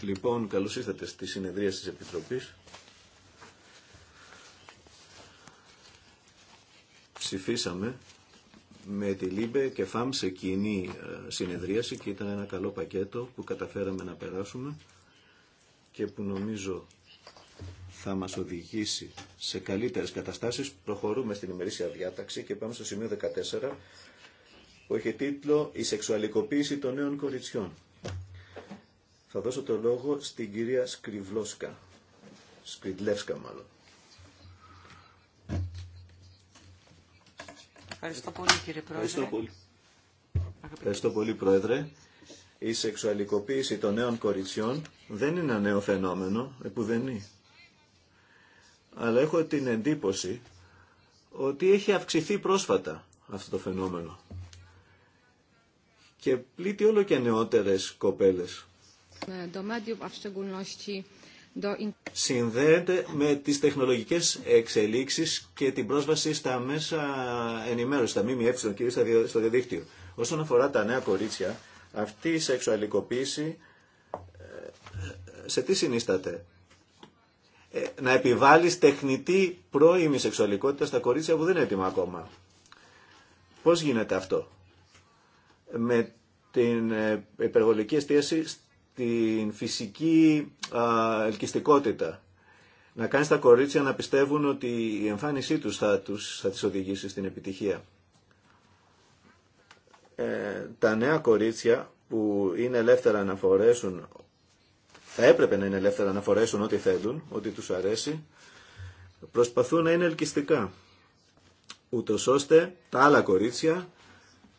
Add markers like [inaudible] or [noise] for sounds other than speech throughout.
Λοιπόν, καλώς ήρθατε στη συνεδρία της Επιτροπής. Ψηφίσαμε με τη ΛΥΜΠΕ και ΦΑΜ σε κοινή ε, συνεδρίαση και ήταν ένα καλό πακέτο που καταφέραμε να περάσουμε και που νομίζω θα μας οδηγήσει σε καλύτερες καταστάσεις. Προχωρούμε στην ημερήσια διάταξη και πάμε στο σημείο 14 που έχει τίτλο «Η σεξουαλικοποίηση των νέων κοριτσιών». Θα δώσω το λόγο στην κυρία Σκριβλόσκα. Σκριντλεύσκα μάλλον. Ευχαριστώ πολύ κύριε Πρόεδρε. Ευχαριστώ πολύ. Ευχαριστώ πολύ Πρόεδρε. Η σεξουαλικοποίηση των νέων κοριτσιών δεν είναι ένα νέο φαινόμενο, επουδενή αλλά έχω την εντύπωση ότι έχει αυξηθεί πρόσφατα αυτό το φαινόμενο και πλήττει όλο και νεότερες κοπέλες. Ε, Συνδέεται με τις τεχνολογικές εξελίξεις και την πρόσβαση στα μέσα ενημέρωση, στα ΜΜΕ, κυρίως στο διαδίκτυο. Όσον αφορά τα νέα κορίτσια, αυτή η σεξουαλικοποίηση ε, ε, σε τι συνίσταται. Ε, να επιβάλλεις τεχνητή πρώιμη σεξουαλικότητα στα κορίτσια που δεν είναι έτοιμα ακόμα. Πώς γίνεται αυτό. Με την ε, υπεργολική εστίαση στην φυσική ελκυστικότητα. Να κάνεις τα κορίτσια να πιστεύουν ότι η εμφάνισή τους θα, τους, θα τις οδηγήσει στην επιτυχία. Ε, τα νέα κορίτσια που είναι ελεύθερα να φορέσουν θα έπρεπε να είναι ελεύθερα να φορέσουν ό,τι θέλουν, ό,τι τους αρέσει, προσπαθούν να είναι ελκυστικά, ούτω ώστε τα άλλα κορίτσια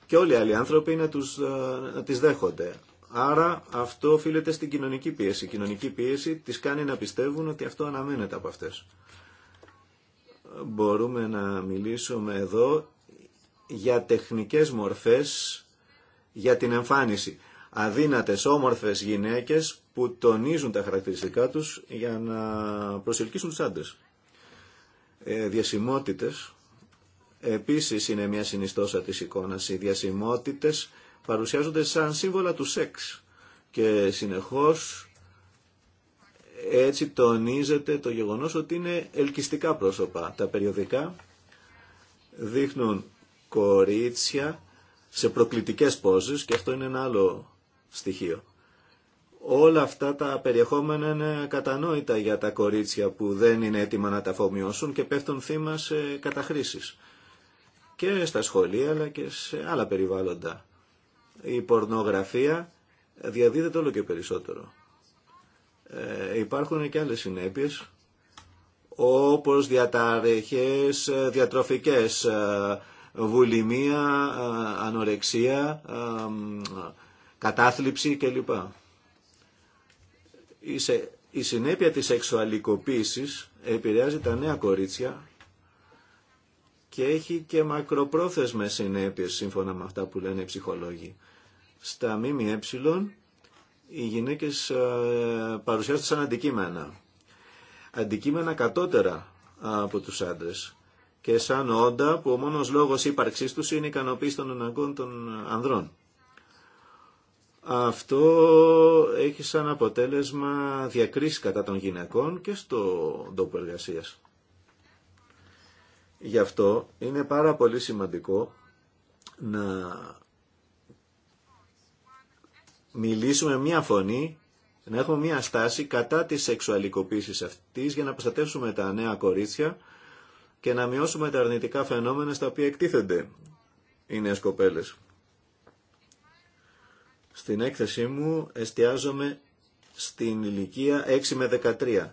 και όλοι οι άλλοι άνθρωποι να, τους, ε, να τις δέχονται. Άρα αυτό οφείλεται στην κοινωνική πίεση. Η κοινωνική πίεση τις κάνει να πιστεύουν ότι αυτό αναμένεται από αυτές. Μπορούμε να μιλήσουμε εδώ για τεχνικές μορφές για την εμφάνιση. Αδύνατες όμορφες γυναίκες που τονίζουν τα χαρακτηριστικά τους για να προσελκύσουν τους άντρες. Ε, διασημότητες, επίσης είναι μια συνιστόσα της εικόνας. Οι διασημότητες παρουσιάζονται σαν σύμβολα του σεξ και συνεχώς έτσι τονίζεται το γεγονός ότι είναι ελκυστικά πρόσωπα. Τα περιοδικά δείχνουν κορίτσια σε προκλητικές πόζες και αυτό είναι ένα άλλο στοιχείο όλα αυτά τα περιεχόμενα είναι κατανόητα για τα κορίτσια που δεν είναι έτοιμα να τα αφομοιώσουν και πέφτουν θύμα σε καταχρήσεις. Και στα σχολεία αλλά και σε άλλα περιβάλλοντα. Η πορνογραφία διαδίδεται όλο και περισσότερο. Ε, υπάρχουν και άλλες συνέπειες όπως διαταραχές ε, διατροφικές, ε, βουλημία, ε, ανορεξία, κατάθλιψη κλπ η συνέπεια της σεξουαλικοποίησης επηρεάζει τα νέα κορίτσια και έχει και μακροπρόθεσμες συνέπειες σύμφωνα με αυτά που λένε οι ψυχολόγοι. Στα ΜΜΕ οι γυναίκες ε, παρουσιάζονται σαν αντικείμενα. Αντικείμενα κατώτερα από τους άντρες και σαν όντα που ο μόνος λόγος ύπαρξής τους είναι η ικανοποίηση των αναγκών των ανδρών. Αυτό έχει σαν αποτέλεσμα διακρίσει κατά των γυναικών και στο τόπο εργασία. Γι' αυτό είναι πάρα πολύ σημαντικό να μιλήσουμε μία φωνή, να έχουμε μία στάση κατά της σεξουαλικοποίησης αυτής για να προστατεύσουμε τα νέα κορίτσια και να μειώσουμε τα αρνητικά φαινόμενα στα οποία εκτίθενται οι νέες κοπέλες. Στην έκθεσή μου εστιάζομαι στην ηλικία 6 με 13.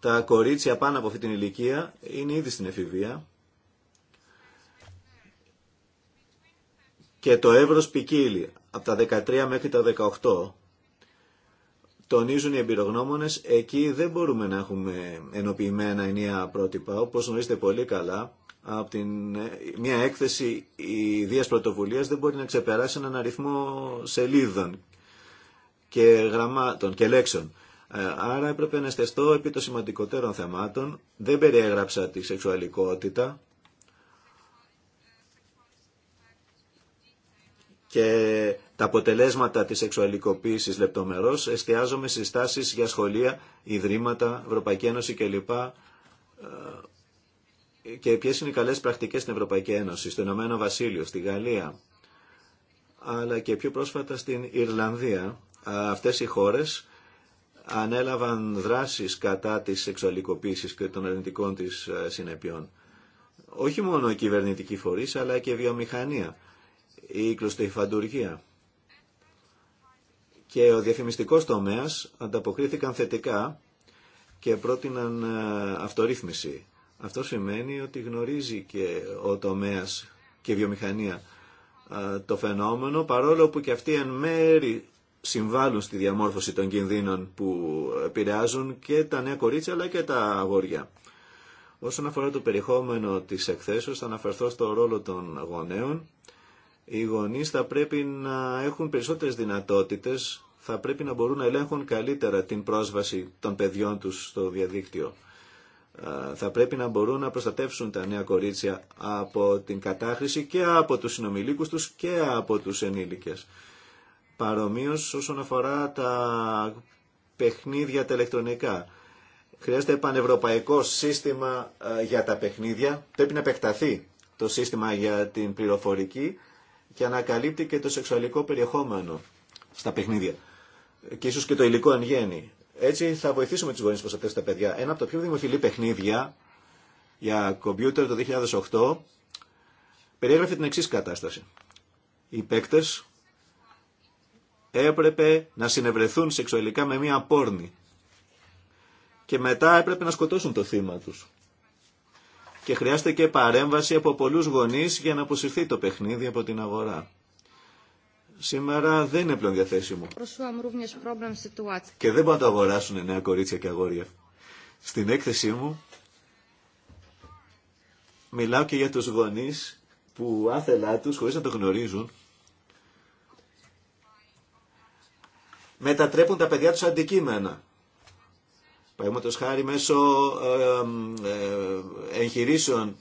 Τα κορίτσια πάνω από αυτή την ηλικία είναι ήδη στην εφηβεία και το εύρος ποικίλει από τα 13 μέχρι τα 18. Τονίζουν οι εμπειρογνώμονες, εκεί δεν μπορούμε να έχουμε ενοποιημένα ενιαία πρότυπα. Όπως γνωρίζετε πολύ καλά, από την, ε, μια έκθεση ιδίας πρωτοβουλίας δεν μπορεί να ξεπεράσει έναν αριθμό σελίδων και γραμμάτων και λέξεων. Ε, άρα έπρεπε να στεστώ επί των σημαντικότερων θεμάτων. Δεν περιέγραψα τη σεξουαλικότητα και τα αποτελέσματα της σεξουαλικοποίησης λεπτομερώς. Εστιάζομαι στις τάσεις για σχολεία, ιδρύματα, Ευρωπαϊκή Ένωση κλπ ε, και ποιε είναι οι καλές πρακτικές στην Ευρωπαϊκή Ένωση, στο Ηνωμένο Βασίλειο, στη Γαλλία, αλλά και πιο πρόσφατα στην Ιρλανδία. Αυτές οι χώρες ανέλαβαν δράσεις κατά της σεξουαλικοποίηση και των αρνητικών της συνεπειών. Όχι μόνο οι κυβερνητικοί φορείς, αλλά και η βιομηχανία, η κλωστοϊφαντουργία και ο διαφημιστικός τομέας ανταποκρίθηκαν θετικά και πρότειναν αυτορύθμιση αυτό σημαίνει ότι γνωρίζει και ο τομέας και η βιομηχανία το φαινόμενο, παρόλο που και αυτοί εν μέρη συμβάλλουν στη διαμόρφωση των κινδύνων που επηρεάζουν και τα νέα κορίτσια αλλά και τα αγόρια. Όσον αφορά το περιεχόμενο της εκθέσεως, θα αναφερθώ στο ρόλο των γονέων. Οι γονείς θα πρέπει να έχουν περισσότερες δυνατότητες, θα πρέπει να μπορούν να ελέγχουν καλύτερα την πρόσβαση των παιδιών τους στο διαδίκτυο θα πρέπει να μπορούν να προστατεύσουν τα νέα κορίτσια από την κατάχρηση και από τους συνομιλίκους τους και από τους ενήλικες. Παρομοίως όσον αφορά τα παιχνίδια τα ηλεκτρονικά. Χρειάζεται πανευρωπαϊκό σύστημα για τα παιχνίδια. Πρέπει να επεκταθεί το σύστημα για την πληροφορική και να ανακαλύπτει και το σεξουαλικό περιεχόμενο στα παιχνίδια. Και ίσως και το υλικό αν έτσι θα βοηθήσουμε του γονεί προς αυτές τα παιδιά. Ένα από τα πιο δημοφιλή παιχνίδια για κομπιούτερ το 2008 περιέγραφε την εξή κατάσταση. Οι παίκτε έπρεπε να συνευρεθούν σεξουαλικά με μία πόρνη και μετά έπρεπε να σκοτώσουν το θύμα τους. Και χρειάστηκε παρέμβαση από πολλούς γονείς για να αποσυρθεί το παιχνίδι από την αγορά σήμερα δεν είναι πλέον διαθέσιμο. Και δεν μπορούν να το αγοράσουν νέα κορίτσια και αγόρια. Στην έκθεσή μου μιλάω και για τους γονείς που άθελά τους, χωρίς να το γνωρίζουν, μετατρέπουν τα παιδιά τους αντικείμενα. Παραδείγματος χάρη μέσω ε, ε, ε, εγχειρήσεων,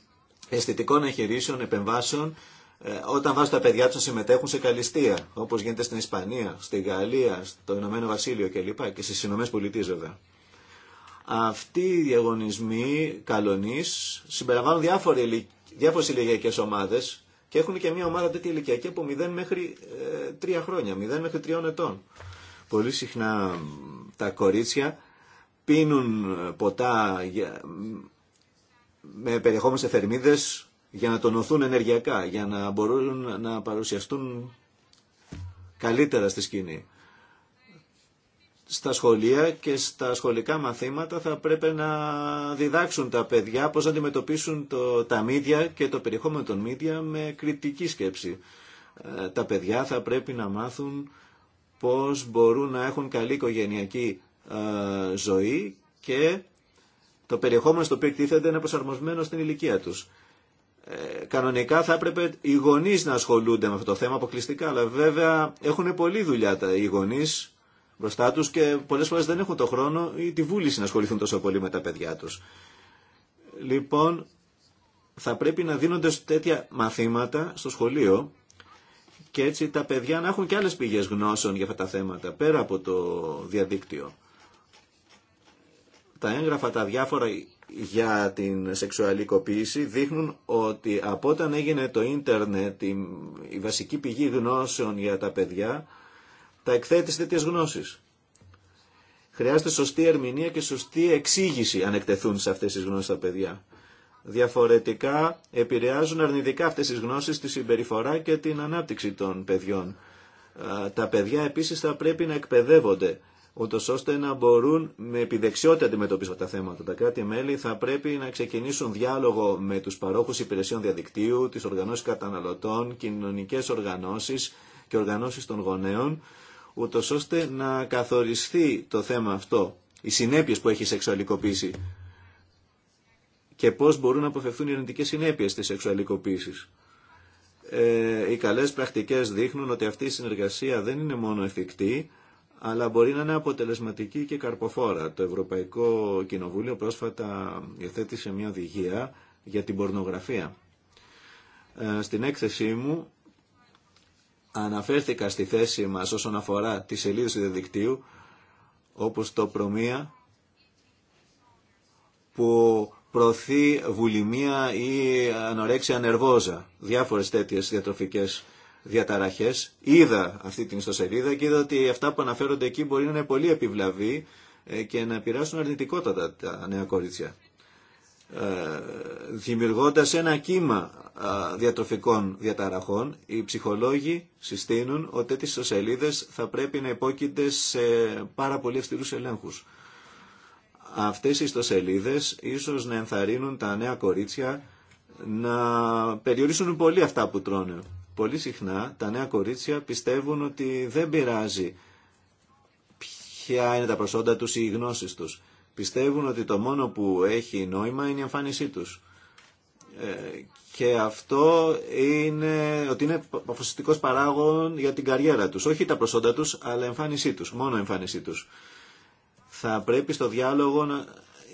αισθητικών εγχειρήσεων, επεμβάσεων, ε, όταν βάζουν τα παιδιά του να συμμετέχουν σε καλυστία, Όπω γίνεται στην Ισπανία, στη Γαλλία, στο Ηνωμένο Βασίλειο κλπ. και στι Ηνωμένε Πολιτείε. βέβαια. Αυτοί οι διαγωνισμοί καλονής συμπεριλαμβάνουν διάφορες ηλικιακέ ομάδες και έχουν και μια ομάδα τέτοια ηλικιακή από 0 μέχρι 3 ε, χρόνια, 0 μέχρι 3 ετών. Πολύ συχνά τα κορίτσια πίνουν ε, ποτά με περιεχόμενε θερμίδε για να τονωθούν ενεργειακά, για να μπορούν να παρουσιαστούν καλύτερα στη σκηνή. Στα σχολεία και στα σχολικά μαθήματα θα πρέπει να διδάξουν τα παιδιά πώς να αντιμετωπίσουν το, τα μίδια και το περιεχόμενο των μίδια με κριτική σκέψη. Ε, τα παιδιά θα πρέπει να μάθουν πώς μπορούν να έχουν καλή οικογενειακή ε, ζωή και το περιεχόμενο στο οποίο εκτίθεται είναι προσαρμοσμένο στην ηλικία τους. Ε, κανονικά θα έπρεπε οι γονεί να ασχολούνται με αυτό το θέμα αποκλειστικά. Αλλά βέβαια έχουν πολλή δουλειά τα, οι γονεί μπροστά του και πολλέ φορέ δεν έχουν το χρόνο ή τη βούληση να ασχοληθούν τόσο πολύ με τα παιδιά του. Λοιπόν, θα πρέπει να δίνονται τέτοια μαθήματα στο σχολείο και έτσι τα παιδιά να έχουν και άλλες πηγές γνώσεων για αυτά τα θέματα πέρα από το διαδίκτυο. Τα έγγραφα, τα διάφορα για την σεξουαλικοποίηση δείχνουν ότι από όταν έγινε το ίντερνετ η, βασική πηγή γνώσεων για τα παιδιά τα εκθέτει σε τέτοιες γνώσεις. Χρειάζεται σωστή ερμηνεία και σωστή εξήγηση αν εκτεθούν σε αυτές τις γνώσεις τα παιδιά. Διαφορετικά επηρεάζουν αρνητικά αυτές τις γνώσεις τη συμπεριφορά και την ανάπτυξη των παιδιών. Τα παιδιά επίσης θα πρέπει να εκπαιδεύονται ούτω ώστε να μπορούν με επιδεξιότητα να αντιμετωπίσουν τα θέματα. Τα κράτη-μέλη θα πρέπει να ξεκινήσουν διάλογο με του παρόχου υπηρεσιών διαδικτύου, τι οργανώσει καταναλωτών, κοινωνικέ οργανώσει και οργανώσει των γονέων, ούτω ώστε να καθοριστεί το θέμα αυτό, οι συνέπειε που έχει η σεξουαλικοποίηση και πώς μπορούν να αποφευθούν οι αρνητικές συνέπειες της σεξουαλικοποίησης. Ε, οι καλές πρακτικές δείχνουν ότι αυτή η συνεργασία δεν είναι μόνο εφικτή, αλλά μπορεί να είναι αποτελεσματική και καρποφόρα. Το Ευρωπαϊκό Κοινοβούλιο πρόσφατα υιοθέτησε μια οδηγία για την πορνογραφία. Ε, στην έκθεσή μου αναφέρθηκα στη θέση μας όσον αφορά τη σελίδα του διαδικτύου, όπως το προμία, που προωθεί βουλημία ή ανορέξια νερβόζα, διάφορες τέτοιες διατροφικές διαταραχές. Είδα αυτή την ιστοσελίδα και είδα ότι αυτά που αναφέρονται εκεί μπορεί να είναι πολύ επιβλαβή ε, και να πειράσουν αρνητικότατα τα νέα κορίτσια. Ε, δημιουργώντας ένα κύμα διατροφικών διαταραχών, οι ψυχολόγοι συστήνουν ότι τις ιστοσελίδες θα πρέπει να υπόκεινται σε πάρα πολύ αυστηρούς ελέγχους. Αυτές οι ιστοσελίδες ίσως να ενθαρρύνουν τα νέα κορίτσια να περιορίσουν πολύ αυτά που τρώνε. Πολύ συχνά τα νέα κορίτσια πιστεύουν ότι δεν πειράζει ποια είναι τα προσόντα τους ή οι γνώσεις τους. Πιστεύουν ότι το μόνο που έχει νόημα είναι η εμφάνισή τους. Ε, και αυτό είναι ότι είναι αποφασιστικός παράγων για την καριέρα τους. Όχι τα προσόντα τους, αλλά η εμφάνισή τους, μόνο η εμφάνισή τους. Θα πρέπει στο διάλογο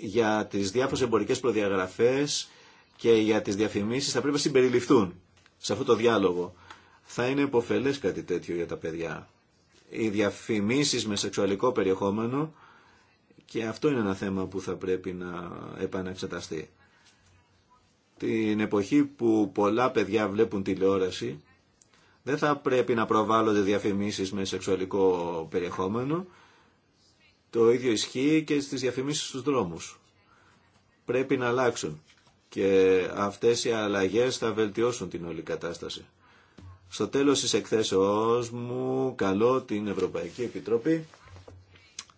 για τις διάφορες εμπορικές προδιαγραφές και για τις διαφημίσεις θα πρέπει να συμπεριληφθούν σε αυτό το διάλογο. Θα είναι υποφελές κάτι τέτοιο για τα παιδιά. Οι διαφημίσεις με σεξουαλικό περιεχόμενο και αυτό είναι ένα θέμα που θα πρέπει να επαναξεταστεί. Την εποχή που πολλά παιδιά βλέπουν τηλεόραση, δεν θα πρέπει να προβάλλονται διαφημίσεις με σεξουαλικό περιεχόμενο. Το ίδιο ισχύει και στις διαφημίσεις στους δρόμους. Πρέπει να αλλάξουν και αυτές οι αλλαγές θα βελτιώσουν την όλη κατάσταση. Στο τέλος της εκθέσεώς μου καλώ την Ευρωπαϊκή Επιτροπή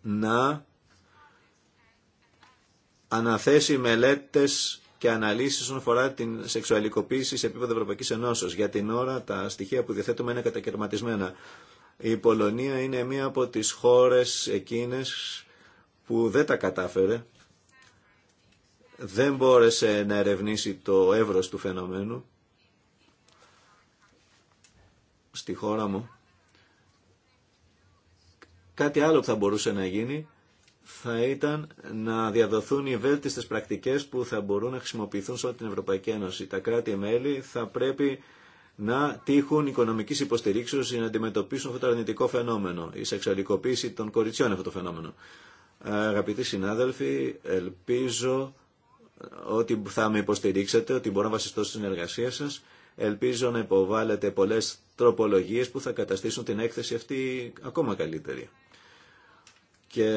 να αναθέσει μελέτες και αναλύσεις όσον αφορά την σεξουαλικοποίηση σε επίπεδο Ευρωπαϊκής Ενώσεως. Για την ώρα τα στοιχεία που διαθέτουμε είναι κατακαιρματισμένα. Η Πολωνία είναι μία από τις χώρες εκείνες που δεν τα κατάφερε δεν μπόρεσε να ερευνήσει το εύρος του φαινομένου στη χώρα μου. Κάτι άλλο που θα μπορούσε να γίνει θα ήταν να διαδοθούν οι βέλτιστες πρακτικές που θα μπορούν να χρησιμοποιηθούν σε όλη την Ευρωπαϊκή Ένωση. Τα κράτη-μέλη θα πρέπει να τύχουν οικονομική υποστηρίξεω για να αντιμετωπίσουν αυτό το αρνητικό φαινόμενο, η σεξουαλικοποίηση των κοριτσιών αυτό το φαινόμενο. Αγαπητοί συνάδελφοι, ελπίζω ότι θα με υποστηρίξετε, ότι μπορώ να βασιστώ στη συνεργασία σας. Ελπίζω να υποβάλλετε πολλές τροπολογίες που θα καταστήσουν την έκθεση αυτή ακόμα καλύτερη. Και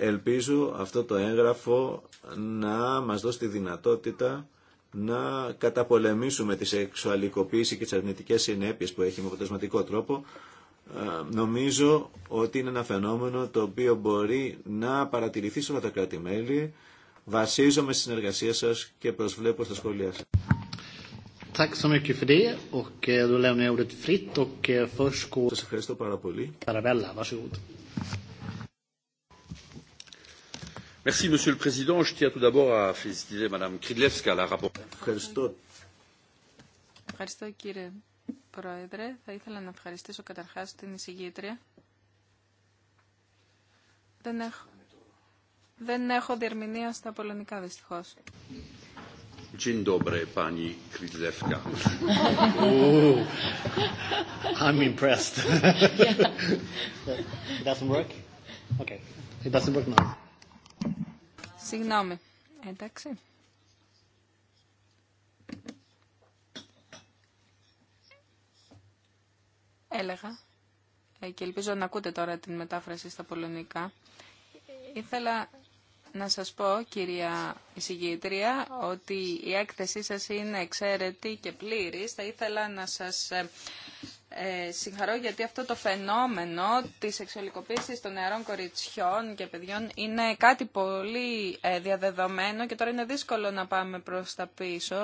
ελπίζω αυτό το έγγραφο να μας δώσει τη δυνατότητα να καταπολεμήσουμε τη σεξουαλικοποίηση και τις αρνητικές συνέπειες που έχει με αποτελεσματικό τρόπο. Ε, νομίζω ότι είναι ένα φαινόμενο το οποίο μπορεί να παρατηρηθεί σε όλα τα κράτη-μέλη Βασίζομαι στη συνεργασία σας και προσβλέπω στα σχόλιά σας. Tack så för det och eh, då lämnar jag ordet fritt och eh, först går ευχαριστώ πάρα Merci, Monsieur le Président. Je tiens tout d'abord à féliciter Madame Ευχαριστώ. Ευχαριστώ, κύριε Πρόεδρε. Θα ήθελα να ευχαριστήσω καταρχάς την εισηγήτρια. Δεν έχω δεν έχω διερμηνία στα πολωνικά, δυστυχώς. Dzień dobry, pani Kridlewka. Ooh, I'm impressed. [laughs] It doesn't work? Okay. It doesn't work now. Συγγνώμη. Εντάξει. Έλεγα ε, και ελπίζω να ακούτε τώρα την μετάφραση στα πολωνικά. Ήθελα να σας πω, κυρία εισηγήτρια, ότι η έκθεσή σας είναι εξαίρετη και πλήρης. Θα ήθελα να σας ε, ε, συγχαρώ γιατί αυτό το φαινόμενο της σεξουαλικοποίησης των νεαρών κοριτσιών και παιδιών είναι κάτι πολύ ε, διαδεδομένο και τώρα είναι δύσκολο να πάμε προς τα πίσω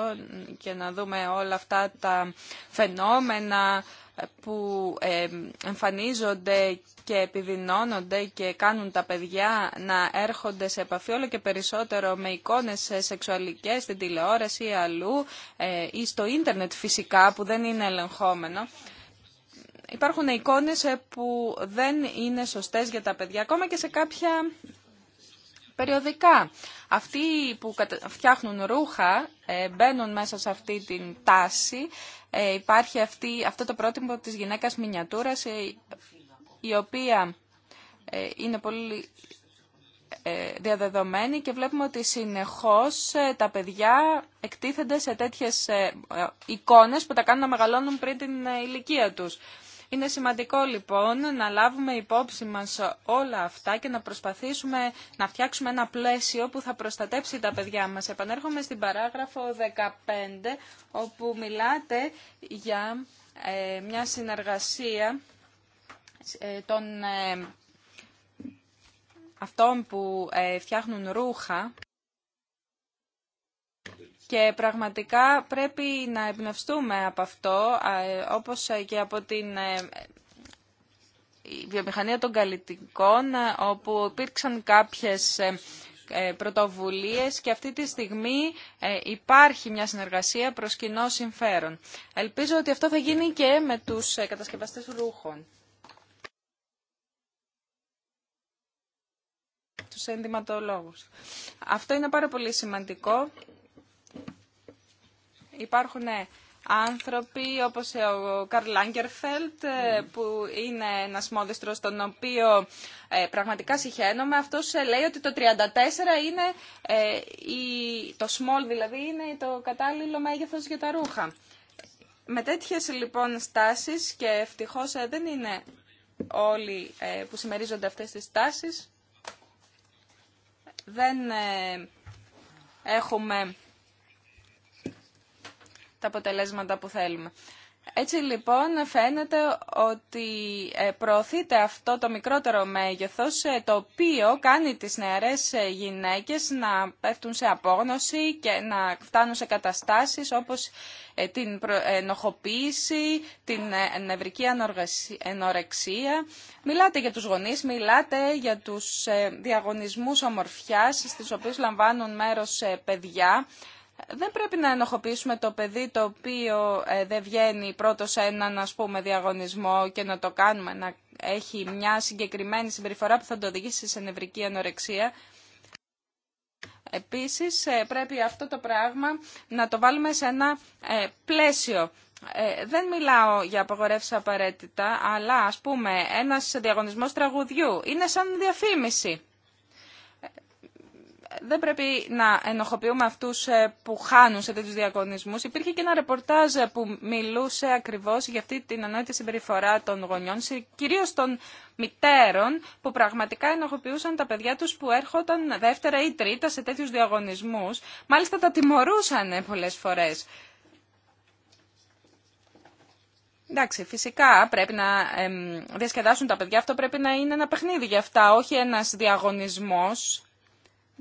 και να δούμε όλα αυτά τα φαινόμενα ε, που εμφανίζονται και επιδεινώνονται και κάνουν τα παιδιά να έρχονται σε επαφή όλο και περισσότερο με εικόνες σεξουαλικές στην τηλεόραση ή αλλού ή στο ίντερνετ φυσικά που δεν είναι ελεγχόμενο υπάρχουν εικόνες ε, που δεν είναι σωστές για τα παιδιά, ακόμα και σε κάποια περιοδικά. Αυτοί που φτιάχνουν ρούχα ε, μπαίνουν μέσα σε αυτή την τάση. Ε, υπάρχει αυτή, αυτό το πρότυπο της γυναίκας μινιατούρας, η οποία είναι πολύ διαδεδομένη και βλέπουμε ότι συνεχώς τα παιδιά εκτίθενται σε τέτοιες εικόνες που τα κάνουν να μεγαλώνουν πριν την ηλικία τους. Είναι σημαντικό λοιπόν να λάβουμε υπόψη μας όλα αυτά και να προσπαθήσουμε να φτιάξουμε ένα πλαίσιο που θα προστατέψει τα παιδιά μας. Επανέρχομαι στην παράγραφο 15 όπου μιλάτε για ε, μια συνεργασία ε, των ε, αυτών που φτιάχνουν ρούχα και πραγματικά πρέπει να εμπνευστούμε από αυτό, ε, όπως και από την ε, βιομηχανία των καλλιτικών, όπου υπήρξαν κάποιες ε, πρωτοβουλίες και αυτή τη στιγμή υπάρχει μια συνεργασία προς κοινό συμφέρον. Ελπίζω ότι αυτό θα γίνει και με τους κατασκευαστές ρούχων. Τους ενδυματολόγους. Αυτό είναι πάρα πολύ σημαντικό υπάρχουν ε, άνθρωποι όπως ε, ο Καρλ Λάγκερφελτ ε, που είναι ένας μόδιστρος τον οποίο πραγματικά συχαίνομαι. Αυτός λέει ότι το 34 είναι η το small δηλαδή είναι το κατάλληλο μέγεθος για τα ρούχα. Με τέτοιες λοιπόν στάσεις και ευτυχώς δεν είναι όλοι που συμμερίζονται αυτές τις στάσεις δεν έχουμε τα αποτελέσματα που θέλουμε. Έτσι λοιπόν φαίνεται ότι ε, προωθείται αυτό το μικρότερο μέγεθος ε, το οποίο κάνει τις νεαρές ε, γυναίκες να πέφτουν σε απόγνωση και να φτάνουν σε καταστάσεις όπως την ενοχοποίηση, την νευρική ενορεξία. Μιλάτε για τους γονείς, μιλάτε για τους διαγωνισμούς ομορφιάς στις οποίους λαμβάνουν μέρος παιδιά δεν πρέπει να ενοχοποιήσουμε το παιδί το οποίο ε, δεν βγαίνει πρώτο σε έναν ας πούμε διαγωνισμό και να το κάνουμε να έχει μια συγκεκριμένη συμπεριφορά που θα το οδηγήσει σε νευρική ανορεξία. Επίσης ε, πρέπει αυτό το πράγμα να το βάλουμε σε ένα ε, πλαίσιο. δεν μιλάω για απαγορεύσεις απαραίτητα, αλλά ας πούμε ένας διαγωνισμός τραγουδιού είναι σαν διαφήμιση δεν πρέπει να ενοχοποιούμε αυτού ε, που χάνουν σε τέτοιου διαγωνισμού. Υπήρχε και ένα ρεπορτάζ που μιλούσε ακριβώ για αυτή την ανόητη συμπεριφορά των γονιών, κυρίω των μητέρων που πραγματικά ενοχοποιούσαν τα παιδιά του που έρχονταν δεύτερα ή τρίτα σε τέτοιου διαγωνισμού, Μάλιστα τα τιμωρούσαν πολλέ. φορές. Εντάξει, φυσικά πρέπει να διασκεδάσουν τα παιδιά. Αυτό πρέπει να είναι ένα παιχνίδι για αυτά, όχι ένας διαγωνισμός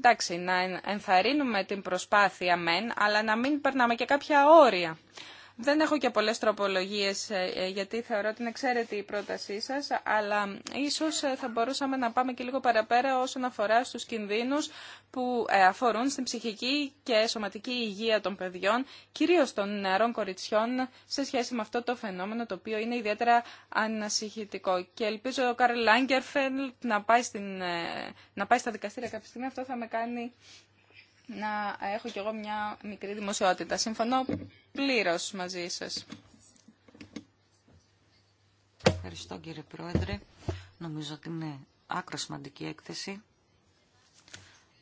εντάξει, να ενθαρρύνουμε την προσπάθεια μεν, αλλά να μην περνάμε και κάποια όρια. Δεν έχω και πολλές τροπολογίες ε, ε, γιατί θεωρώ ότι είναι εξαίρετη η πρότασή σας, αλλά ίσως ε, θα μπορούσαμε να πάμε και λίγο παραπέρα όσον αφορά στους κινδύνους που αφορούν στην ψυχική και σωματική υγεία των παιδιών, κυρίως των νεαρών κοριτσιών, σε σχέση με αυτό το φαινόμενο το οποίο είναι ιδιαίτερα ανασυχητικό. Και ελπίζω ο Καρλ Λάγκερφελτ να, πάει να πάει στα δικαστήρια κάποια στιγμή, αυτό θα με κάνει να έχω κι εγώ μια μικρή δημοσιότητα. Συμφωνώ πλήρως μαζί σας. Ευχαριστώ κύριε Πρόεδρε. Νομίζω ότι είναι άκρο σημαντική έκθεση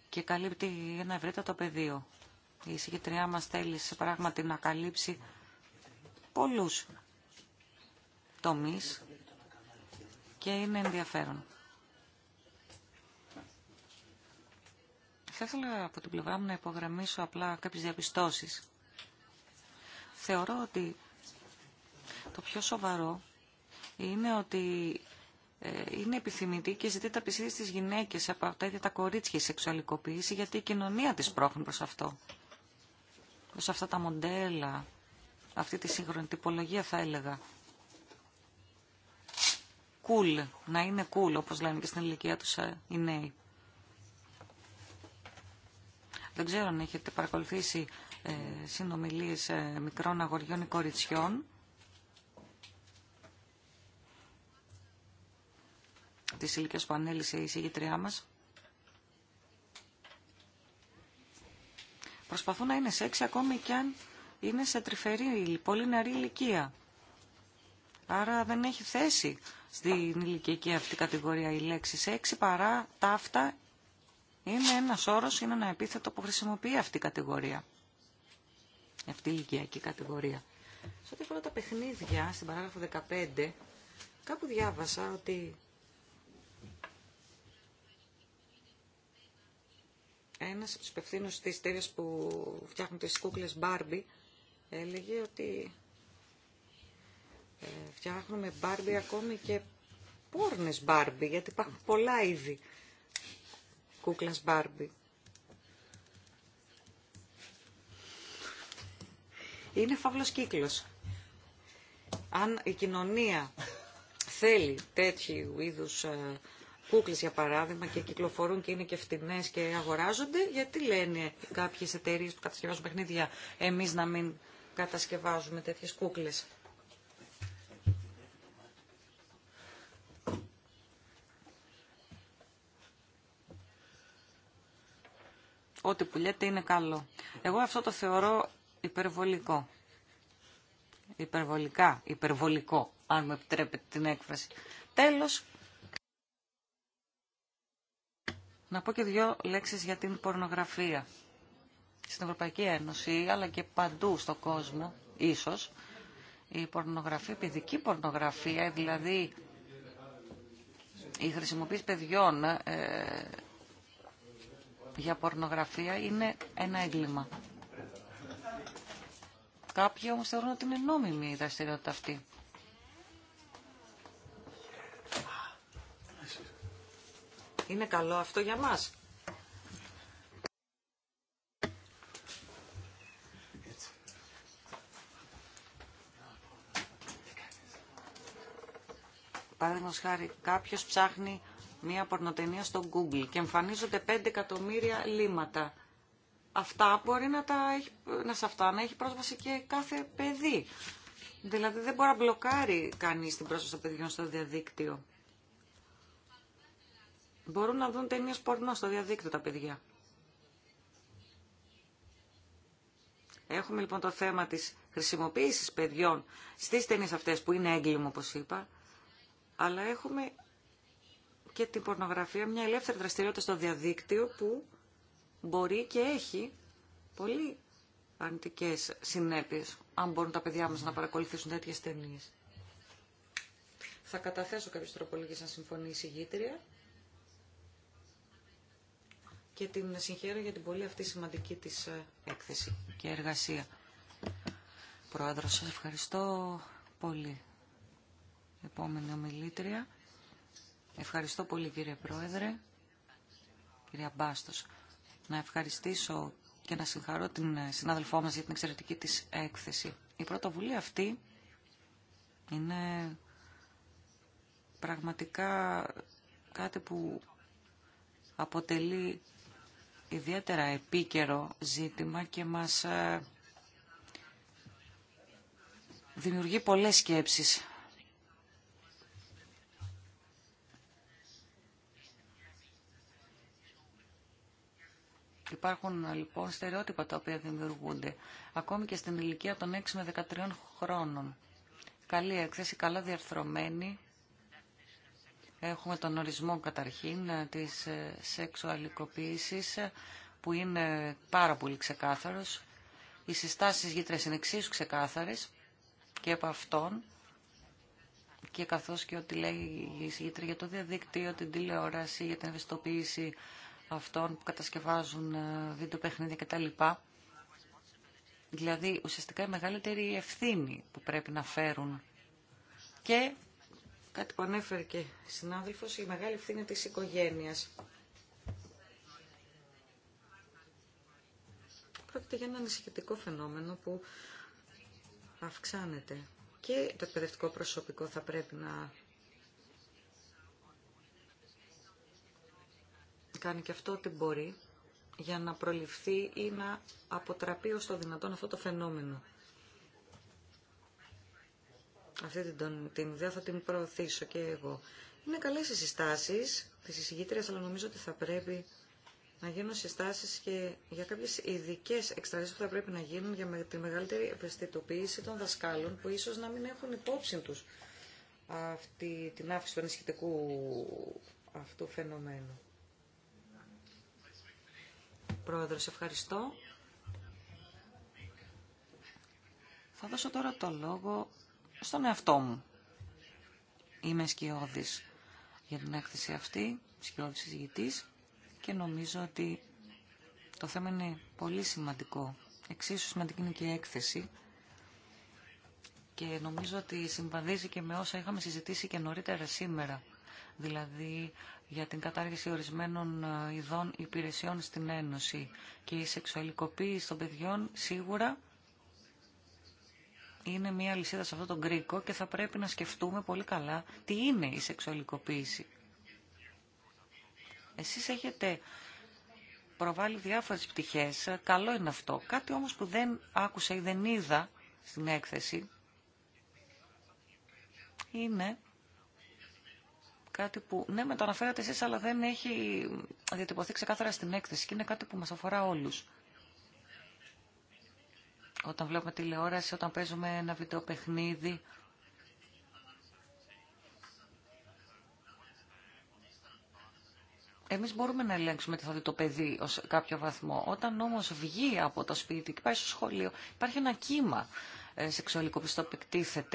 και καλύπτει ένα ευρύτατο πεδίο. Η συγκεκριά μας θέλει σε πράγματι να καλύψει πολλούς τομείς και είναι ενδιαφέρον. Θα ήθελα από την πλευρά μου να υπογραμμίσω απλά κάποιες διαπιστώσεις. Θεωρώ ότι το πιο σοβαρό είναι ότι ε, είναι επιθυμητή και ζητείται τα στις στις γυναίκες, από τα ίδια τα κορίτσια η σεξουαλικοποίηση, γιατί η κοινωνία της πρόχνει προς αυτό. Προς αυτά τα μοντέλα, αυτή τη σύγχρονη τυπολογία θα έλεγα. Cool, να είναι cool, όπως λένε και στην ηλικία τους ε, οι νέοι. Δεν ξέρω αν έχετε παρακολουθήσει ε, συνομιλίες ε, μικρών αγοριών ή κοριτσιών. Της ηλικίας που ανέλησε η κοριτσιων Τη ηλικία που ανελησε η συγγητρια μας. Προσπαθούν να είναι σε έξι ακόμη και αν είναι σε τρυφερή, πολύ νεαρή ηλικία. Άρα δεν έχει θέση στην ηλικιακή αυτή κατηγορία η λέξη σεξ παρά ταύτα είναι ένα όρο είναι ένα επίθετο που χρησιμοποιεί αυτή η κατηγορία. Αυτή η ηλικιακή κατηγορία. Σε ό,τι αφορά τα παιχνίδια, στην παράγραφο 15, κάπου διάβασα ότι ένα από τους υπευθύνους της εταιρεία που φτιάχνουν τι κούκλε μπάρμπι έλεγε ότι ε, φτιάχνουμε μπάρμπι ακόμη και πόρνες μπάρμπι γιατί υπάρχουν πολλά είδη είναι φαύλος κύκλος. Αν η κοινωνία θέλει τέτοιου είδους ε, κούκλες για παράδειγμα και κυκλοφορούν και είναι και φτηνέ και αγοράζονται, γιατί λένε κάποιες εταιρείες που κατασκευάζουν παιχνίδια εμείς να μην κατασκευάζουμε τέτοιες κούκλες. ό,τι που λέτε είναι καλό. Εγώ αυτό το θεωρώ υπερβολικό. Υπερβολικά, υπερβολικό, αν μου επιτρέπετε την έκφραση. Τέλος, να πω και δύο λέξεις για την πορνογραφία. Στην Ευρωπαϊκή Ένωση, αλλά και παντού στον κόσμο, ίσως, η πορνογραφία, η παιδική πορνογραφία, δηλαδή η χρησιμοποίηση παιδιών ε, για πορνογραφία είναι ένα έγκλημα. Κάποιοι όμως θεωρούν ότι είναι νόμιμη η δραστηριότητα αυτή. Είναι καλό αυτό για μας. Παραδείγματο χάρη κάποιος ψάχνει μία πορνοτενία στο Google και εμφανίζονται 5 εκατομμύρια λίματα. Αυτά μπορεί να, τα έχει, να σε αυτά να έχει πρόσβαση και κάθε παιδί. Δηλαδή δεν μπορεί να μπλοκάρει κανείς την πρόσβαση των παιδιών στο διαδίκτυο. Μπορούν να δουν ταινίε πορνό στο διαδίκτυο τα παιδιά. Έχουμε λοιπόν το θέμα της χρησιμοποίησης παιδιών στις ταινίες αυτές που είναι έγκλημα όπως είπα, αλλά έχουμε και την πορνογραφία μια ελεύθερη δραστηριότητα στο διαδίκτυο που μπορεί και έχει πολύ αρνητικέ συνέπειε αν μπορούν τα παιδιά μας να παρακολουθήσουν τέτοιε ταινίε. Θα καταθέσω κάποιε τροπολογίες να συμφωνεί η συγγήτρια και την συγχαίρω για την πολύ αυτή σημαντική της ε, έκθεση και εργασία. Πρόεδρο, σας ευχαριστώ πολύ. Επόμενη ομιλήτρια. Ευχαριστώ πολύ κύριε Πρόεδρε, κυρία Μπάστος. Να ευχαριστήσω και να συγχαρώ την ε, συνάδελφό μας για την εξαιρετική της έκθεση. Η πρωτοβουλία αυτή είναι πραγματικά κάτι που αποτελεί ιδιαίτερα επίκαιρο ζήτημα και μας ε, δημιουργεί πολλές σκέψεις Υπάρχουν λοιπόν στερεότυπα τα οποία δημιουργούνται, ακόμη και στην ηλικία των 6 με 13 χρόνων. Καλή έκθεση, καλά διαρθρωμένη. Έχουμε τον ορισμό καταρχήν της ε, σεξουαλικοποίησης ε, που είναι πάρα πολύ ξεκάθαρος. Οι συστάσεις γήτρες είναι εξίσου ξεκάθαρες και από αυτόν και καθώς και ό,τι λέει η συγγήτρια για το διαδίκτυο, την τηλεόραση, για την ευαισθητοποίηση αυτών που κατασκευάζουν ε, βίντεο παιχνίδια κτλ. Δηλαδή ουσιαστικά η μεγαλύτερη ευθύνη που πρέπει να φέρουν και κάτι που ανέφερε και συνάδελφος, η μεγάλη ευθύνη της οικογένειας. Πρόκειται για ένα ανησυχητικό φαινόμενο που αυξάνεται. Και το εκπαιδευτικό προσωπικό θα πρέπει να κάνει και αυτό ό,τι μπορεί για να προληφθεί ή να αποτραπεί ως το δυνατόν αυτό το φαινόμενο. Αυτή την, την ιδέα θα την προωθήσω και εγώ. Είναι καλές οι συστάσεις της εισηγήτριας, αλλά νομίζω ότι θα πρέπει να γίνουν συστάσεις και για κάποιες ειδικέ εξτάσεις που θα πρέπει να γίνουν για τη μεγαλύτερη ευαισθητοποίηση των δασκάλων που ίσως να μην έχουν υπόψη τους αυτή την άφηση του ενισχυτικού αυτού φαινομένου. Πρόεδρος, ευχαριστώ. Θα δώσω τώρα το λόγο στον εαυτό μου. Είμαι σκιώδης για την έκθεση αυτή, σκιώδης συζητητής και νομίζω ότι το θέμα είναι πολύ σημαντικό. Εξίσου σημαντική είναι και η έκθεση και νομίζω ότι συμβαδίζει και με όσα είχαμε συζητήσει και νωρίτερα σήμερα δηλαδή για την κατάργηση ορισμένων ε, ειδών υπηρεσιών στην Ένωση και η σεξουαλικοποίηση των παιδιών σίγουρα είναι μία λυσίδα σε αυτό τον κρίκο και θα πρέπει να σκεφτούμε πολύ καλά τι είναι η σεξουαλικοποίηση. Εσείς έχετε προβάλλει διάφορες πτυχές, καλό είναι αυτό. Κάτι όμως που δεν άκουσα ή δεν είδα στην έκθεση είναι κάτι που, ναι, με το αναφέρατε εσείς, αλλά δεν έχει διατυπωθεί ξεκάθαρα στην έκθεση και είναι κάτι που μας αφορά όλους. Όταν βλέπουμε τηλεόραση, όταν παίζουμε ένα βιντεοπαιχνίδι, Εμείς μπορούμε να ελέγξουμε τι θα δει το παιδί ως κάποιο βαθμό. Όταν όμως βγει από το σπίτι και πάει στο σχολείο, υπάρχει ένα κύμα σεξουαλικό πιστό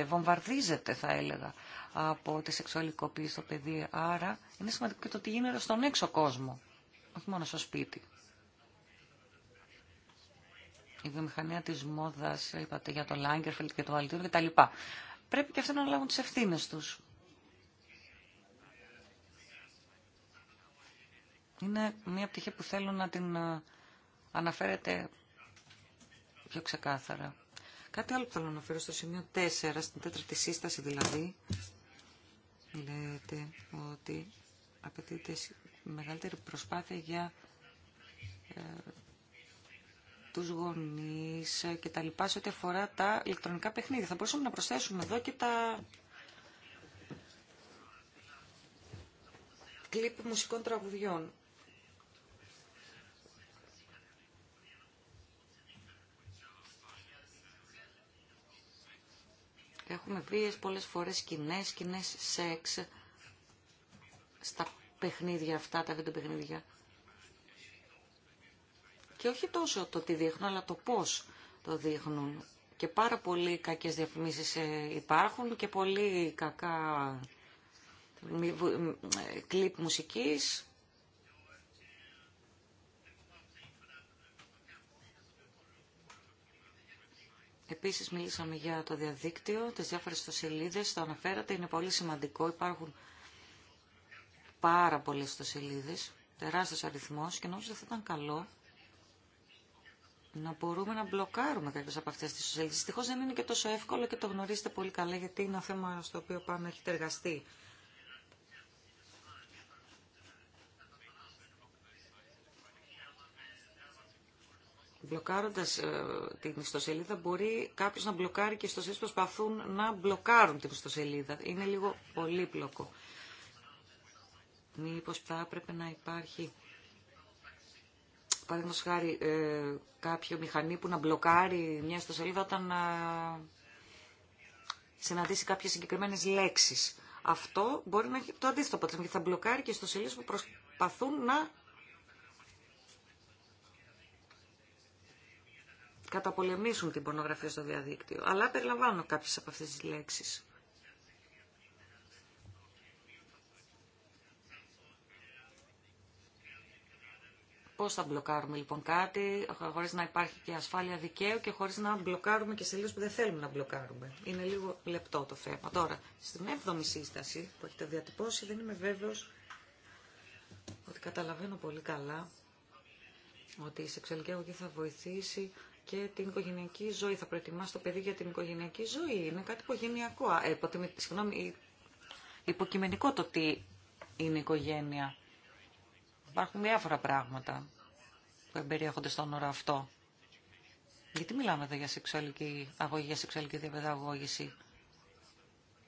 βομβαρδίζεται θα έλεγα από τη σεξουαλικοποίηση στο παιδί. Άρα είναι σημαντικό και το τι γίνεται στον έξω κόσμο, όχι μόνο στο σπίτι. Η βιομηχανία της μόδας, είπατε για το Λάγκερφελτ και το τα λοιπά. Πρέπει και αυτοί να λάβουν τις ευθύνες τους. Είναι μια πτυχή που θέλω να την ε, αναφέρετε πιο ξεκάθαρα. Κάτι άλλο που θέλω να αναφέρω στο σημείο 4, στην τέταρτη σύσταση δηλαδή, λέτε ότι απαιτείται μεγαλύτερη προσπάθεια για ε, τους γονείς και τα λοιπά σε ό,τι αφορά τα ηλεκτρονικά παιχνίδια. Θα μπορούσαμε να προσθέσουμε εδώ και τα κλιπ μουσικών τραγουδιών. Έχουμε πρίες πολλές φορές σκηνέ, σκηνέ σεξ στα παιχνίδια αυτά, τα βίντεο παιχνίδια. Και όχι τόσο το τι δείχνουν, αλλά το πώς το δείχνουν. Και πάρα πολλοί κακές διαφημίσεις ε, υπάρχουν και πολύ κακά ε, κλιπ μουσικής Επίσης μίλησαμε για το διαδίκτυο, τις διάφορες ιστοσελίδες, το αναφέρατε, είναι πολύ σημαντικό, υπάρχουν πάρα πολλές ιστοσελίδες, τεράστιος αριθμός και νομίζω ότι θα ήταν καλό να μπορούμε να μπλοκάρουμε κάποιες από αυτές τις ιστοσελίδες. Δυστυχώς δεν είναι και τόσο εύκολο και το γνωρίζετε πολύ καλά γιατί είναι ένα θέμα στο οποίο πάμε έχετε εργαστεί Μπλοκάροντας ε, την ιστοσελίδα μπορεί κάποιο να μπλοκάρει και που προσπαθούν να μπλοκάρουν την ιστοσελίδα. Είναι λίγο πολύπλοκο. Μηπω θα έπρεπε να υπάρχει Παραδείγματο χάρη ε, κάποιο μηχανή που να μπλοκάρει μια ιστοσελίδα όταν ε, συναντήσει κάποιε συγκεκριμένες λέξεις. Αυτό μπορεί να έχει το αντίθετο αποτέλεσμα, γιατί θα μπλοκάρει και ιστοσελίδε που προσπαθούν να καταπολεμήσουν την πορνογραφία στο διαδίκτυο. Αλλά περιλαμβάνω κάποιες από αυτές τις λέξεις. Πώς θα μπλοκάρουμε λοιπόν κάτι, χωρίς να υπάρχει και ασφάλεια δικαίου και χωρίς να μπλοκάρουμε και σελίδες που δεν θέλουμε να μπλοκάρουμε. Είναι λίγο λεπτό το θέμα. Τώρα, στην 7η σύσταση που έχετε διατυπώσει, δεν είμαι βέβαιος ότι καταλαβαίνω πολύ καλά ότι η σεξουαλική αγωγή θα βοηθήσει και την οικογενειακή ζωή. Θα προετοιμάσει το παιδί για την οικογενειακή ζωή. Είναι κάτι οικογενειακό. Ε, συγγνώμη, υποκειμενικό το τι είναι οικογένεια. Υπάρχουν διάφορα πράγματα που εμπεριέχονται στον όρο αυτό. Γιατί μιλάμε εδώ για σεξουαλική αγωγή, για σεξουαλική διαπαιδαγώγηση.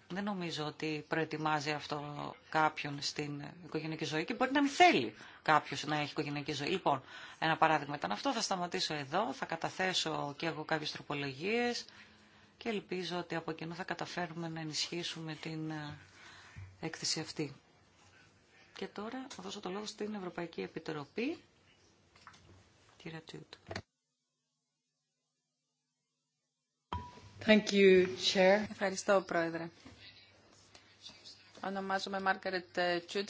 Δεν νομίζω ότι προετοιμάζει αυτό κάποιον στην οικογενειακή ζωή και μπορεί να μην θέλει κάποιο να έχει οικογενειακή ζωή. Λοιπόν, ένα παράδειγμα ήταν αυτό. Θα σταματήσω εδώ, θα καταθέσω και εγώ κάποιε τροπολογίε και ελπίζω ότι από κοινού θα καταφέρουμε να ενισχύσουμε την ε, έκθεση αυτή. Και τώρα θα δώσω το λόγο στην Ευρωπαϊκή Επιτροπή. Thank you, Chair. Ευχαριστώ, Πρόεδρε. Ονομάζομαι Μάρκαρετ Τσούτ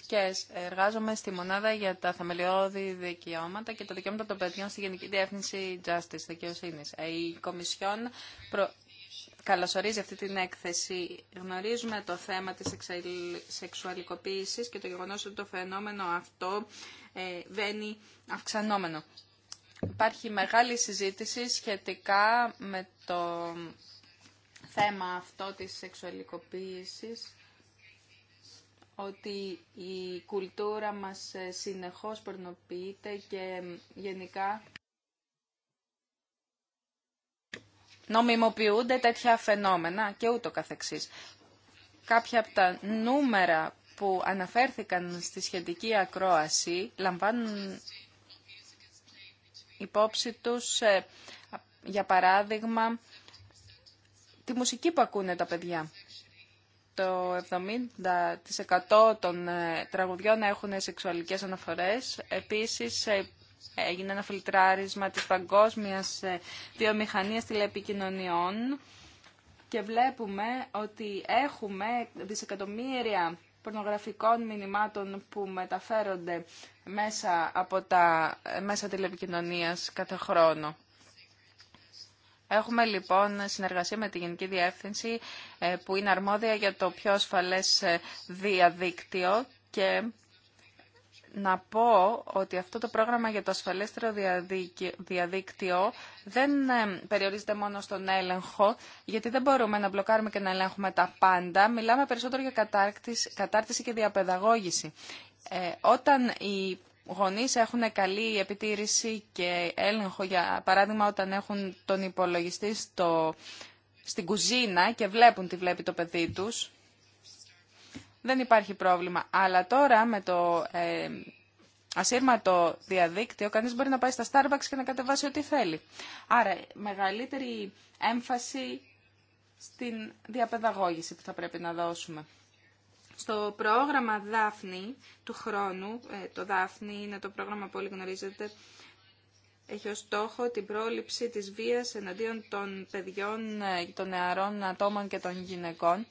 εργάζομαι στη μονάδα για τα θεμελιώδη δικαιώματα και τα δικαιώματα των παιδιών στη Γενική Διεύθυνση Justice, δικαιοσύνη. Η Κομισιόν προ... καλωσορίζει αυτή την έκθεση. Γνωρίζουμε το θέμα της σεξουαλικοποίησης και το γεγονός ότι το φαινόμενο αυτό ε, βαίνει αυξανόμενο. Υπάρχει μεγάλη συζήτηση σχετικά με το θέμα αυτό της σεξουαλικοποίησης ότι η κουλτούρα μας ε, συνεχώς περνοποιείται και γενικά νομιμοποιούνται τέτοια φαινόμενα και ούτω καθεξής. Κάποια από τα νούμερα που αναφέρθηκαν στη σχετική ακρόαση λαμβάνουν υπόψη τους, ε, για παράδειγμα, τη μουσική που ακούνε τα παιδιά το 70% των ε, τραγουδιών έχουν σεξουαλικές αναφορές. Επίσης, ε, έγινε ένα φιλτράρισμα της παγκόσμιας ε, βιομηχανίας τηλεπικοινωνιών και βλέπουμε ότι έχουμε δισεκατομμύρια πορνογραφικών μηνυμάτων που μεταφέρονται μέσα από τα μέσα τηλεπικοινωνίας κάθε χρόνο. Έχουμε λοιπόν συνεργασία με τη Γενική Διεύθυνση ε, που είναι αρμόδια για το πιο ασφαλές ε, διαδίκτυο και να πω ότι αυτό το πρόγραμμα για το ασφαλέστερο διαδίκτυο δεν ε, περιορίζεται μόνο στον έλεγχο, γιατί δεν μπορούμε να μπλοκάρουμε και να ελέγχουμε τα πάντα. Μιλάμε περισσότερο για κατάρτιση και διαπαιδαγώγηση. όταν οι γονείς έχουν καλή επιτήρηση και έλεγχο, για παράδειγμα, όταν έχουν τον υπολογιστή στο, στην κουζίνα και βλέπουν τι βλέπει το παιδί τους, δεν υπάρχει πρόβλημα. Αλλά τώρα με το ε, ασύρματο διαδίκτυο, κανείς μπορεί να πάει στα Starbucks και να κατεβάσει ό,τι θέλει. Άρα, μεγαλύτερη έμφαση στην διαπαιδαγώγηση που θα πρέπει να δώσουμε. Στο πρόγραμμα Δάφνη του χρόνου, ε, το Δάφνη είναι το πρόγραμμα που όλοι γνωρίζετε, έχει ως στόχο την πρόληψη της βίας εναντίον των παιδιών, ε, των νεαρών ατόμων και των γυναικών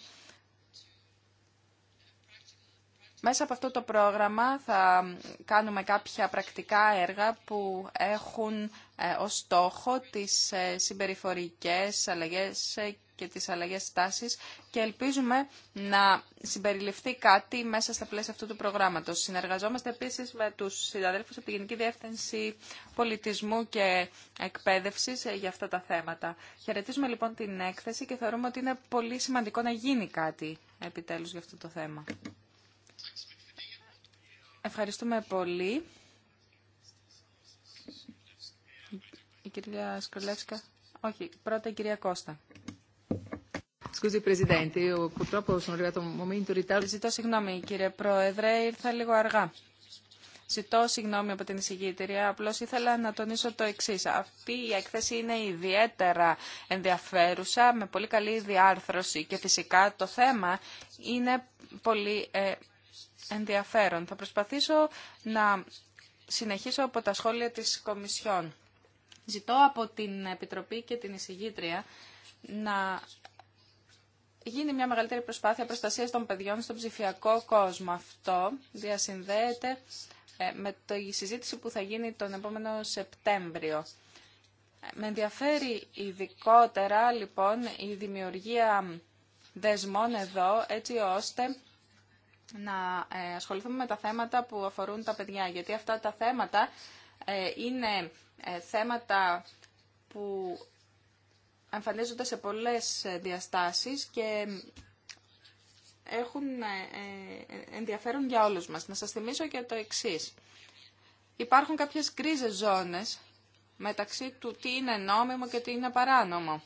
μέσα από αυτό το πρόγραμμα θα κάνουμε κάποια πρακτικά έργα που έχουν ε, ως στόχο τις ε, συμπεριφορικές αλλαγές ε, και τις αλλαγές τάσης και ελπίζουμε να συμπεριληφθεί κάτι μέσα στα πλαίσια αυτού του προγράμματος. Συνεργαζόμαστε επίσης με τους συναδέλφους από τη Γενική Διεύθυνση Πολιτισμού και Εκπαίδευσης για αυτά τα θέματα. Χαιρετίζουμε λοιπόν την έκθεση και θεωρούμε ότι είναι πολύ σημαντικό να γίνει κάτι επιτέλους για αυτό το θέμα. Ευχαριστούμε πολύ. Η κυρία Σκολεύσκα. Όχι, πρώτα η κυρία Κώστα. Ζητώ συγγνώμη κύριε Πρόεδρε, ήρθα λίγο αργά. Ζητώ συγγνώμη από την εισηγήτρια, απλώ ήθελα να τονίσω το εξή. Αυτή η έκθεση είναι ιδιαίτερα ενδιαφέρουσα, με πολύ καλή διάρθρωση και φυσικά το θέμα είναι πολύ ε, ενδιαφέρον. Θα προσπαθήσω να συνεχίσω από τα σχόλια της Κομισιόν. Ζητώ από την Επιτροπή και την Εισηγήτρια να γίνει μια μεγαλύτερη προσπάθεια προστασίας των παιδιών στον ψηφιακό κόσμο. Αυτό διασυνδέεται ε, με τη συζήτηση που θα γίνει τον επόμενο Σεπτέμβριο. Με ενδιαφέρει ειδικότερα λοιπόν η δημιουργία δεσμών εδώ έτσι ώστε να ε, ασχοληθούμε με τα θέματα που αφορούν τα παιδιά, γιατί αυτά τα θέματα ε, είναι ε, θέματα που εμφανίζονται σε πολλές διαστάσεις και έχουν ενδιαφέρον για όλους μας. Να σας θυμίσω και το εξής. Υπάρχουν κάποιες γκρίζες ζώνες μεταξύ του τι είναι νόμιμο και τι είναι παράνομο.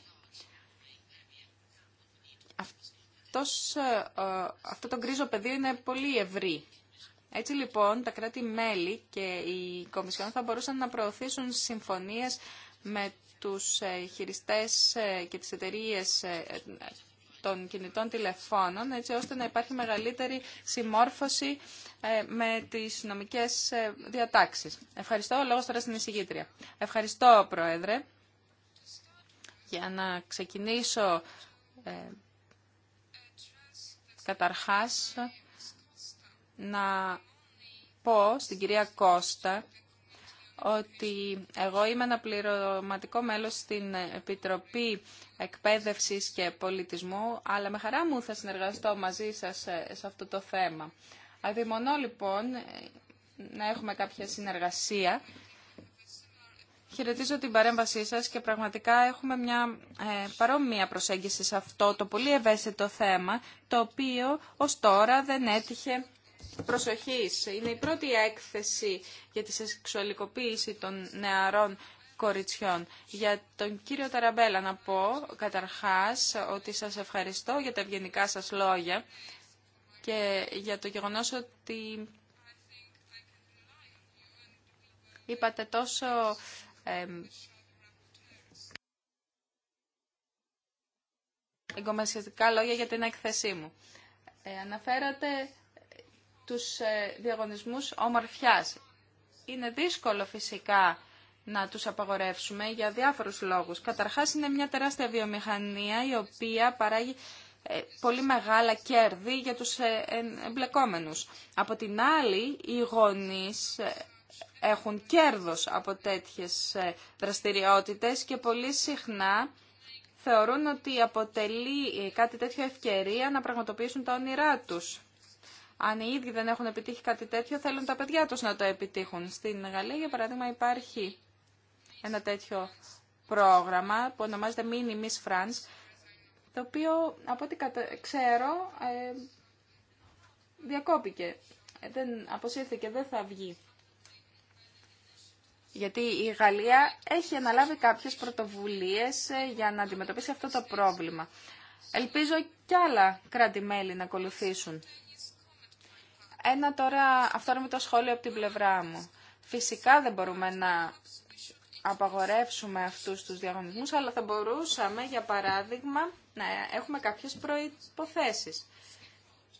αυτός, ε, ε, αυτό το γκρίζο πεδίο είναι πολύ ευρύ. Έτσι λοιπόν τα κράτη-μέλη και οι Κομισιόν θα μπορούσαν να προωθήσουν συμφωνίες με τους ε, χειριστές και τις εταιρείες των κινητών τηλεφώνων, έτσι ώστε να υπάρχει μεγαλύτερη συμμόρφωση με τις νομικές διατάξεις. Ευχαριστώ. λόγω λόγος τώρα στην εισηγήτρια. Ευχαριστώ, Πρόεδρε. Για να ξεκινήσω Καταρχάς, να πω στην κυρία Κώστα ότι εγώ είμαι ένα πληρωματικό μέλος στην Επιτροπή Εκπαίδευσης και Πολιτισμού, αλλά με χαρά μου θα συνεργαστώ μαζί σας σε αυτό το θέμα. Αδειμονώ λοιπόν να έχουμε κάποια συνεργασία Χαιρετίζω την παρέμβασή σας και πραγματικά έχουμε μια ε, παρόμοια προσέγγιση σε αυτό το πολύ ευαίσθητο θέμα, το οποίο ως τώρα δεν έτυχε προσοχής. Είναι η πρώτη έκθεση για τη σεξουαλικοποίηση των νεαρών κοριτσιών. Για τον κύριο Ταραμπέλα να πω καταρχάς ότι σας ευχαριστώ για τα ευγενικά σας λόγια και για το γεγονός ότι είπατε τόσο εγκομασιατικά λόγια για την έκθεσή μου. Ε, αναφέρατε τους ε, διαγωνισμούς ομορφιάς. Είναι δύσκολο φυσικά να τους απαγορεύσουμε για διάφορους λόγους. Καταρχάς είναι μια τεράστια βιομηχανία η οποία παράγει ε, πολύ μεγάλα κέρδη για τους εμπλεκόμενους. Από την άλλη, οι γονείς έχουν κέρδος από τέτοιες ε, δραστηριότητες και πολύ συχνά θεωρούν ότι αποτελεί ε, κάτι τέτοιο ευκαιρία να πραγματοποιήσουν τα όνειρά τους. Αν οι ίδιοι δεν έχουν επιτύχει κάτι τέτοιο, θέλουν τα παιδιά τους να το επιτύχουν. Στην Γαλλία, για παράδειγμα, υπάρχει ένα τέτοιο πρόγραμμα που ονομάζεται Mini Miss France, το οποίο, από ό,τι ξέρω, ε, διακόπηκε. Δεν αποσύρθηκε, δεν θα βγει. Γιατί η Γαλλία έχει αναλάβει κάποιες πρωτοβουλίες ε, για να αντιμετωπίσει αυτό το πρόβλημα. Ελπίζω κι άλλα κράτη-μέλη να ακολουθήσουν. Ένα τώρα αυτό το σχόλιο από την πλευρά μου. Φυσικά δεν μπορούμε να απαγορεύσουμε αυτούς τους διαγωνισμούς, αλλά θα μπορούσαμε, για παράδειγμα, να έχουμε κάποιες προϋποθέσεις.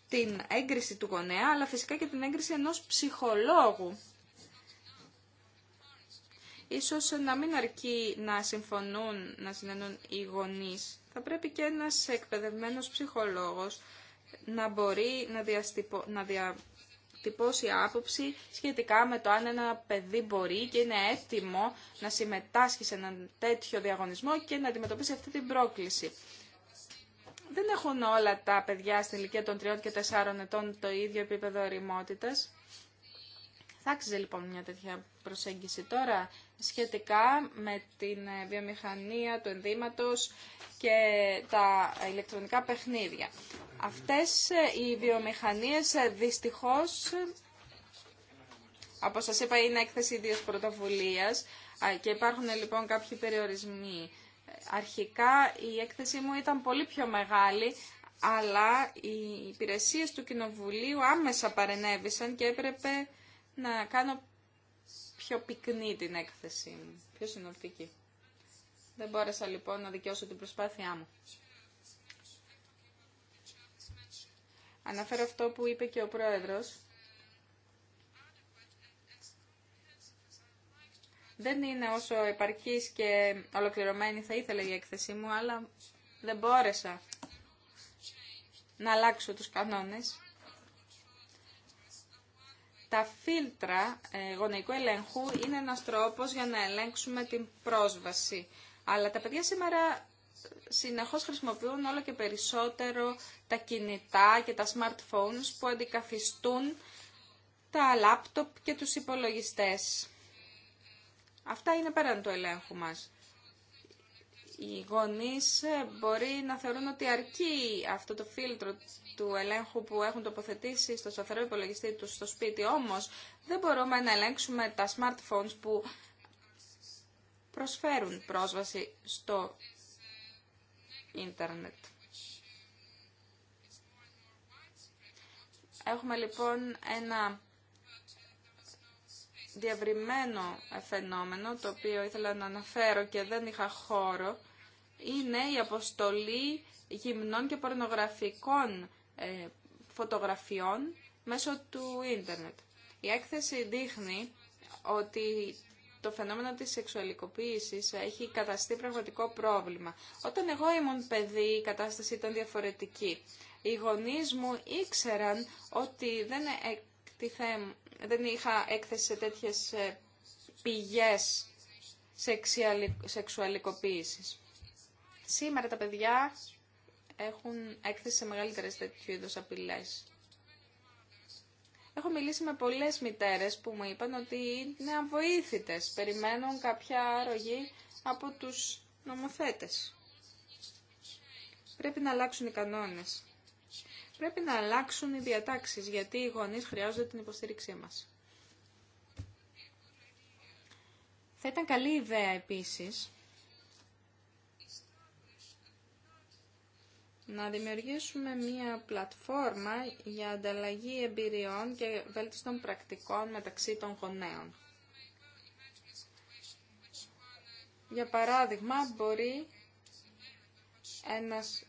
Την έγκριση του γονέα, αλλά φυσικά και την έγκριση ενός ψυχολόγου ίσως να μην αρκεί να συμφωνούν, να συνενούν οι γονείς. Θα πρέπει και ένας εκπαιδευμένος ψυχολόγος να μπορεί να, να διατυπώσει άποψη σχετικά με το αν ένα παιδί μπορεί και είναι έτοιμο να συμμετάσχει σε έναν τέτοιο διαγωνισμό και να αντιμετωπίσει αυτή την πρόκληση. Δεν έχουν όλα τα παιδιά στην ηλικία των 3 και 4 ετών το ίδιο επίπεδο ερημότητας. Θα άξιζε λοιπόν μια τέτοια προσέγγιση τώρα σχετικά με την ε, βιομηχανία του ενδύματος και τα ηλεκτρονικά παιχνίδια. Αυτές ε, οι βιομηχανίες ε, δυστυχώς, όπως σας είπα, είναι έκθεση ιδίας πρωτοβουλίας και υπάρχουν λοιπόν κάποιοι περιορισμοί. Αρχικά η έκθεση μου ήταν πολύ πιο μεγάλη, αλλά οι υπηρεσίες του Κοινοβουλίου άμεσα παρενέβησαν και έπρεπε να κάνω πιο πυκνή την έκθεσή μου, πιο συνολική. Δεν μπόρεσα λοιπόν να δικαιώσω την προσπάθειά μου. Αναφέρω αυτό που είπε και ο Πρόεδρος. Δεν είναι όσο επαρκής και ολοκληρωμένη θα ήθελε η έκθεσή μου, αλλά δεν μπόρεσα να αλλάξω τους κανόνες. Τα φίλτρα ε, γονεϊκού ελέγχου είναι ένας τρόπος για να ελέγξουμε την πρόσβαση. Αλλά τα παιδιά σήμερα συνεχώς χρησιμοποιούν όλο και περισσότερο τα κινητά και τα smartphones που αντικαθιστούν τα λάπτοπ και τους υπολογιστές. Αυτά είναι πέραν του ελέγχου μας οι γονείς ε, μπορεί να θεωρούν ότι αρκεί αυτό το φίλτρο του ελέγχου που έχουν τοποθετήσει στο σταθερό υπολογιστή τους στο σπίτι. Όμως δεν μπορούμε να ελέγξουμε τα smartphones που προσφέρουν πρόσβαση στο ίντερνετ. Έχουμε λοιπόν ένα διαβριμένο φαινόμενο, το οποίο ήθελα να αναφέρω και δεν είχα χώρο, είναι η αποστολή γυμνών και πορνογραφικών ε, φωτογραφιών μέσω του ίντερνετ. Η έκθεση δείχνει ότι το φαινόμενο της σεξουαλικοποίησης έχει καταστεί πραγματικό πρόβλημα. Όταν εγώ ήμουν παιδί η κατάσταση ήταν διαφορετική. Οι γονείς μου ήξεραν ότι δεν, δεν είχα έκθεση σε τέτοιες ε, πηγές σεξουαλικοποίησης. Σήμερα τα παιδιά έχουν έκθεση σε μεγαλύτερες τέτοιου είδους απειλές. Έχω μιλήσει με πολλές μητέρες που μου είπαν ότι είναι αβοήθητες, περιμένουν κάποια αρρωγή από τους νομοθέτες. Πρέπει να αλλάξουν οι κανόνες. Πρέπει να αλλάξουν οι διατάξεις, γιατί οι γονείς χρειάζονται την υποστήριξή μας. Θα ήταν καλή ιδέα επίσης να δημιουργήσουμε μία πλατφόρμα για ανταλλαγή εμπειριών και βέλτιστων πρακτικών μεταξύ των γονέων. Για παράδειγμα, μπορεί ένας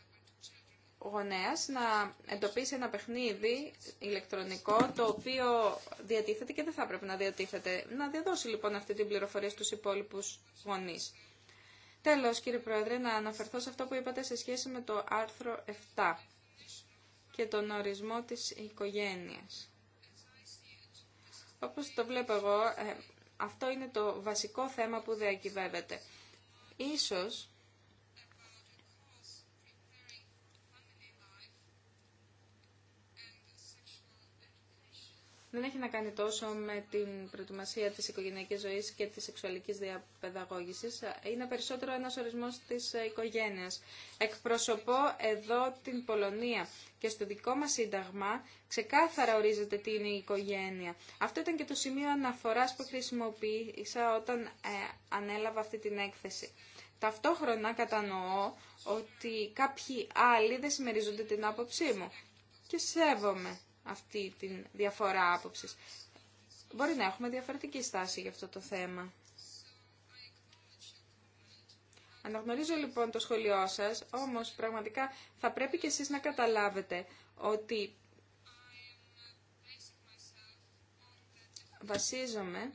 γονέας να εντοπίσει ένα παιχνίδι ηλεκτρονικό το οποίο διατίθεται και δεν θα πρέπει να διατίθεται. Να διαδώσει λοιπόν αυτή την πληροφορία στους υπόλοιπους γονείς. Τέλος, κύριε Πρόεδρε, να αναφερθώ σε αυτό που είπατε σε σχέση με το άρθρο 7 και τον ορισμό της οικογένειας. Όπως το βλέπω εγώ, ε, αυτό είναι το βασικό θέμα που διακυβεύεται. Ίσως δεν έχει να κάνει τόσο με την προετοιμασία της οικογενειακής ζωής και της σεξουαλικής διαπαιδαγώγησης. Είναι περισσότερο ένας ορισμός της οικογένειας. Εκπροσωπώ εδώ την Πολωνία και στο δικό μας σύνταγμα ξεκάθαρα ορίζεται τι είναι η οικογένεια. Αυτό ήταν και το σημείο αναφοράς που χρησιμοποίησα όταν ε, ανέλαβα αυτή την έκθεση. Ταυτόχρονα κατανοώ ότι κάποιοι άλλοι δεν συμμερίζονται την άποψή μου και σέβομαι αυτή τη διαφορά άποψης. Μπορεί να έχουμε διαφορετική στάση για αυτό το θέμα. Αναγνωρίζω λοιπόν το σχολείο σας, όμως πραγματικά θα πρέπει και εσείς να καταλάβετε ότι βασίζομαι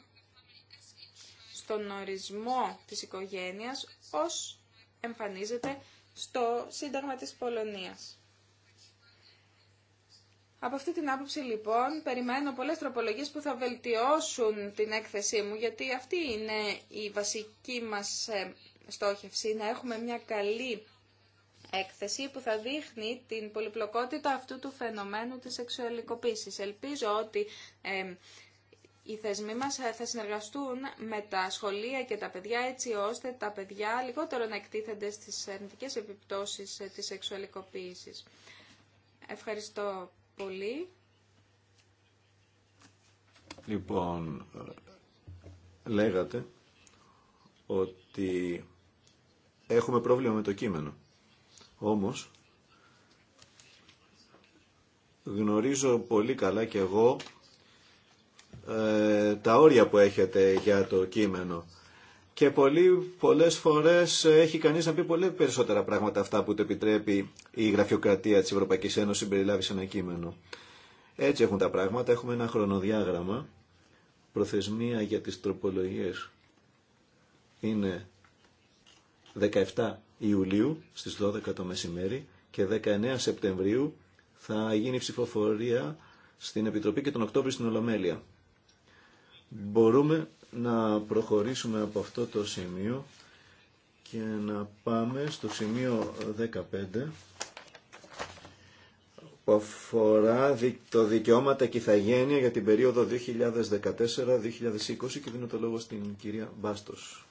στον ορισμό της οικογένειας ως εμφανίζεται στο Σύνταγμα της Πολωνίας. Από αυτή την άποψη λοιπόν περιμένω πολλές τροπολογίες που θα βελτιώσουν την έκθεσή μου γιατί αυτή είναι η βασική μας ε, στόχευση, να έχουμε μια καλή έκθεση που θα δείχνει την πολυπλοκότητα αυτού του φαινομένου της σεξουαλικοποίησης. Ελπίζω ότι ε, οι θεσμοί μας θα συνεργαστούν με τα σχολεία και τα παιδιά έτσι ώστε τα παιδιά λιγότερο να εκτίθενται στις αρνητικές επιπτώσεις ε, της σεξουαλικοποίησης. Ευχαριστώ πολύ. Λοιπόν, ε, λέγατε ότι έχουμε πρόβλημα με το κείμενο. Όμως, γνωρίζω πολύ καλά και εγώ ε, τα όρια που έχετε για το κείμενο και πολύ, πολλές φορές έχει κανείς να πει πολύ περισσότερα πράγματα αυτά που το επιτρέπει η γραφειοκρατία της Ευρωπαϊκής Ένωσης περιλάβει σε ένα κείμενο. Έτσι έχουν τα πράγματα, έχουμε ένα χρονοδιάγραμμα, προθεσμία για τις τροπολογίες είναι 17 Ιουλίου στις 12 το μεσημέρι και 19 Σεπτεμβρίου θα γίνει ψηφοφορία στην Επιτροπή και τον Οκτώβριο στην Ολομέλεια. Μπορούμε να προχωρήσουμε από αυτό το σημείο και να πάμε στο σημείο 15 που αφορά το δικαιώματα και ηθαγένεια για την περίοδο 2014-2020 και δίνω το λόγο στην κυρία Μπάστος.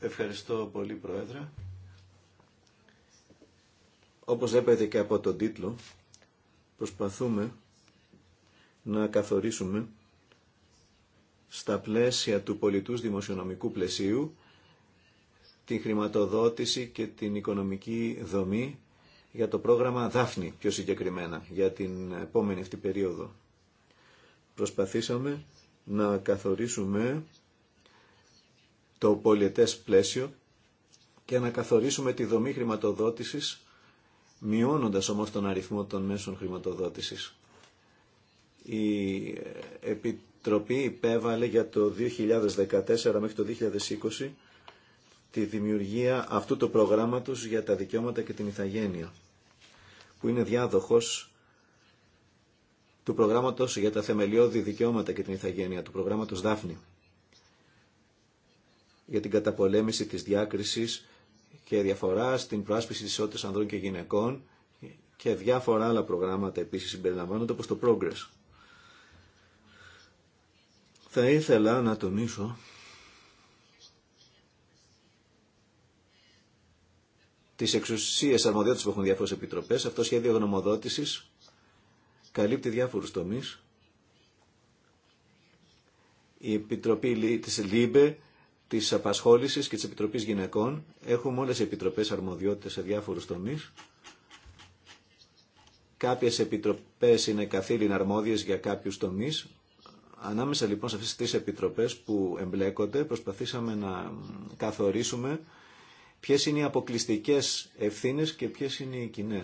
Ευχαριστώ πολύ Πρόεδρε. Όπως έπαιδε και από τον τίτλο, προσπαθούμε να καθορίσουμε στα πλαίσια του πολιτούς δημοσιονομικού πλαισίου την χρηματοδότηση και την οικονομική δομή για το πρόγραμμα Δάφνη πιο συγκεκριμένα για την επόμενη αυτή περίοδο. Προσπαθήσαμε να καθορίσουμε το πολιετές πλαίσιο και να καθορίσουμε τη δομή χρηματοδότησης μειώνοντας όμως τον αριθμό των μέσων χρηματοδότησης η Επιτροπή υπέβαλε για το 2014 μέχρι το 2020 τη δημιουργία αυτού του προγράμματος για τα δικαιώματα και την ηθαγένεια, που είναι διάδοχος του προγράμματος για τα θεμελιώδη δικαιώματα και την ηθαγένεια, του προγράμματος Δάφνη, για την καταπολέμηση της διάκρισης και διαφορά στην προάσπιση της ισότητας ανδρών και γυναικών και διάφορα άλλα προγράμματα επίσης συμπεριλαμβάνονται όπως το Progress. Θα ήθελα να τονίσω τις εξουσίες αρμοδιότητες που έχουν διάφορες επιτροπές. Αυτό σχέδιο γνωμοδότησης καλύπτει διάφορους τομείς. Η Επιτροπή της ΛΥΜΠΕ, της Απασχόλησης και της Επιτροπής Γυναικών έχουμε όλες οι επιτροπές αρμοδιότητες σε διάφορους τομείς. Κάποιες επιτροπές είναι καθήλυνα αρμόδιες για κάποιους τομείς, Ανάμεσα λοιπόν σε αυτές τις τρεις επιτροπές που εμπλέκονται προσπαθήσαμε να καθορίσουμε ποιες είναι οι αποκλειστικές ευθύνες και ποιες είναι οι κοινέ.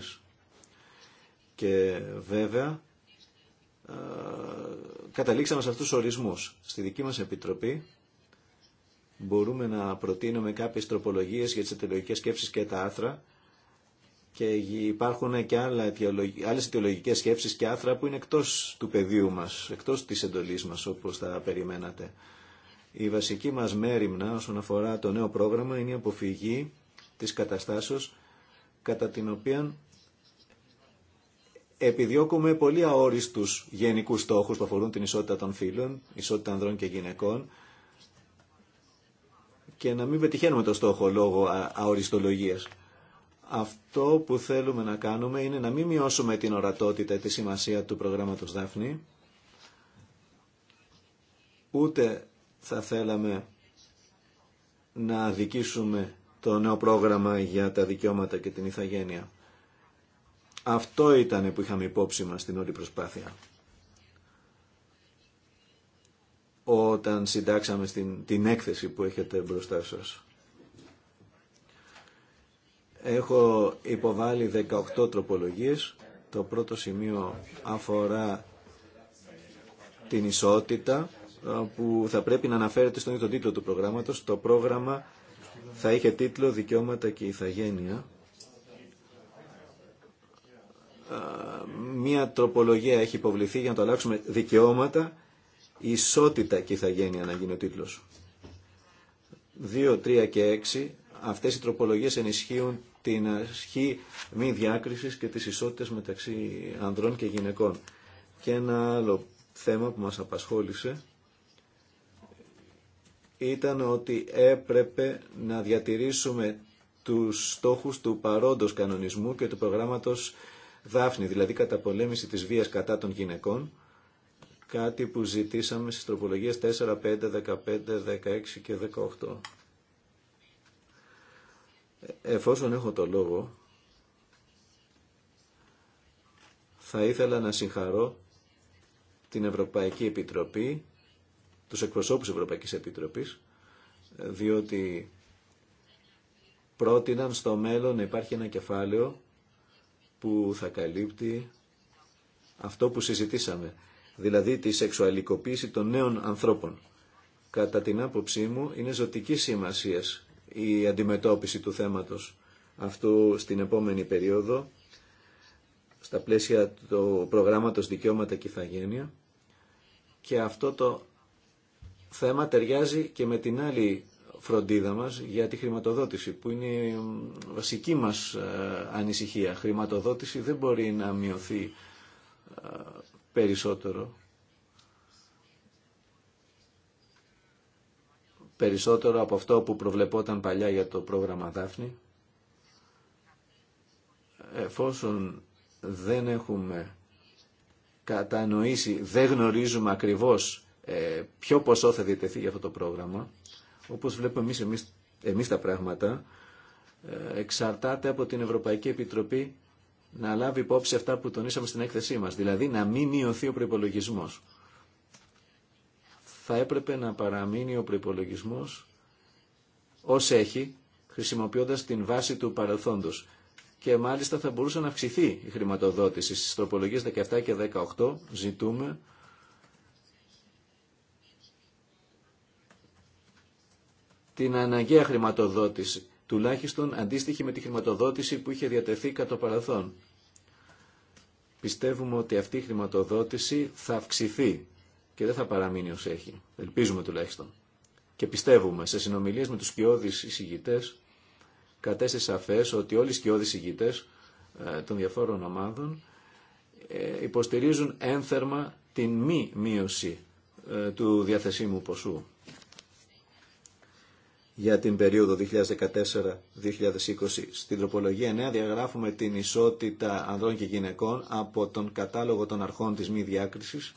Και βέβαια ε, καταλήξαμε σε αυτούς τους ορισμούς. Στη δική μας επιτροπή μπορούμε να προτείνουμε κάποιες τροπολογίες για τις εταιρεωτικές σκέψεις και τα άθρα και υπάρχουν και άλλα άλλες αιτιολογικές σκέψεις και άθρα που είναι εκτός του πεδίου μας, εκτός της εντολής μας όπως θα περιμένατε. Η βασική μας μέρημνα όσον αφορά το νέο πρόγραμμα είναι η αποφυγή της καταστάσεως κατά την οποία επιδιώκουμε πολύ αόριστους γενικούς στόχους που αφορούν την ισότητα των φίλων, ισότητα ανδρών και γυναικών και να μην πετυχαίνουμε το στόχο λόγω αοριστολογίας. Αυτό που θέλουμε να κάνουμε είναι να μην μειώσουμε την ορατότητα, τη σημασία του προγράμματος Δάφνη. Ούτε θα θέλαμε να αδικήσουμε το νέο πρόγραμμα για τα δικαιώματα και την ηθαγένεια. Αυτό ήταν που είχαμε υπόψη μας στην όλη προσπάθεια. Όταν συντάξαμε στην, την έκθεση που έχετε μπροστά σας. Έχω υποβάλει 18 τροπολογίες. Το πρώτο σημείο αφορά την ισότητα ε, που θα πρέπει να αναφέρεται στον ίδιο τίτλο του προγράμματος. Το πρόγραμμα θα είχε τίτλο «Δικαιώματα και ηθαγένεια». Ε, μία τροπολογία έχει υποβληθεί για να το αλλάξουμε «Δικαιώματα, ισότητα και ηθαγένεια» να γίνει ο τίτλος. 2, 3 και 6 αυτές οι τροπολογίες ενισχύουν την αρχή μη διάκρισης και τις ισότητες μεταξύ ανδρών και γυναικών. Και ένα άλλο θέμα που μας απασχόλησε ήταν ότι έπρεπε να διατηρήσουμε τους στόχους του παρόντος κανονισμού και του προγράμματος Δάφνη, δηλαδή καταπολέμηση της βίας κατά των γυναικών, κάτι που ζητήσαμε στις τροπολογίες 4, 5, 15, 16 και 18. Εφόσον έχω το λόγο, θα ήθελα να συγχαρώ την Ευρωπαϊκή Επιτροπή, τους εκπροσώπους Ευρωπαϊκής Επιτροπής, διότι πρότειναν στο μέλλον να υπάρχει ένα κεφάλαιο που θα καλύπτει αυτό που συζητήσαμε, δηλαδή τη σεξουαλικοποίηση των νέων ανθρώπων. Κατά την άποψή μου είναι ζωτική σημασία η αντιμετώπιση του θέματος αυτού στην επόμενη περίοδο στα πλαίσια του προγράμματος Δικαιώματα και Ιθαγένεια και αυτό το θέμα ταιριάζει και με την άλλη φροντίδα μας για τη χρηματοδότηση που είναι η βασική μας ε, ανησυχία. Χρηματοδότηση δεν μπορεί να μειωθεί ε, περισσότερο περισσότερο από αυτό που προβλεπόταν παλιά για το πρόγραμμα Δάφνη. Εφόσον δεν έχουμε κατανοήσει, δεν γνωρίζουμε ακριβώς ε, ποιο ποσό θα διατεθεί για αυτό το πρόγραμμα, όπως βλέπουμε εμείς, εμείς, τα πράγματα, ε, εξαρτάται από την Ευρωπαϊκή Επιτροπή να λάβει υπόψη αυτά που τονίσαμε στην έκθεσή μας, δηλαδή να μην μειωθεί ο προπολογισμό θα έπρεπε να παραμείνει ο προπολογισμό ως έχει, χρησιμοποιώντα την βάση του παρελθόντο. Και μάλιστα θα μπορούσε να αυξηθεί η χρηματοδότηση. στι τροπολογίε 17 και 18 ζητούμε την αναγκαία χρηματοδότηση, τουλάχιστον αντίστοιχη με τη χρηματοδότηση που είχε διατεθεί κατά το παρελθόν. Πιστεύουμε ότι αυτή η χρηματοδότηση θα αυξηθεί και δεν θα παραμείνει ως έχει. Ελπίζουμε τουλάχιστον. Και πιστεύουμε σε συνομιλίες με τους σκιώδεις εισηγητές κατέστησε σαφές ότι όλοι οι σκιώδεις εισηγητές ε, των διαφόρων ομάδων ε, υποστηρίζουν ένθερμα την μη μείωση ε, του διαθεσίμου ποσού για την περίοδο 2014-2020. Στην τροπολογία 9 διαγράφουμε την ισότητα ανδρών και γυναικών από τον κατάλογο των αρχών της μη διάκρισης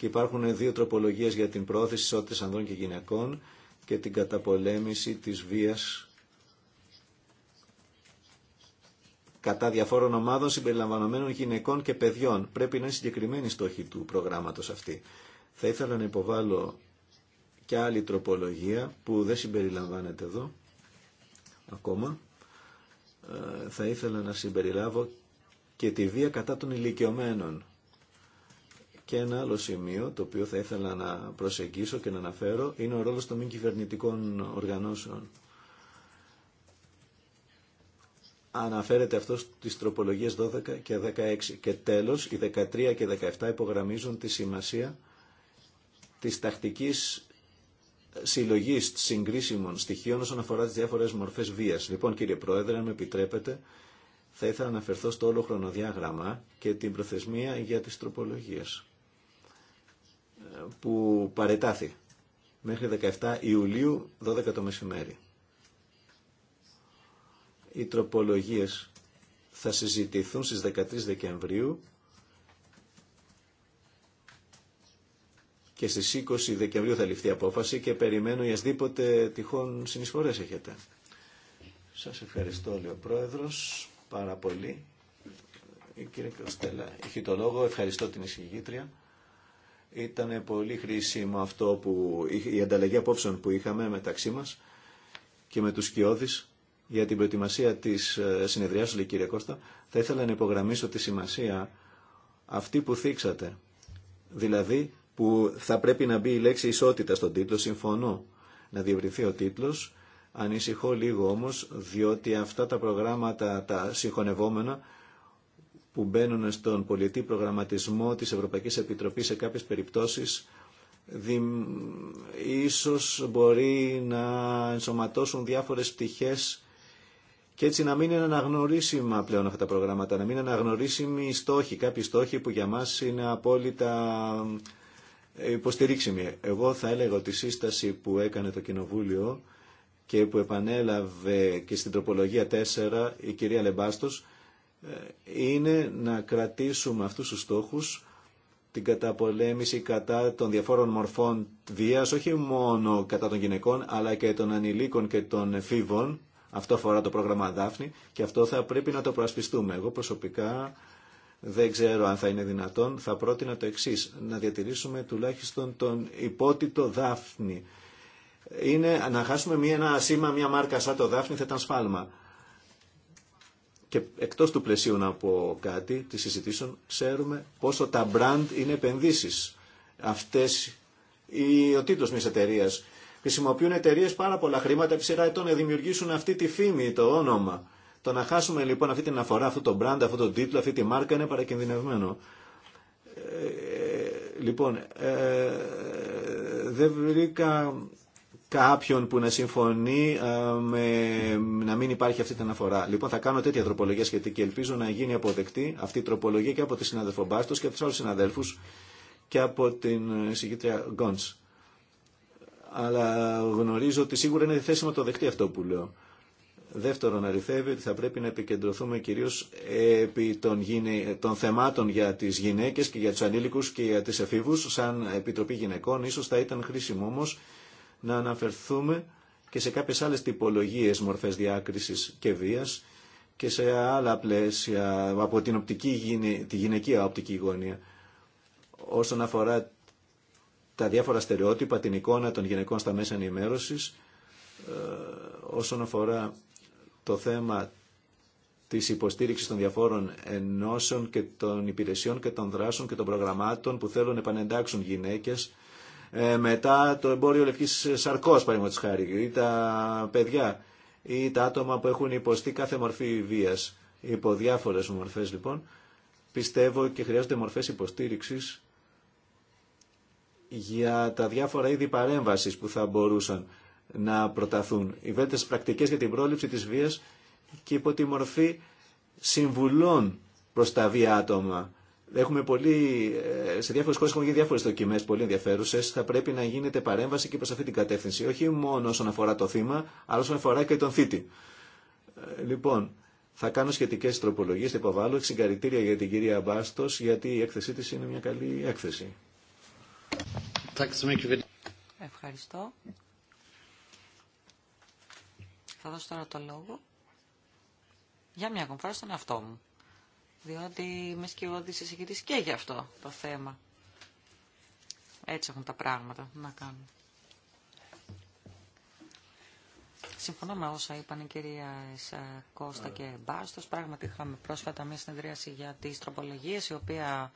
και υπάρχουν δύο τροπολογίες για την πρόθεση ισότητας ανδρών και γυναικών και την καταπολέμηση της βίας κατά διαφόρων ομάδων συμπεριλαμβανομένων γυναικών και παιδιών. Πρέπει να είναι συγκεκριμένη στόχη του προγράμματος αυτή. Θα ήθελα να υποβάλω και άλλη τροπολογία που δεν συμπεριλαμβάνεται εδώ ακόμα. Ε, θα ήθελα να συμπεριλάβω και τη βία κατά των ηλικιωμένων. Και ένα άλλο σημείο το οποίο θα ήθελα να προσεγγίσω και να αναφέρω είναι ο ρόλος των μη κυβερνητικών οργανώσεων. Αναφέρεται αυτό στις τροπολογίες 12 και 16. Και τέλος, οι 13 και 17 υπογραμμίζουν τη σημασία της τακτικής συλλογής συγκρίσιμων στοιχείων όσον αφορά τις διάφορες μορφές βίας. Λοιπόν, κύριε Πρόεδρε, αν με επιτρέπετε, θα ήθελα να αναφερθώ στο όλο χρονοδιάγραμμα και την προθεσμία για τις τροπολογίες που παρετάθη μέχρι 17 Ιουλίου 12 το μεσημέρι. Οι τροπολογίες θα συζητηθούν στις 13 Δεκεμβρίου και στις 20 Δεκεμβρίου θα ληφθεί απόφαση και περιμένω οι ασδήποτε τυχόν συνεισφορές έχετε. Σας ευχαριστώ, λέει ο Πρόεδρος, πάρα πολύ. Η ε, κυρία Κροστέλα έχει το λόγο. Ευχαριστώ την εισηγήτρια. Ήταν πολύ χρήσιμο αυτό που, η ανταλλαγή απόψεων που είχαμε μεταξύ μας και με τους Κιώδης για την προετοιμασία της ε, συνεδριάς, λέει κύριε Κώστα. Θα ήθελα να υπογραμμίσω τη σημασία αυτή που θίξατε. Δηλαδή που θα πρέπει να μπει η λέξη ισότητα στον τίτλο, συμφωνώ να διευρυνθεί ο τίτλος. Ανησυχώ λίγο όμως, διότι αυτά τα προγράμματα, τα συγχωνευόμενα, που μπαίνουν στον πολιτή προγραμματισμό της Ευρωπαϊκής Επιτροπής σε κάποιες περιπτώσεις δι... ίσως μπορεί να ενσωματώσουν διάφορες πτυχές και έτσι να μην είναι αναγνωρίσιμα πλέον αυτά τα προγράμματα, να μην είναι αναγνωρίσιμοι οι στόχοι, κάποιοι στόχοι που για μας είναι απόλυτα ε, υποστηρίξιμοι. Εγώ θα έλεγα ότι η σύσταση που έκανε το Κοινοβούλιο και που επανέλαβε και στην τροπολογία 4 η κυρία Λεμπάστος ε, είναι να κρατήσουμε αυτούς τους στόχους την καταπολέμηση κατά των διαφόρων μορφών βίας, όχι μόνο κατά των γυναικών, αλλά και των ανηλίκων και των εφήβων. Αυτό αφορά το πρόγραμμα Δάφνη και αυτό θα πρέπει να το προασπιστούμε. Εγώ προσωπικά δεν ξέρω αν θα είναι δυνατόν. Θα πρότεινα το εξή να διατηρήσουμε τουλάχιστον τον υπότιτο Δάφνη. Είναι να χάσουμε μια, ένα σήμα, μια μάρκα σαν το Δάφνη θα ήταν σφάλμα και εκτός του πλαισίου να πω κάτι, τη συζητήσεων, ξέρουμε πόσο τα brand είναι επενδύσεις. Αυτές, η, ο τίτλος μιας εταιρεία. Χρησιμοποιούν εταιρείε πάρα πολλά χρήματα επί σειρά ετών να δημιουργήσουν αυτή τη φήμη, το όνομα. Το να χάσουμε λοιπόν αυτή την αφορά, αυτό το brand, αυτό το τίτλο, αυτή τη μάρκα είναι παρακινδυνευμένο. Ε, ε, λοιπόν, ε, δεν βρήκα κάποιον που να συμφωνεί ε, με να μην υπάρχει αυτή την αναφορά. Λοιπόν, θα κάνω τέτοια τροπολογία σχετική. Ελπίζω να γίνει αποδεκτή αυτή η τροπολογία και από τη συναδελφό Μπάστο και από του άλλου συναδέλφου και από την συγκίτρια Γκόντ. Αλλά γνωρίζω ότι σίγουρα είναι διθέσιμο το δεκτή αυτό που λέω. Δεύτερον, αριθεύει ότι θα πρέπει να επικεντρωθούμε κυρίω επί των, γυναι... των θεμάτων για τι γυναίκε και για του ανήλικου και για τι εφήβου. Σαν Επιτροπή Γυναικών, σω θα ήταν χρήσιμο όμω να αναφερθούμε και σε κάποιες άλλες τυπολογίες μορφές διάκρισης και βίας και σε άλλα πλαίσια από την οπτική, τη γυναικεία οπτική γωνία όσον αφορά τα διάφορα στερεότυπα, την εικόνα των γυναικών στα μέσα ενημέρωσης ε, όσον αφορά το θέμα της υποστήριξης των διαφόρων ενώσεων και των υπηρεσιών και των δράσεων και των προγραμμάτων που θέλουν να επανεντάξουν γυναίκες ε, μετά το εμπόριο λευκής σαρκός, παραδείγματος χάρη, ή τα παιδιά, ή τα άτομα που έχουν υποστεί κάθε μορφή βίας, υπό διάφορες μορφές λοιπόν, πιστεύω και χρειάζονται μορφές υποστήριξης για τα διάφορα είδη παρέμβασης που θα μπορούσαν να προταθούν. Οι βέλτες πρακτικές για την πρόληψη της βίας και υπό τη μορφή συμβουλών προς τα βία άτομα Έχουμε πολύ, ε, σε διάφορε χώρε έχουμε γίνει διάφορε δοκιμέ πολύ ενδιαφέρουσε. Θα πρέπει να γίνεται παρέμβαση και προ αυτή την κατεύθυνση. Όχι μόνο όσον αφορά το θύμα, αλλά όσον αφορά και τον θήτη. Ε, λοιπόν, θα κάνω σχετικέ τροπολογίε, θα υποβάλω. Συγχαρητήρια για την κυρία Μπάστο, γιατί η έκθεσή τη είναι μια καλή έκθεση. Ευχαριστώ. Θα δώσω τώρα το λόγο για μια κομφάρα στον εαυτό μου διότι είμαι σκηγόντης εισηγητής και για αυτό το θέμα. Έτσι έχουν τα πράγματα να κάνουν. Συμφωνώ με όσα είπαν οι κυρία Κώστα και Μπάστος. Πράγματι είχαμε πρόσφατα μια συνεδρίαση για τις τροπολογίες, η οποία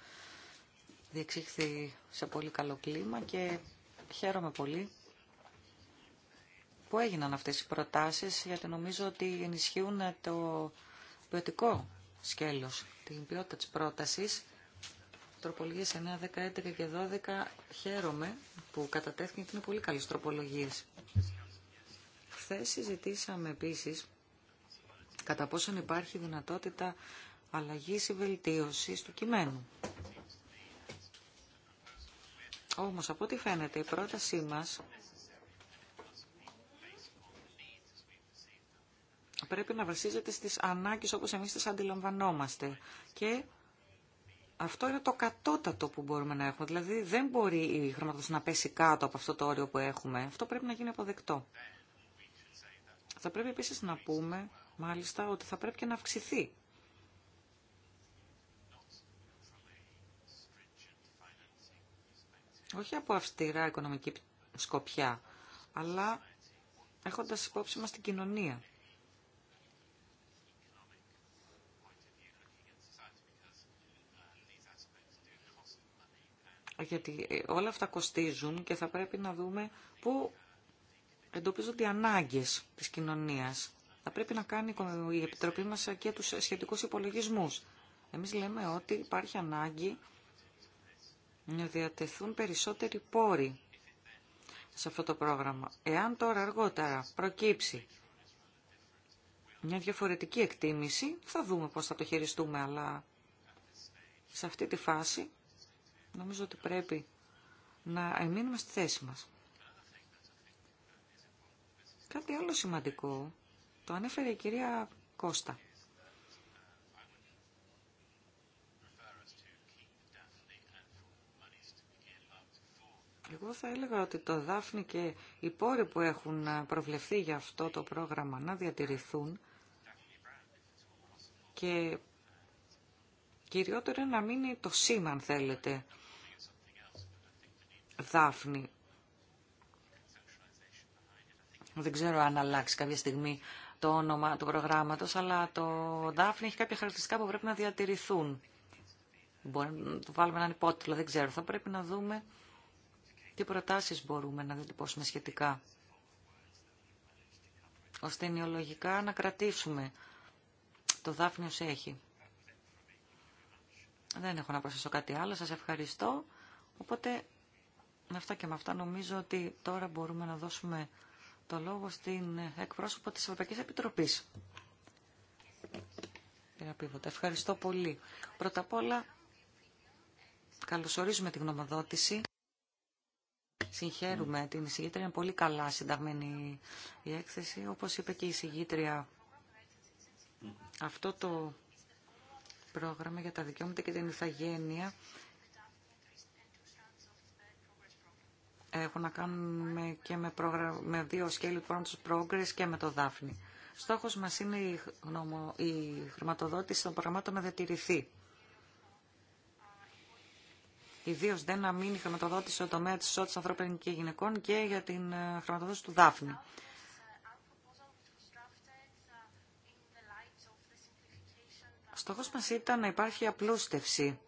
διεξήχθη σε πολύ καλό κλίμα και χαίρομαι πολύ που έγιναν αυτές οι προτάσεις, γιατί νομίζω ότι ενισχύουν το ποιοτικό σκέλος. Την ποιότητα της πρότασης, τροπολογίες 9, 10, 11 και 12, χαίρομαι που κατατέθηκαν και είναι πολύ καλές τροπολογίες. Χθε συζητήσαμε επίσης κατά πόσον υπάρχει δυνατότητα αλλαγής ή βελτίωσης του κειμένου. Όμως, από ό,τι φαίνεται, η πρότασή μας πρέπει να βασίζεται στις ανάγκες όπως εμείς τις αντιλαμβανόμαστε. Και αυτό είναι το κατώτατο που μπορούμε να έχουμε. Δηλαδή δεν μπορεί η χρηματοδότηση να πέσει κάτω από αυτό το όριο που έχουμε. Αυτό πρέπει να γίνει αποδεκτό. Θα πρέπει επίσης να πούμε, μάλιστα, ότι θα πρέπει και να αυξηθεί. Όχι από αυστηρά οικονομική σκοπιά, αλλά έχοντας υπόψη μας την κοινωνία. γιατί όλα αυτά κοστίζουν και θα πρέπει να δούμε πού εντοπίζονται οι ανάγκες της κοινωνίας. Θα πρέπει να κάνει η Επιτροπή μας και τους σχετικούς υπολογισμούς. Εμείς λέμε ότι υπάρχει ανάγκη να διατεθούν περισσότεροι πόροι σε αυτό το πρόγραμμα. Εάν τώρα αργότερα προκύψει μια διαφορετική εκτίμηση, θα δούμε πώς θα το χειριστούμε, αλλά σε αυτή τη φάση Νομίζω ότι πρέπει να εμείνουμε στη θέση μας. Κάτι άλλο σημαντικό, το ανέφερε η κυρία Κώστα. Εγώ θα έλεγα ότι το Δάφνη και οι πόροι που έχουν προβλεφθεί για αυτό το πρόγραμμα να διατηρηθούν και κυριότερο να μείνει το σήμα αν θέλετε Δάφνη. Δεν ξέρω αν αλλάξει κάποια στιγμή το όνομα του προγράμματος, αλλά το Δάφνη έχει κάποια χαρακτηριστικά που πρέπει να διατηρηθούν. Μπορεί να του βάλουμε έναν υπότιτλο, δεν ξέρω. Θα πρέπει να δούμε τι προτάσεις μπορούμε να διατυπώσουμε σχετικά. Ώστε νεολογικά να κρατήσουμε το Δάφνη έχει. Δεν έχω να προσθέσω κάτι άλλο. Σας ευχαριστώ. Οπότε με αυτά και με αυτά νομίζω ότι τώρα μπορούμε να δώσουμε το λόγο στην εκπρόσωπο της Ευρωπαϊκής Επιτροπής. Ευχαριστώ πολύ. Πρώτα απ' όλα, καλωσορίζουμε τη γνωμοδότηση. Συγχαίρουμε την εισηγήτρια, είναι πολύ καλά συνταγμένη η έκθεση. Όπως είπε και η εισηγήτρια, αυτό το πρόγραμμα για τα δικαιώματα και την ηθαγένεια έχουν να κάνουν και με, με δύο σκέλη του Progress και με το Δάφνη. Στόχος μας είναι η, γνωμο... η χρηματοδότηση των προγραμμάτων να διατηρηθεί. Ιδίω δεν να μείνει η χρηματοδότηση στο τομέα τη ισότητα ανθρώπων και γυναικών και για την ε, χρηματοδότηση του Δάφνη. Στόχος μας ήταν να υπάρχει απλούστευση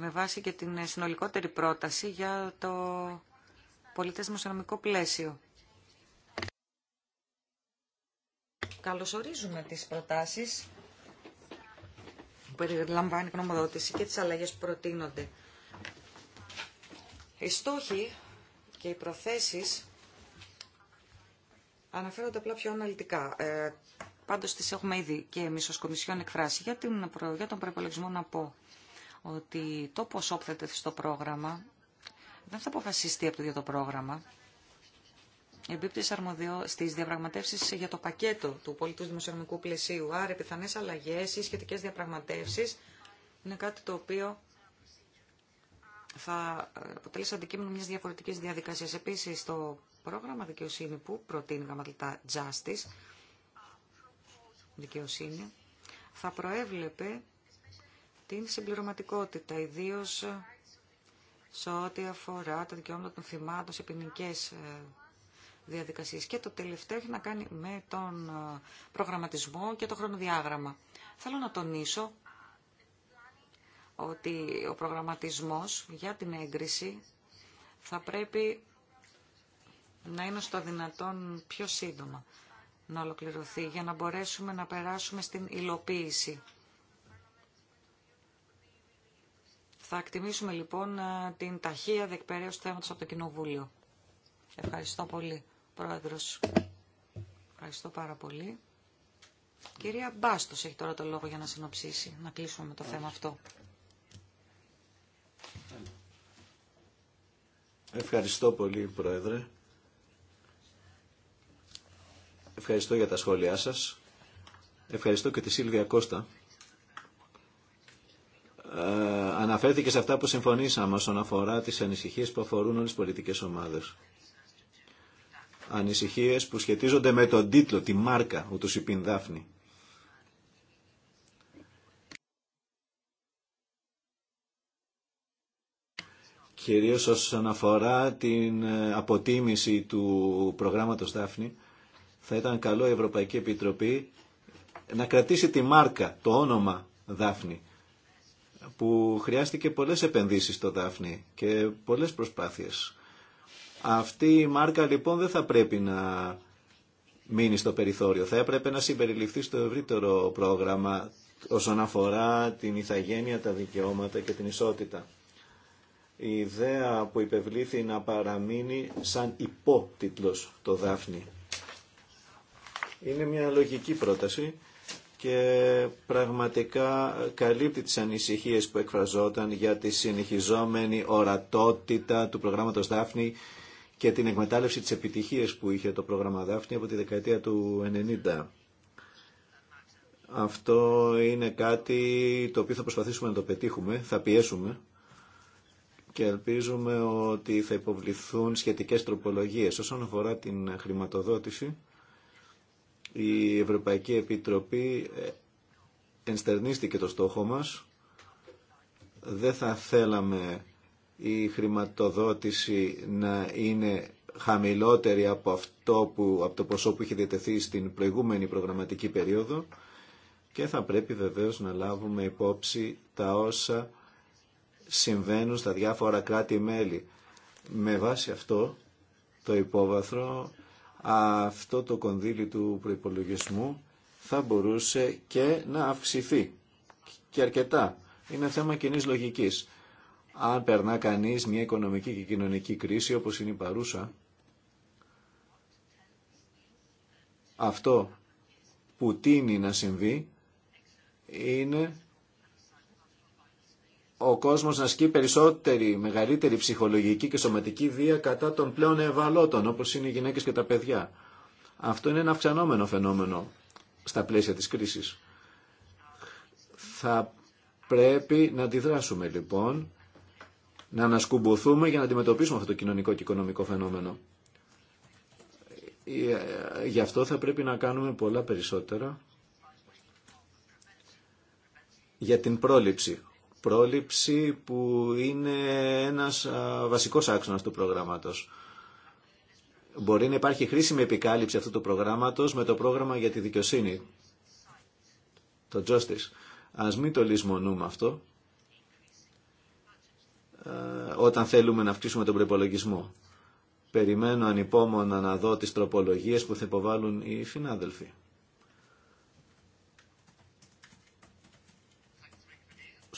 με βάση και την συνολικότερη πρόταση για το πολιτές μουσονομικό πλαίσιο. Καλωσορίζουμε τις προτάσεις που περιλαμβάνει η γνωμοδότηση και τις αλλαγές που προτείνονται. Οι στόχοι και οι προθέσεις αναφέρονται απλά πιο αναλυτικά. Ε, πάντως τις έχουμε ήδη και εμείς ως Κομισιόν εκφράσει. Για, την, για τον προπολογισμό να πω ότι το ποσό που θα τεθεί στο πρόγραμμα δεν θα αποφασιστεί από το ίδιο το πρόγραμμα. Εμπίπτει στι διαπραγματεύσει για το πακέτο του πολιτού δημοσιονομικού πλαισίου. Άρα, πιθανέ αλλαγέ ή σχετικέ διαπραγματεύσει είναι κάτι το οποίο θα αποτελέσει αντικείμενο μια διαφορετική διαδικασία. Επίση, το πρόγραμμα δικαιοσύνη που προτείνει γραμματικά Justice, δικαιοσύνη, θα προέβλεπε την συμπληρωματικότητα, ιδίως σε ό,τι αφορά τα δικαιώματα των θυμάτων σε ποινικέ ε, διαδικασίε. Και το τελευταίο έχει να κάνει με τον ε, προγραμματισμό και το χρονοδιάγραμμα. Θέλω να τονίσω ότι ο προγραμματισμός για την έγκριση θα πρέπει να είναι στο δυνατόν πιο σύντομα να ολοκληρωθεί για να μπορέσουμε να περάσουμε στην υλοποίηση Θα εκτιμήσουμε λοιπόν ε, την ταχεία δεκπαιρέωση του θέματος από το Κοινοβούλιο. Ευχαριστώ πολύ, Πρόεδρος. Ευχαριστώ πάρα πολύ. Κυρία Μπάστος έχει τώρα το λόγο για να συνοψίσει, να κλείσουμε με το θέμα αυτό. Ευχαριστώ πολύ, Πρόεδρε. Ευχαριστώ για τα σχόλιά σας. Ευχαριστώ και τη Σίλβια Κώστα ε, αναφέρθηκε σε αυτά που συμφωνήσαμε όσον αφορά τις ανησυχίες που αφορούν όλες τις πολιτικές ομάδες. Ανησυχίες που σχετίζονται με τον τίτλο, τη μάρκα, ούτως η Δάφνη. Κυρίως όσον αφορά την ε, αποτίμηση του προγράμματος Δάφνη, θα ήταν καλό η Ευρωπαϊκή Επιτροπή να κρατήσει τη μάρκα, το όνομα Δάφνη που χρειάστηκε πολλές επενδύσεις στο Δάφνη και πολλές προσπάθειες. Αυτή η μάρκα λοιπόν δεν θα πρέπει να μείνει στο περιθώριο. Θα έπρεπε να συμπεριληφθεί στο ευρύτερο πρόγραμμα όσον αφορά την ηθαγένεια, τα δικαιώματα και την ισότητα. Η ιδέα που υπευλήθη να παραμείνει σαν υπότιτλος το Δάφνη. Είναι μια λογική πρόταση και πραγματικά καλύπτει τις ανησυχίες που εκφραζόταν για τη συνεχιζόμενη ορατότητα του προγράμματος Δάφνη και την εκμετάλλευση της επιτυχίας που είχε το πρόγραμμα Δάφνη από τη δεκαετία του 90. Αυτό είναι κάτι το οποίο θα προσπαθήσουμε να το πετύχουμε, θα πιέσουμε και ελπίζουμε ότι θα υποβληθούν σχετικές τροπολογίες όσον αφορά την χρηματοδότηση η Ευρωπαϊκή Επιτροπή ε, ενστερνίστηκε το στόχο μας. Δεν θα θέλαμε η χρηματοδότηση να είναι χαμηλότερη από, αυτό που, από το ποσό που είχε διατεθεί στην προηγούμενη προγραμματική περίοδο και θα πρέπει βεβαίως να λάβουμε υπόψη τα όσα συμβαίνουν στα διάφορα κράτη-μέλη. Με βάση αυτό το υπόβαθρο αυτό το κονδύλι του προϋπολογισμού θα μπορούσε και να αυξηθεί και αρκετά. Είναι θέμα κοινή λογικής. Αν περνά κανείς μια οικονομική και κοινωνική κρίση όπως είναι η παρούσα, αυτό που τίνει να συμβεί είναι ο κόσμος να ασκεί περισσότερη, μεγαλύτερη ψυχολογική και σωματική βία κατά των πλέον ευαλώτων, όπως είναι οι γυναίκες και τα παιδιά. Αυτό είναι ένα αυξανόμενο φαινόμενο στα πλαίσια της κρίσης. Θα πρέπει να αντιδράσουμε λοιπόν, να ανασκουμπωθούμε για να αντιμετωπίσουμε αυτό το κοινωνικό και οικονομικό φαινόμενο. Ε, γι' αυτό θα πρέπει να κάνουμε πολλά περισσότερα για την πρόληψη, πρόληψη που είναι ένας βασικός άξονας του προγράμματος. Μπορεί να υπάρχει χρήσιμη επικάλυψη αυτού του προγράμματος με το πρόγραμμα για τη δικαιοσύνη, το Justice. Ας μην το λησμονούμε αυτό όταν θέλουμε να αυξήσουμε τον προπολογισμό. Περιμένω ανυπόμονα να δω τις τροπολογίες που θα υποβάλουν οι συνάδελφοι.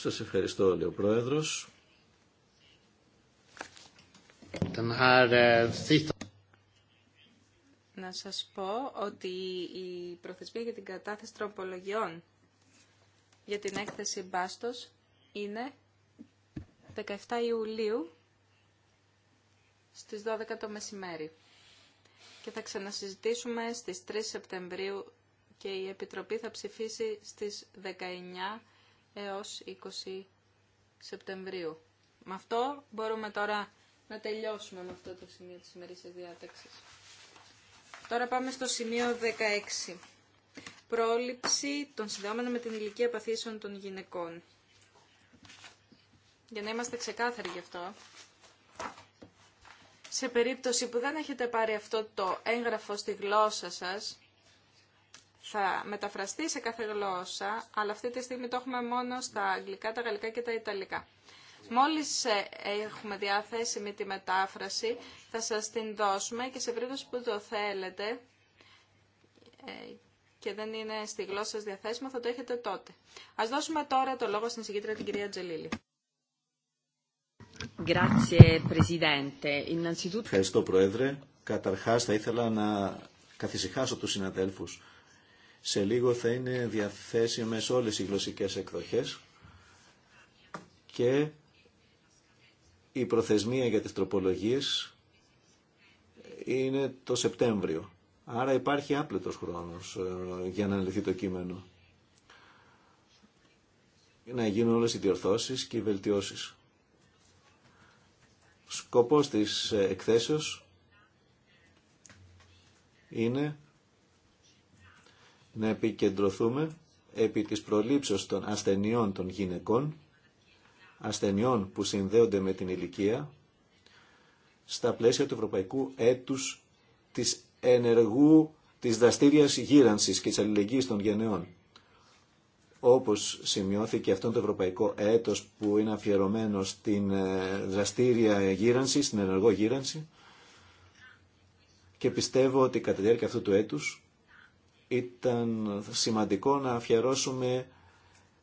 Σας ευχαριστώ, λέει ο Πρόεδρος. Äh, Να σας πω ότι η προθεσμία για την κατάθεση τροπολογιών για την έκθεση Μπάστος είναι 17 Ιουλίου στις 12 το μεσημέρι. Και θα ξανασυζητήσουμε στις 3 Σεπτεμβρίου και η Επιτροπή θα ψηφίσει στις 19 έως 20 Σεπτεμβρίου. Με αυτό μπορούμε τώρα να τελειώσουμε με αυτό το σημείο της ημερήσιας διάταξης. Τώρα πάμε στο σημείο 16. Πρόληψη των συνδεόμενων με την ηλικία παθήσεων των γυναικών. Για να είμαστε ξεκάθαροι γι' αυτό, σε περίπτωση που δεν έχετε πάρει αυτό το έγγραφο στη γλώσσα σας, θα μεταφραστεί σε κάθε γλώσσα, αλλά αυτή τη στιγμή το έχουμε μόνο στα αγγλικά, τα γαλλικά και τα ιταλικά. Μόλις ε, έχουμε διαθέσιμη τη μετάφραση, θα σας την δώσουμε και σε περίπτωση που το θέλετε ε, και δεν είναι στη γλώσσα σας διαθέσιμο, θα το έχετε τότε. Ας δώσουμε τώρα το λόγο στην συγκίτρια την κυρία Τζελίλη. Ευχαριστώ Πρόεδρε. Καταρχάς θα ήθελα να καθησυχάσω τους συναδέλφους σε λίγο θα είναι διαθέσιμες όλες οι γλωσσικές εκδοχές και η προθεσμία για τις τροπολογίες είναι το Σεπτέμβριο. Άρα υπάρχει άπλετος χρόνος ε, για να λυθεί το κείμενο. Να γίνουν όλες οι διορθώσεις και οι βελτιώσεις. Σκοπός της ε, εκθέσεως είναι να επικεντρωθούμε επί της προλήψεως των ασθενειών των γυναικών, ασθενειών που συνδέονται με την ηλικία, στα πλαίσια του ευρωπαϊκού έτους της ενεργού, της δραστήριας γύρανσης και της αλληλεγγύης των γενεών. Όπως σημειώθηκε αυτό το ευρωπαϊκό έτος που είναι αφιερωμένο στην ε, δραστήρια γύρανση, στην ενεργό γύρανση, και πιστεύω ότι κατά τη διάρκεια αυτού του έτους ήταν σημαντικό να αφιερώσουμε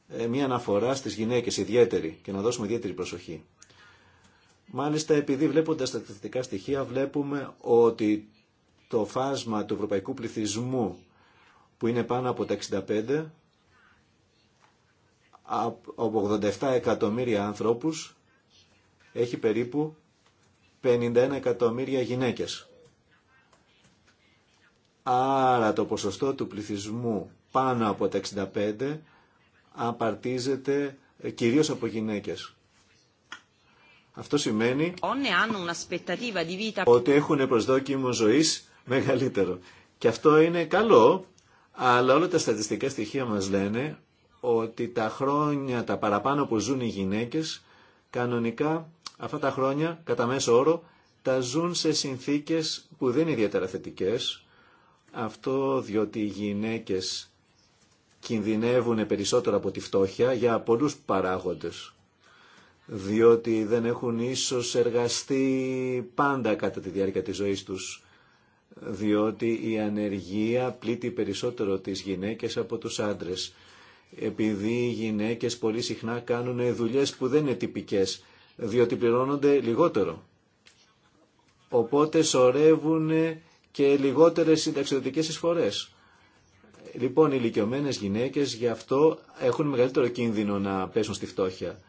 ε, μια αναφορά στις γυναίκες ιδιαίτερη και να δώσουμε ιδιαίτερη προσοχή. Μάλιστα επειδή βλέποντας τα στατιστικά στοιχεία βλέπουμε ότι το φάσμα του ευρωπαϊκού πληθυσμού που είναι πάνω από τα 65 από 87 εκατομμύρια ανθρώπους έχει περίπου 51 εκατομμύρια γυναίκες. Άρα το ποσοστό του πληθυσμού πάνω από τα 65 απαρτίζεται ε, κυρίως από γυναίκες. Αυτό σημαίνει ότι έχουν προσδόκιμο ζωής μεγαλύτερο. Και αυτό είναι καλό, αλλά όλα τα στατιστικά στοιχεία μας λένε ότι τα χρόνια τα παραπάνω που ζουν οι γυναίκες, κανονικά αυτά τα χρόνια, κατά μέσο όρο, τα ζουν σε συνθήκες που δεν είναι ιδιαίτερα θετικές, αυτό διότι οι γυναίκες κινδυνεύουν περισσότερο από τη φτώχεια για πολλούς παράγοντες. Διότι δεν έχουν ίσως εργαστεί πάντα κατά τη διάρκεια της ζωής τους. Διότι η ανεργία πλήττει περισσότερο τις γυναίκες από τους άντρες. Επειδή οι γυναίκες πολύ συχνά κάνουν δουλειές που δεν είναι τυπικές, διότι πληρώνονται λιγότερο. Οπότε σωρεύουν και λιγότερες συνταξιδοτικές εισφορές. Λοιπόν, οι ηλικιωμένε γυναίκες γι' αυτό έχουν μεγαλύτερο κίνδυνο να πέσουν στη φτώχεια.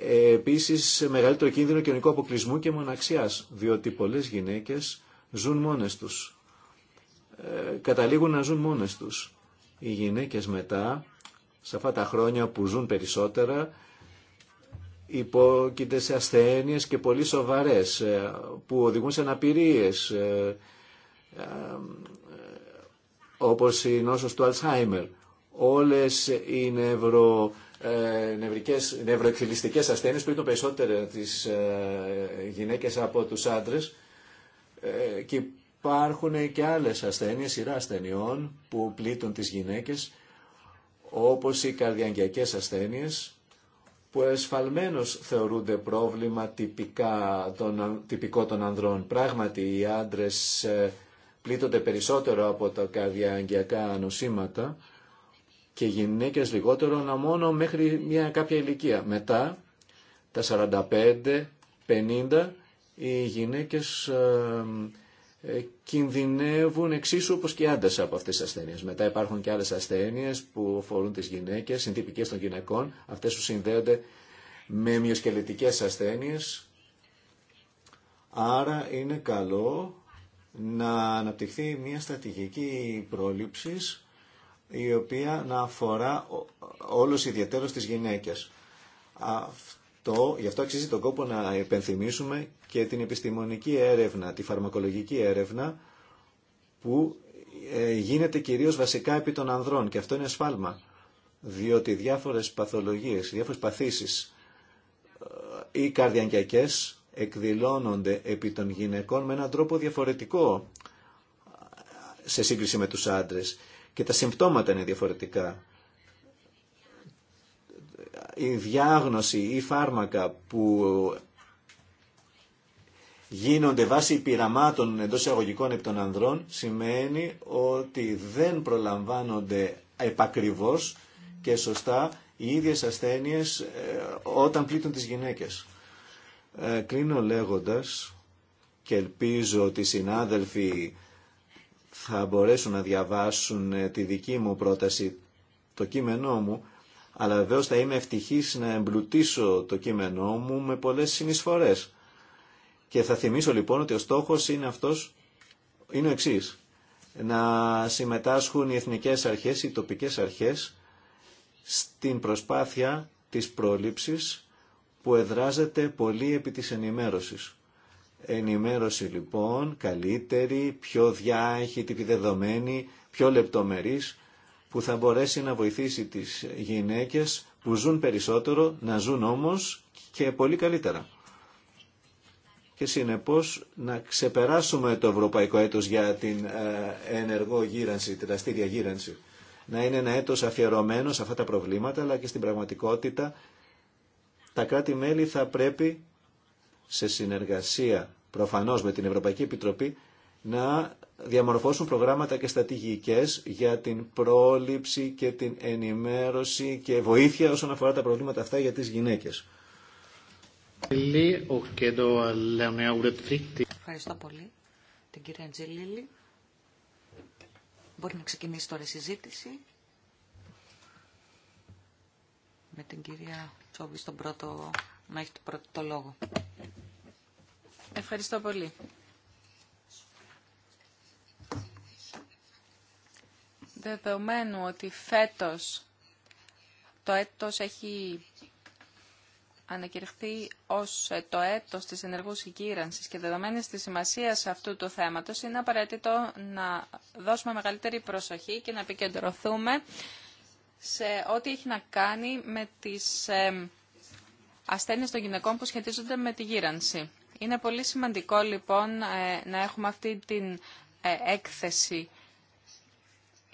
Ε, επίσης, μεγαλύτερο κίνδυνο κοινωνικού αποκλεισμού και μοναξιάς, διότι πολλές γυναίκες ζουν μόνες τους. Ε, καταλήγουν να ζουν μόνες τους. Οι γυναίκες μετά, σε αυτά τα χρόνια που ζουν περισσότερα, υπόκειται σε ασθένειες και πολύ σοβαρές ε, που οδηγούν σε αναπηρίες ε, ε, όπως η νόσος του Αλσχάιμερ. Όλες οι νευρο, νευρικές, νευροεκφυλιστικές ασθένειες που είναι το περισσότερο τις γυναίκες από τους άντρες και υπάρχουν και άλλες ασθένειες, σειρά ασθενειών που πλήττουν τις γυναίκες όπως οι καρδιαγγειακές ασθένειες που εσφαλμένως θεωρούνται πρόβλημα τυπικά, των, τυπικό των ανδρών. Πράγματι οι άντρες ε, πλήττονται περισσότερο από τα καρδιαγγειακά νοσήματα και οι γυναίκες λιγότερο, να μόνο μέχρι μια κάποια ηλικία. Μετά τα 45-50 οι γυναίκες ε, ε, κινδυνεύουν εξίσου όπως και οι από αυτές τις ασθένειες. Μετά υπάρχουν και άλλες ασθένειες που αφορούν τις γυναίκες, συντυπικές των γυναικών, αυτές που συνδέονται με μυοσκελετικές ασθένειες. Άρα είναι καλό να αναπτυχθεί μια στρατηγική πρόληψη η οποία να αφορά όλος ιδιαίτερος τις γυναίκες. Αυτό αυτό, γι' αυτό αξίζει τον κόπο να επενθυμίσουμε και την επιστημονική έρευνα, τη φαρμακολογική έρευνα που ε, γίνεται κυρίως βασικά επί των ανδρών και αυτό είναι σφάλμα διότι διάφορες παθολογίες, διάφορες παθήσεις ή ε, καρδιαγκιακές εκδηλώνονται επί των γυναικών με έναν τρόπο διαφορετικό ε, σε σύγκριση με τους άντρες και τα συμπτώματα είναι διαφορετικά η διάγνωση ή φάρμακα που γίνονται βάσει πειραμάτων εντό εισαγωγικών επί των ανδρών σημαίνει ότι δεν προλαμβάνονται επακριβώς και σωστά οι ίδιες ασθένειες ε, όταν πλήττουν τις γυναίκες. Ε, κλείνω λέγοντας και ελπίζω ότι οι συνάδελφοι θα μπορέσουν να διαβάσουν ε, τη δική μου πρόταση, το κείμενό μου, αλλά βεβαίω θα είμαι ευτυχής να εμπλουτίσω το κείμενό μου με πολλές συνεισφορές. Και θα θυμίσω λοιπόν ότι ο στόχος είναι αυτός, είναι ο εξή. Να συμμετάσχουν οι εθνικές αρχές, οι τοπικές αρχές στην προσπάθεια της πρόληψης που εδράζεται πολύ επί της ενημέρωσης. Ενημέρωση λοιπόν καλύτερη, πιο διάχυτη, δεδομένη, πιο λεπτομερής που θα μπορέσει να βοηθήσει τις γυναίκες που ζουν περισσότερο, να ζουν όμως και πολύ καλύτερα. Και συνεπώς να ξεπεράσουμε το ευρωπαϊκό έτος για την ε, ενεργό γύρανση, την δραστήρια γύρανση. Να είναι ένα έτος αφιερωμένο σε αυτά τα προβλήματα, αλλά και στην πραγματικότητα τα κράτη-μέλη θα πρέπει σε συνεργασία προφανώς με την Ευρωπαϊκή Επιτροπή να διαμορφώσουν προγράμματα και στρατηγικές για την πρόληψη και την ενημέρωση και βοήθεια όσον αφορά τα προβλήματα αυτά για τις γυναίκες. Ευχαριστώ πολύ την κυρία Τζιλίλη Μπορεί να ξεκινήσει τώρα η συζήτηση με την κυρία Τσόβη στον πρώτο, να έχει το πρώτο το λόγο. Ευχαριστώ πολύ. δεδομένου ότι φέτος το έτος έχει ανακηρυχθεί ως ε, το έτος της ενεργούς συγκύρανσης και δεδομένης της σημασίας αυτού του θέματος είναι απαραίτητο να δώσουμε μεγαλύτερη προσοχή και να επικεντρωθούμε σε ό,τι έχει να κάνει με τις ε, ασθένειες των γυναικών που σχετίζονται με τη γύρανση. Είναι πολύ σημαντικό λοιπόν ε, να έχουμε αυτή την έκθεση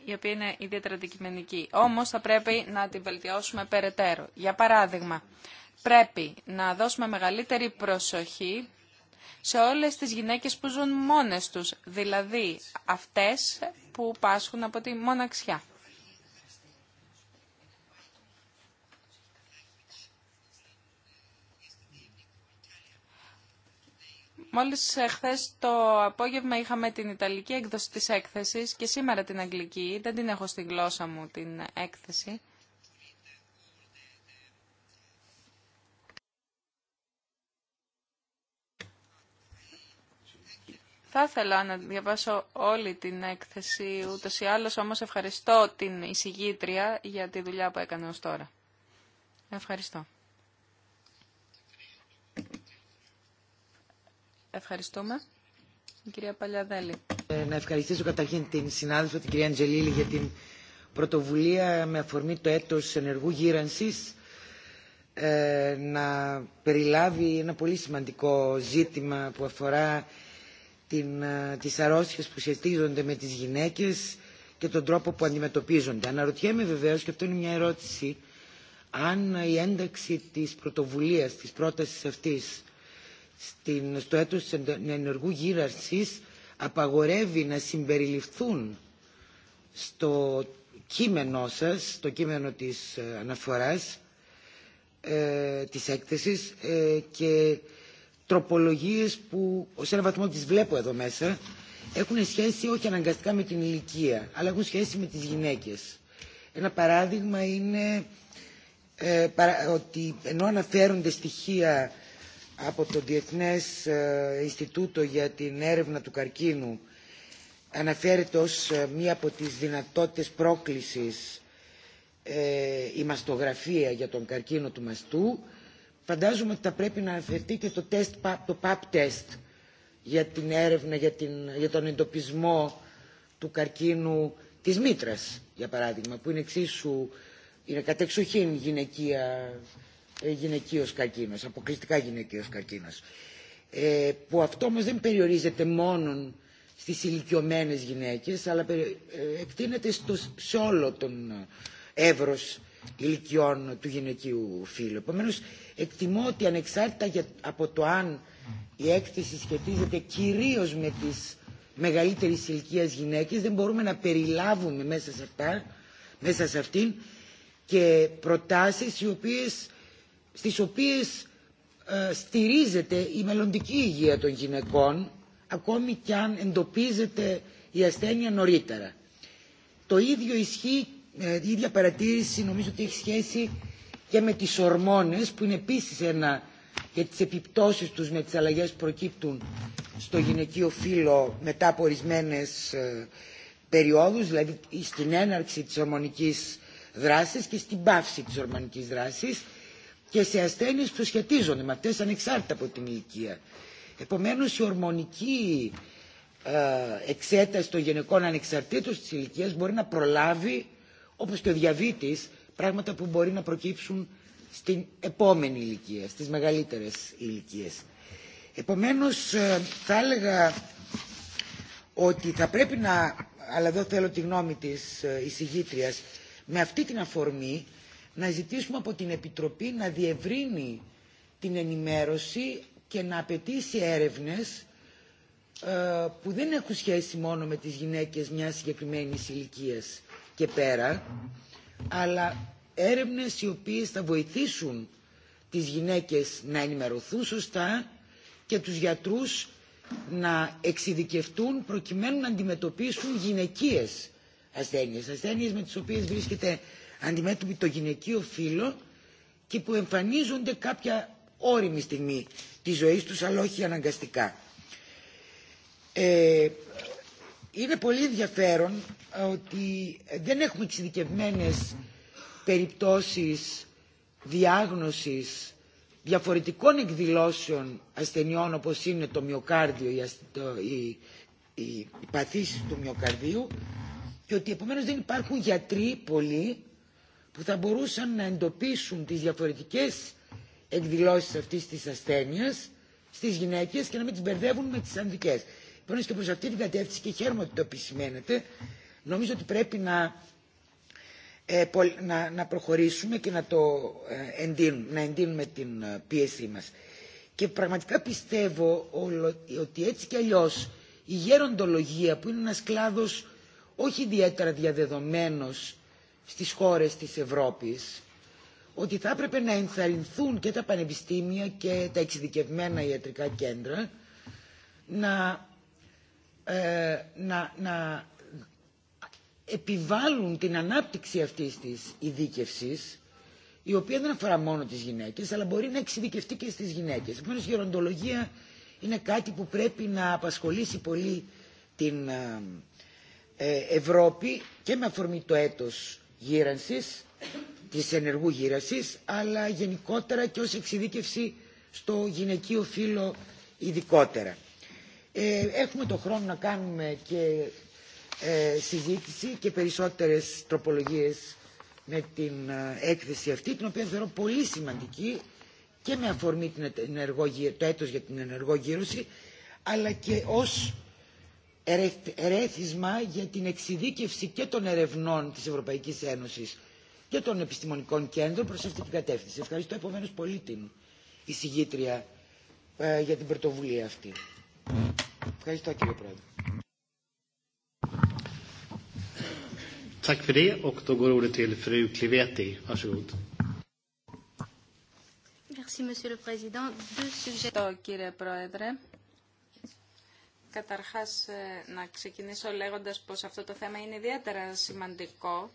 η οποία είναι ιδιαίτερα αντικειμενική. Όμως θα πρέπει να την βελτιώσουμε περαιτέρω. Για παράδειγμα, πρέπει να δώσουμε μεγαλύτερη προσοχή σε όλες τις γυναίκες που ζουν μόνες τους, δηλαδή αυτές που πάσχουν από τη μοναξιά. Μόλις χθες το απόγευμα είχαμε την Ιταλική έκδοση της έκθεσης και σήμερα την Αγγλική. Δεν την έχω στη γλώσσα μου την έκθεση. Θα ήθελα να διαβάσω όλη την έκθεση, ούτως ή άλλως όμως ευχαριστώ την εισηγήτρια για τη δουλειά που έκανε ως τώρα. Ευχαριστώ. Ευχαριστούμε. κυρία Παλιαδέλη. Ε, να ευχαριστήσω καταρχήν την συνάδελφο, την κυρία Αντζελίλη, για την πρωτοβουλία με αφορμή το έτος ενεργού γύρανσης ε, να περιλάβει ένα πολύ σημαντικό ζήτημα που αφορά την, ε, τις αρρώστιες που σχετίζονται με τις γυναίκες και τον τρόπο που αντιμετωπίζονται. Αναρωτιέμαι βεβαίως, και αυτό είναι μια ερώτηση, αν η ένταξη της πρωτοβουλίας, της πρότασης αυτής στο έτος της ενεργού γύραρσης απαγορεύει να συμπεριληφθούν στο κείμενό σας, στο κείμενο της ε, αναφοράς, ε, της έκθεσης ε, και τροπολογίες που σε ένα βαθμό τις βλέπω εδώ μέσα έχουν σχέση όχι αναγκαστικά με την ηλικία αλλά έχουν σχέση με τις γυναίκες. Ένα παράδειγμα είναι ότι ενώ αναφέρονται στοιχεία από το Διεθνές ε, Ινστιτούτο για την έρευνα του καρκίνου αναφέρεται ως ε, μία από τις δυνατότητες πρόκλησης ε, η μαστογραφία για τον καρκίνο του μαστού φαντάζομαι ότι θα πρέπει να αναφερθεί και το, τεστ, το PAP test για την έρευνα, για, τον εντοπισμό του καρκίνου της μήτρας για παράδειγμα που είναι εξίσου είναι κατεξοχήν γυναικεία γυναικείος καρκίνος, αποκλειστικά γυναικείος καρκίνος. Ε, που αυτό όμως δεν περιορίζεται μόνο στις ηλικιωμένε γυναίκες, αλλά ε, εκτείνεται στο, σε όλο τον εύρος ηλικιών του γυναικείου φύλου. Επομένως, εκτιμώ ότι ανεξάρτητα από το αν η έκθεση σχετίζεται κυρίως με τις μεγαλύτερες ηλικία γυναίκες, δεν μπορούμε να περιλάβουμε μέσα σε, αυτά, μέσα σε αυτήν και προτάσεις οι οποίες στις οποίες ε, στηρίζεται η μελλοντική υγεία των γυναικών ακόμη κι αν εντοπίζεται η ασθένεια νωρίτερα. Το ίδιο ισχύει, ε, η ίδια παρατήρηση νομίζω ότι έχει σχέση και με τις ορμόνες που είναι επίσης ένα και τις επιπτώσεις τους με τις αλλαγές που προκύπτουν στο γυναικείο φύλλο μετά από ορισμένε ε, περιόδους, δηλαδή στην έναρξη της ορμονικής δράσης και στην πάυση της ορμονικής δράσης και σε ασθένειε που σχετίζονται με αυτέ, ανεξάρτητα από την ηλικία. Επομένω, η ορμονική ε, εξέταση των γυναικών ανεξαρτήτως της ηλικία μπορεί να προλάβει όπως και ο διαβήτης πράγματα που μπορεί να προκύψουν στην επόμενη ηλικία, στις μεγαλύτερες ηλικίε. Επομένως ε, θα έλεγα ότι θα πρέπει να, αλλά εδώ θέλω τη γνώμη της ε, εισηγήτριας, με αυτή την αφορμή να ζητήσουμε από την Επιτροπή να διευρύνει την ενημέρωση και να απαιτήσει έρευνες ε, που δεν έχουν σχέση μόνο με τις γυναίκες μιας συγκεκριμένης ηλικία και πέρα, αλλά έρευνες οι οποίες θα βοηθήσουν τις γυναίκες να ενημερωθούν σωστά και τους γιατρούς να εξειδικευτούν προκειμένου να αντιμετωπίσουν γυναικείες ασθένειες, ασθένειες με τις οποίες βρίσκεται αντιμέτωποι το γυναικείο φύλλο και που εμφανίζονται κάποια ώριμη στιγμή της ζωής τους, αλλά όχι αναγκαστικά. Ε, είναι πολύ ενδιαφέρον ε, ότι δεν έχουμε εξειδικευμένες περιπτώσεις διάγνωσης διαφορετικών εκδηλώσεων ασθενειών όπως είναι το μυοκάρδιο, η, η, του μυοκαρδίου και ότι επομένως δεν υπάρχουν γιατροί πολλοί που θα μπορούσαν να εντοπίσουν τις διαφορετικές εκδηλώσεις αυτής της ασθένειας στις γυναίκες και να μην τις μπερδεύουν με τις ανδικές. Λοιπόν, και προς αυτή την κατεύθυνση και χαίρομαι ότι το επισημαίνετε, νομίζω ότι πρέπει ε, να, να, προχωρήσουμε και να το ε, εντείνουμε, να την ε, πίεσή μας. Και πραγματικά πιστεύω όλο, ότι έτσι κι αλλιώς η γεροντολογία που είναι ένας κλάδος όχι ιδιαίτερα διαδεδομένος στις χώρες της Ευρώπης ότι θα έπρεπε να ενθαρρυνθούν και τα πανεπιστήμια και τα εξειδικευμένα ιατρικά κέντρα να, ε, να, επιβάλλουν την ανάπτυξη αυτής της ειδίκευση, η οποία δεν αφορά μόνο τις γυναίκες αλλά μπορεί να εξειδικευτεί και στις γυναίκες. Επομένως η γεροντολογία είναι κάτι που πρέπει να απασχολήσει πολύ την ε, ε, Ευρώπη και με αφορμή το έτος γύρανσης, της ενεργού γύρανσης, αλλά γενικότερα και ως εξειδίκευση στο γυναικείο φύλλο ειδικότερα. Ε, έχουμε το χρόνο να κάνουμε και ε, συζήτηση και περισσότερες τροπολογίες με την ε, έκθεση αυτή, την οποία θεωρώ πολύ σημαντική και με αφορμή την ενεργό, το έτος για την ενεργό γύρωση, αλλά και ως ερέθισμα για την εξειδίκευση και των ερευνών της Ευρωπαϊκής Ένωσης και των επιστημονικών κέντρων προς αυτή την κατεύθυνση. Ευχαριστώ επομένω πολύ την εισηγήτρια ε, για την πρωτοβουλία αυτή. Ευχαριστώ κύριε Πρόεδρε. Tack det och då går ordet till fru Merci, monsieur le président. Deux sujets. Κύριε Πρόεδρε, Καταρχάς, ε, να ξεκινήσω λέγοντας πως αυτό το θέμα είναι ιδιαίτερα σημαντικό.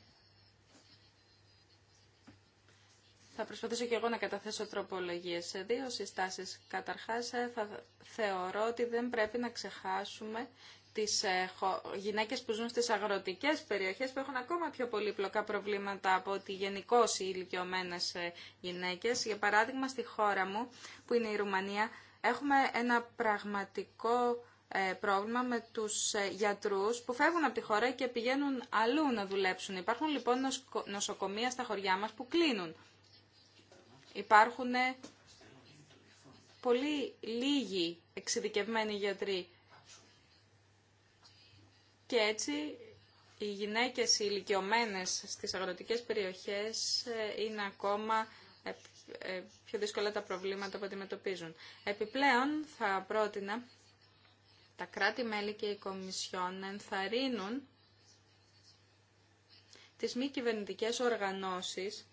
Θα προσπαθήσω και εγώ να καταθέσω τροπολογίες σε δύο συστάσεις. Καταρχάς, ε, θα θεωρώ ότι δεν πρέπει να ξεχάσουμε τις ε, γυναίκες που ζουν στις αγροτικές περιοχές που έχουν ακόμα πιο πολύπλοκα προβλήματα από ότι γενικώ οι ηλικιωμένε γυναίκες. Για παράδειγμα, στη χώρα μου, που είναι η Ρουμανία, έχουμε ένα πραγματικό ε, πρόβλημα με τους ε, γιατρούς που φεύγουν από τη χώρα και πηγαίνουν αλλού να δουλέψουν. Υπάρχουν λοιπόν νοσοκομεία στα χωριά μας που κλείνουν. Υπάρχουν ε, πολύ λίγοι εξειδικευμένοι γιατροί. Και έτσι οι γυναίκες οι ηλικιωμένες στις αγροτικές περιοχές είναι ακόμα πιο δύσκολα τα προβλήματα που αντιμετωπίζουν. Επιπλέον θα πρότεινα τα κράτη-μέλη και οι Κομισιόν να ενθαρρύνουν τις μη κυβερνητικέ οργανώσεις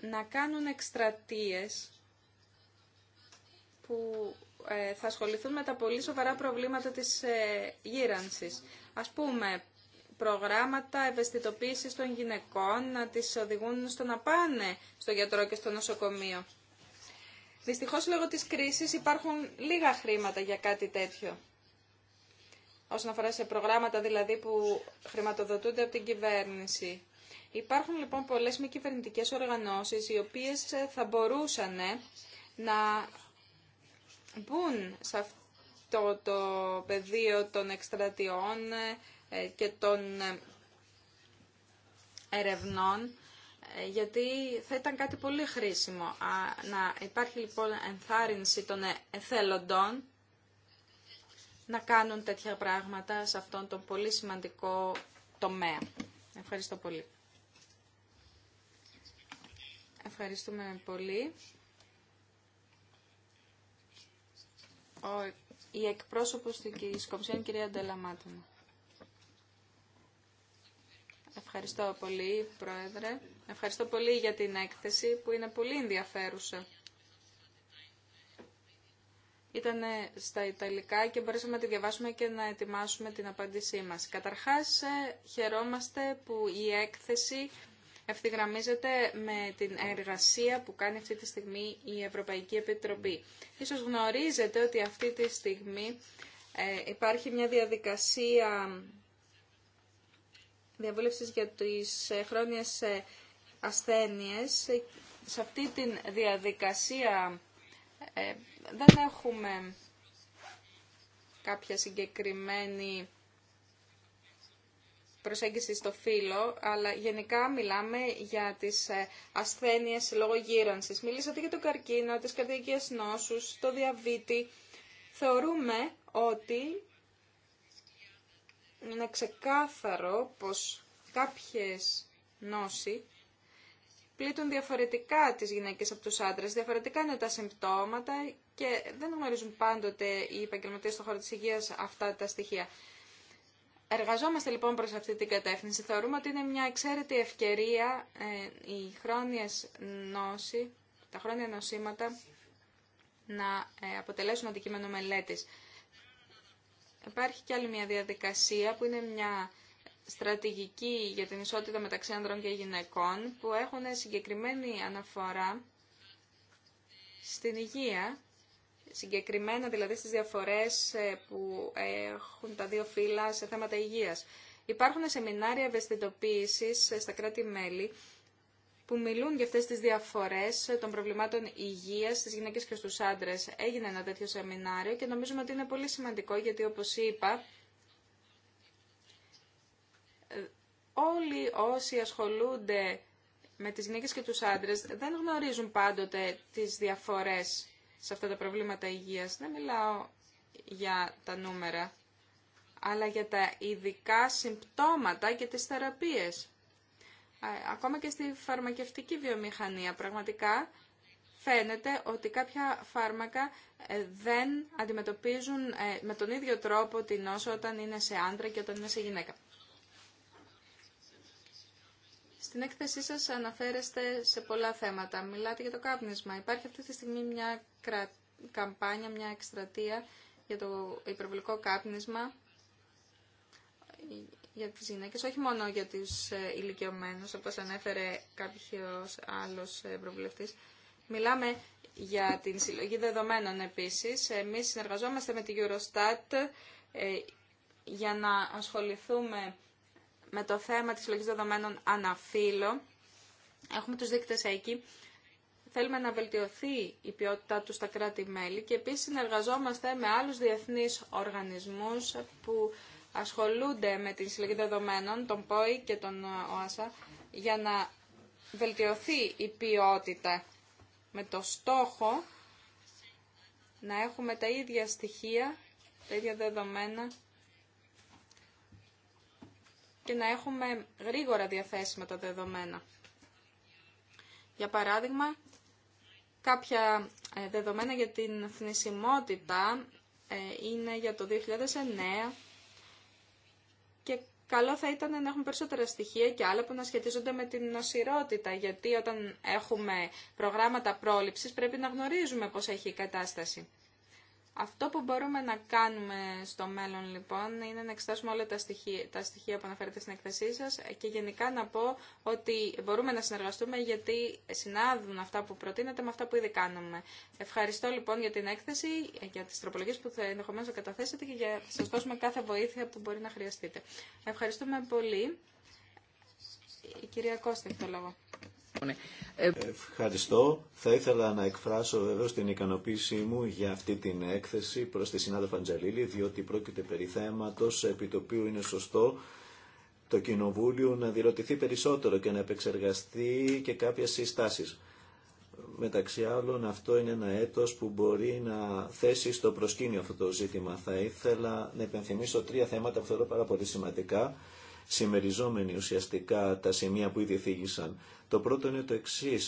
να κάνουν εκστρατείες που ε, θα ασχοληθούν με τα πολύ σοβαρά προβλήματα της ε, γύρανσης. Ας πούμε, προγράμματα ευαισθητοποίησης των γυναικών να τις οδηγούν στο να πάνε στο γιατρό και στο νοσοκομείο. Δυστυχώς λόγω της κρίσης υπάρχουν λίγα χρήματα για κάτι τέτοιο. Όσον αφορά σε προγράμματα δηλαδή που χρηματοδοτούνται από την κυβέρνηση. Υπάρχουν λοιπόν πολλές μη κυβερνητικέ οργανώσεις οι οποίες ε, θα μπορούσαν ε, να μπουν σε αυτό το πεδίο των εκστρατιών ε, και των ερευνών γιατί θα ήταν κάτι πολύ χρήσιμο να υπάρχει λοιπόν ενθάρρυνση των εθελοντών να κάνουν τέτοια πράγματα σε αυτόν τον πολύ σημαντικό τομέα. Ευχαριστώ πολύ. Ευχαριστούμε πολύ. Ο, η εκπρόσωπος της Κομισιόν, κυρία Ντελαμάτου. Ευχαριστώ πολύ, Πρόεδρε. Ευχαριστώ πολύ για την έκθεση που είναι πολύ ενδιαφέρουσα. Ήταν στα Ιταλικά και μπορέσαμε να τη διαβάσουμε και να ετοιμάσουμε την απάντησή μας. Καταρχάς, ε, χαιρόμαστε που η έκθεση ευθυγραμμίζεται με την εργασία που κάνει αυτή τη στιγμή η Ευρωπαϊκή Επιτροπή. Ίσως γνωρίζετε ότι αυτή τη στιγμή ε, υπάρχει μια διαδικασία διαβούλευσης για τις ε, χρόνιες ασθένειες. Σε αυτή τη διαδικασία ε, δεν έχουμε κάποια συγκεκριμένη προσέγγιση στο φύλλο, αλλά γενικά μιλάμε για τις ε, ασθένειες λόγω γύρανσης. Μιλήσατε για το καρκίνο, τις καρδιακές νόσους, το διαβήτη. Θεωρούμε ότι είναι ξεκάθαρο πως κάποιες νόσοι πλήττουν διαφορετικά τις γυναίκες από τους άντρες. Διαφορετικά είναι τα συμπτώματα και δεν γνωρίζουν πάντοτε οι επαγγελματίε στον χώρο της υγείας αυτά τα στοιχεία. Εργαζόμαστε λοιπόν προς αυτή την κατεύθυνση. Θεωρούμε ότι είναι μια εξαίρετη ευκαιρία ε, οι χρόνιες νόση, τα χρόνια νοσήματα να ε, αποτελέσουν αντικείμενο μελέτης. Υπάρχει και άλλη μια διαδικασία που είναι μια στρατηγική για την ισότητα μεταξύ ανδρών και γυναικών που έχουν συγκεκριμένη αναφορά στην υγεία, συγκεκριμένα δηλαδή στις διαφορές ε, που έχουν τα δύο φύλλα σε θέματα υγείας. Υπάρχουν σεμινάρια ευαισθητοποίησης ε, στα κράτη-μέλη που μιλούν για αυτές τις διαφορές ε, των προβλημάτων υγείας στις γυναίκες και στους άντρες. Έγινε ένα τέτοιο σεμινάριο και νομίζουμε ότι είναι πολύ σημαντικό γιατί όπως είπα όλοι όσοι ασχολούνται με τις γυναίκες και τους άντρες δεν γνωρίζουν πάντοτε τις διαφορές σε αυτά τα προβλήματα υγείας. Δεν μιλάω για τα νούμερα, αλλά για τα ειδικά συμπτώματα και τις θεραπείες. Ακόμα και στη φαρμακευτική βιομηχανία πραγματικά φαίνεται ότι κάποια φάρμακα ε, δεν αντιμετωπίζουν ε, με τον ίδιο τρόπο την νόσο όταν είναι σε άντρα και όταν είναι σε γυναίκα. Στην έκθεσή σας αναφέρεστε σε πολλά θέματα. Μιλάτε για το κάπνισμα. Υπάρχει αυτή τη στιγμή μια καμπάνια, μια εκστρατεία για το υπερβολικό κάπνισμα για τις γυναίκες, όχι μόνο για τους ε, ηλικιωμένους, όπως ανέφερε κάποιος άλλος ευρωβουλευτής. Μιλάμε για την συλλογή δεδομένων επίσης. Εμείς συνεργαζόμαστε με τη Eurostat ε, για να ασχοληθούμε με το θέμα της συλλογής δεδομένων αναφύλο. Έχουμε τους δείκτες εκεί. Θέλουμε να βελτιωθεί η ποιότητά του στα κράτη-μέλη και επίσης συνεργαζόμαστε με άλλους διεθνείς οργανισμούς που ασχολούνται με τη συλλογή δεδομένων, τον ΠΟΗ και τον ΟΑΣΑ, για να βελτιωθεί η ποιότητα με το στόχο να έχουμε τα ίδια στοιχεία, τα ίδια δεδομένα και να έχουμε γρήγορα διαθέσιμα τα δεδομένα. Για παράδειγμα, κάποια ε, δεδομένα για την θνησιμότητα ε, είναι για το 2009 και καλό θα ήταν να έχουμε περισσότερα στοιχεία και άλλα που να σχετίζονται με την νοσηρότητα, γιατί όταν έχουμε προγράμματα πρόληψης πρέπει να γνωρίζουμε πώς έχει η κατάσταση. Αυτό που μπορούμε να κάνουμε στο μέλλον λοιπόν είναι να εξετάσουμε όλα τα στοιχεία, τα στοιχεία που αναφέρετε στην εκθεσή σας και γενικά να πω ότι μπορούμε να συνεργαστούμε γιατί συνάδουν αυτά που προτείνετε με αυτά που ήδη κάνουμε. Ευχαριστώ λοιπόν για την έκθεση, για τις τροπολογίες που θα ενδεχομένω θα καταθέσετε και για να σας δώσουμε κάθε βοήθεια που μπορεί να χρειαστείτε. Ευχαριστούμε πολύ. Η κυρία Κώστα έχει το λόγο. Ευχαριστώ. Θα ήθελα να εκφράσω βεβαίω την ικανοποίησή μου για αυτή την έκθεση προ τη συνάδελφα Αντζαλίλη, διότι πρόκειται περί θέματο επί το οποίο είναι σωστό το Κοινοβούλιο να διερωτηθεί περισσότερο και να επεξεργαστεί και κάποιες συστάσεις. Μεταξύ άλλων αυτό είναι ένα έτος που μπορεί να θέσει στο προσκήνιο αυτό το ζήτημα. Θα ήθελα να επενθυμίσω τρία θέματα που θεωρώ πάρα πολύ σημαντικά συμμεριζόμενοι ουσιαστικά τα σημεία που ήδη θίγησαν. Το πρώτο είναι το εξή.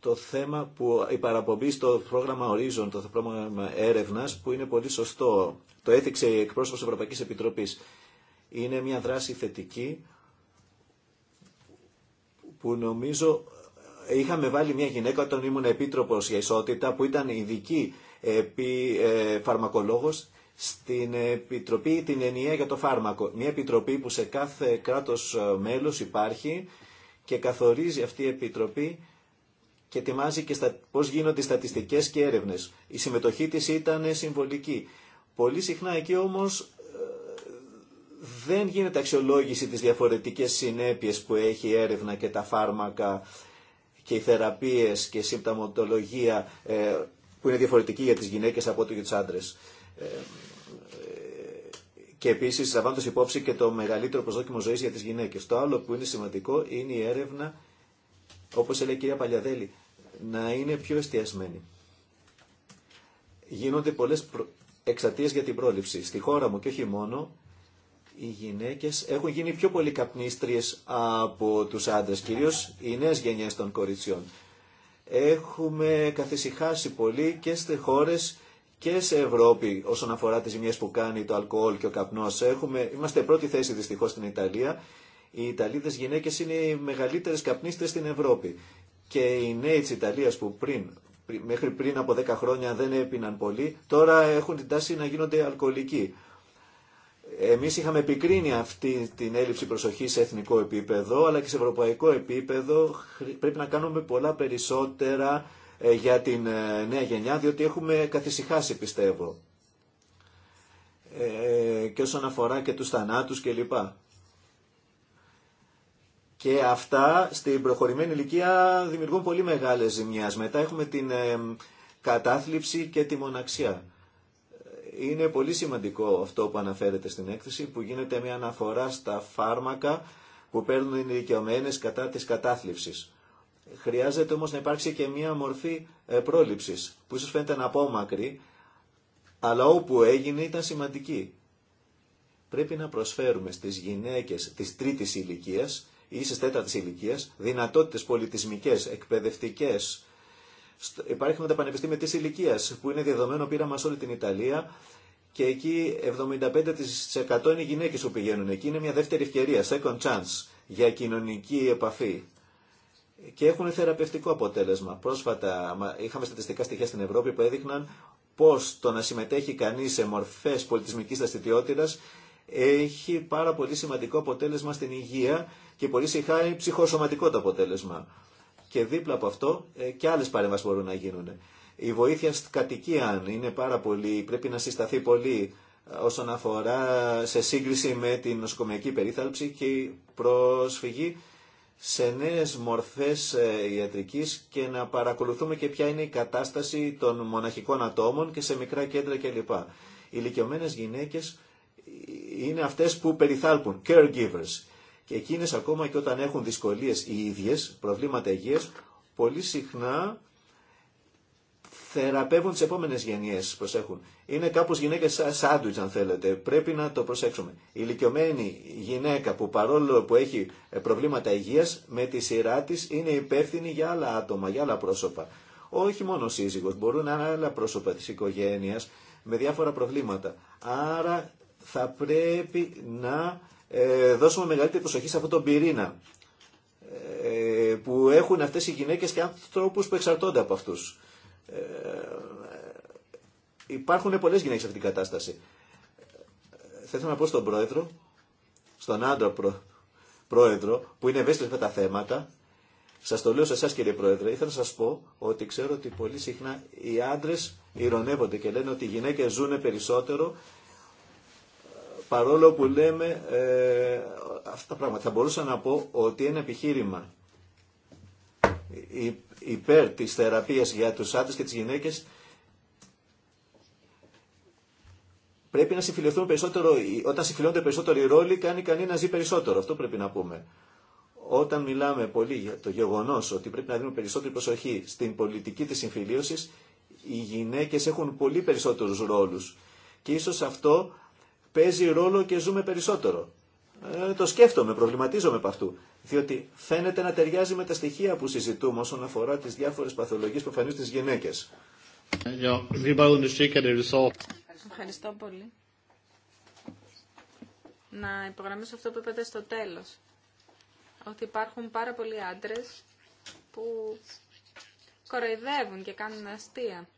Το θέμα που η παραπομπή στο πρόγραμμα Horizon, το πρόγραμμα έρευνα, που είναι πολύ σωστό. Το έθιξε η εκπρόσωπο της Ευρωπαϊκή Επιτροπή. Είναι μια δράση θετική που νομίζω ε, είχαμε βάλει μια γυναίκα όταν ήμουν επίτροπος για ισότητα που ήταν ειδική επί, ε, φαρμακολόγος στην Επιτροπή την Ενιαία για το Φάρμακο. Μια επιτροπή που σε κάθε κράτος ε, μέλος υπάρχει και καθορίζει αυτή η επιτροπή και ετοιμάζει και στα, πώς γίνονται οι στατιστικές και έρευνες. Η συμμετοχή της ήταν συμβολική. Πολύ συχνά εκεί όμως ε, δεν γίνεται αξιολόγηση της διαφορετικές συνέπειες που έχει η έρευνα και τα φάρμακα και οι θεραπείες και η συμπταμοντολογία ε, που είναι διαφορετική για τις γυναίκες από ό,τι για τους άντρες. Ε, ε, και επίση λαμβάνοντα υπόψη και το μεγαλύτερο προσδόκιμο ζωή για τι γυναίκε. Το άλλο που είναι σημαντικό είναι η έρευνα, όπω έλεγε η κυρία Παλιαδέλη, να είναι πιο εστιασμένη. Γίνονται πολλέ προ... για την πρόληψη. Στη χώρα μου και όχι μόνο, οι γυναίκε έχουν γίνει πιο πολύ καπνίστριε από του άντρε, κυρίω οι νέε γενιέ των κοριτσιών. Έχουμε καθησυχάσει πολύ και στι χώρε και σε Ευρώπη όσον αφορά τις ζημιές που κάνει το αλκοόλ και ο καπνός. Έχουμε, είμαστε πρώτη θέση δυστυχώς στην Ιταλία. Οι Ιταλίδες γυναίκες είναι οι μεγαλύτερες καπνίστες στην Ευρώπη. Και οι νέοι της Ιταλίας που πριν, μέχρι πριν από 10 χρόνια δεν έπιναν πολύ, τώρα έχουν την τάση να γίνονται αλκοολικοί. Εμείς είχαμε επικρίνει αυτή την έλλειψη προσοχής σε εθνικό επίπεδο, αλλά και σε ευρωπαϊκό επίπεδο πρέπει να κάνουμε πολλά περισσότερα ε, για την ε, νέα γενιά, διότι έχουμε καθησυχάσει πιστεύω. Ε, και όσον αφορά και τους θανάτους κλπ. Και αυτά στην προχωρημένη ηλικία δημιουργούν πολύ μεγάλες ζημιάς. Μετά έχουμε την κατάθλιψη και τη μοναξιά. Είναι πολύ σημαντικό αυτό που αναφέρεται στην έκθεση, που γίνεται μια αναφορά στα φάρμακα που παίρνουν οι ηλικιωμένε κατά της κατάθλιψης. Χρειάζεται όμως να υπάρξει και μία μορφή ε, πρόληψης, που ίσως φαίνεται να απόμακρη, αλλά όπου έγινε ήταν σημαντική. Πρέπει να προσφέρουμε στις γυναίκες της τρίτης ηλικίας ή στις τέταρτης ηλικίας δυνατότητες πολιτισμικές, εκπαιδευτικές. Υπάρχει με τα πανεπιστήμια της ηλικίας που είναι διαδομένο πείραμα σε όλη την Ιταλία και εκεί 75% είναι γυναίκες που πηγαίνουν. Εκεί είναι μια δεύτερη ευκαιρία, second chance, για κοινωνική επαφή και έχουν θεραπευτικό αποτέλεσμα. Πρόσφατα είχαμε στατιστικά στοιχεία στην Ευρώπη που έδειχναν πως το να συμμετέχει κανείς σε μορφές πολιτισμικής δραστηριότητα έχει πάρα πολύ σημαντικό αποτέλεσμα στην υγεία και πολύ συχνά ψυχοσωματικό το αποτέλεσμα. Και δίπλα από αυτό ε, και άλλες παρέμβασεις μπορούν να γίνουν. Η βοήθεια στην κατοικία είναι πάρα πολύ, πρέπει να συσταθεί πολύ ε, όσον αφορά σε σύγκριση με την νοσοκομιακή περίθαλψη και η προσφυγή σε νέες μορφές ε, ιατρικής και να παρακολουθούμε και ποια είναι η κατάσταση των μοναχικών ατόμων και σε μικρά κέντρα κλπ. Οι ηλικιωμένε γυναίκες είναι αυτές που περιθάλπουν, caregivers. Και εκείνες ακόμα και όταν έχουν δυσκολίες οι ίδιες, προβλήματα υγείας, πολύ συχνά θεραπεύουν τι επόμενε γενιέ. προσέχουν. Είναι κάπως γυναίκες σάντουιτ, αν θέλετε, πρέπει να το προσέξουμε. Η ηλικιωμένη γυναίκα που παρόλο που έχει ε, προβλήματα υγεία με τη σειρά τη είναι υπεύθυνη για άλλα άτομα, για άλλα πρόσωπα. Όχι μόνο ο σύζυγος, μπορούν να άλλα πρόσωπα τη οικογένεια με διάφορα προβλήματα. Άρα θα πρέπει να ε, δώσουμε μεγαλύτερη προσοχή σε αυτόν τον πυρήνα ε, που έχουν αυτές οι γυναίκες και ανθρώπους που εξαρτώνται από αυτούς. Ε, ε, υπάρχουν πολλές γυναίκες σε αυτήν την κατάσταση. Ε, θα ήθελα να πω στον πρόεδρο, στον άντρα πρόεδρο, που είναι ευαίσθητος με τα θέματα, σας το λέω σε εσά κύριε Πρόεδρε, ήθελα να σας πω ότι ξέρω ότι πολύ συχνά οι άντρες ηρωνεύονται και λένε ότι οι γυναίκες ζουν περισσότερο παρόλο που λέμε ε, αυτά τα πράγματα. Θα μπορούσα να πω ότι ένα επιχείρημα υπέρ της θεραπείας για τους άντρες και τις γυναίκες πρέπει να συμφιλειωθούν περισσότερο, όταν συμφιλειώνται περισσότερο οι ρόλοι κάνει κανεί να ζει περισσότερο, αυτό πρέπει να πούμε. Όταν μιλάμε πολύ για το γεγονός ότι πρέπει να δίνουμε περισσότερη προσοχή στην πολιτική της συμφιλίωσης, οι γυναίκες έχουν πολύ περισσότερους ρόλους και ίσως αυτό παίζει ρόλο και ζούμε περισσότερο. Ε, το σκέφτομαι, προβληματίζομαι από αυτού. Διότι φαίνεται να ταιριάζει με τα στοιχεία που συζητούμε όσον αφορά τι διάφορε παθολογίε που εμφανίζουν στι γυναίκε. Ευχαριστώ πολύ. Να υπογραμμίσω αυτό που είπατε στο τέλο. Ότι υπάρχουν πάρα πολλοί άντρε που κοροϊδεύουν και κάνουν αστεία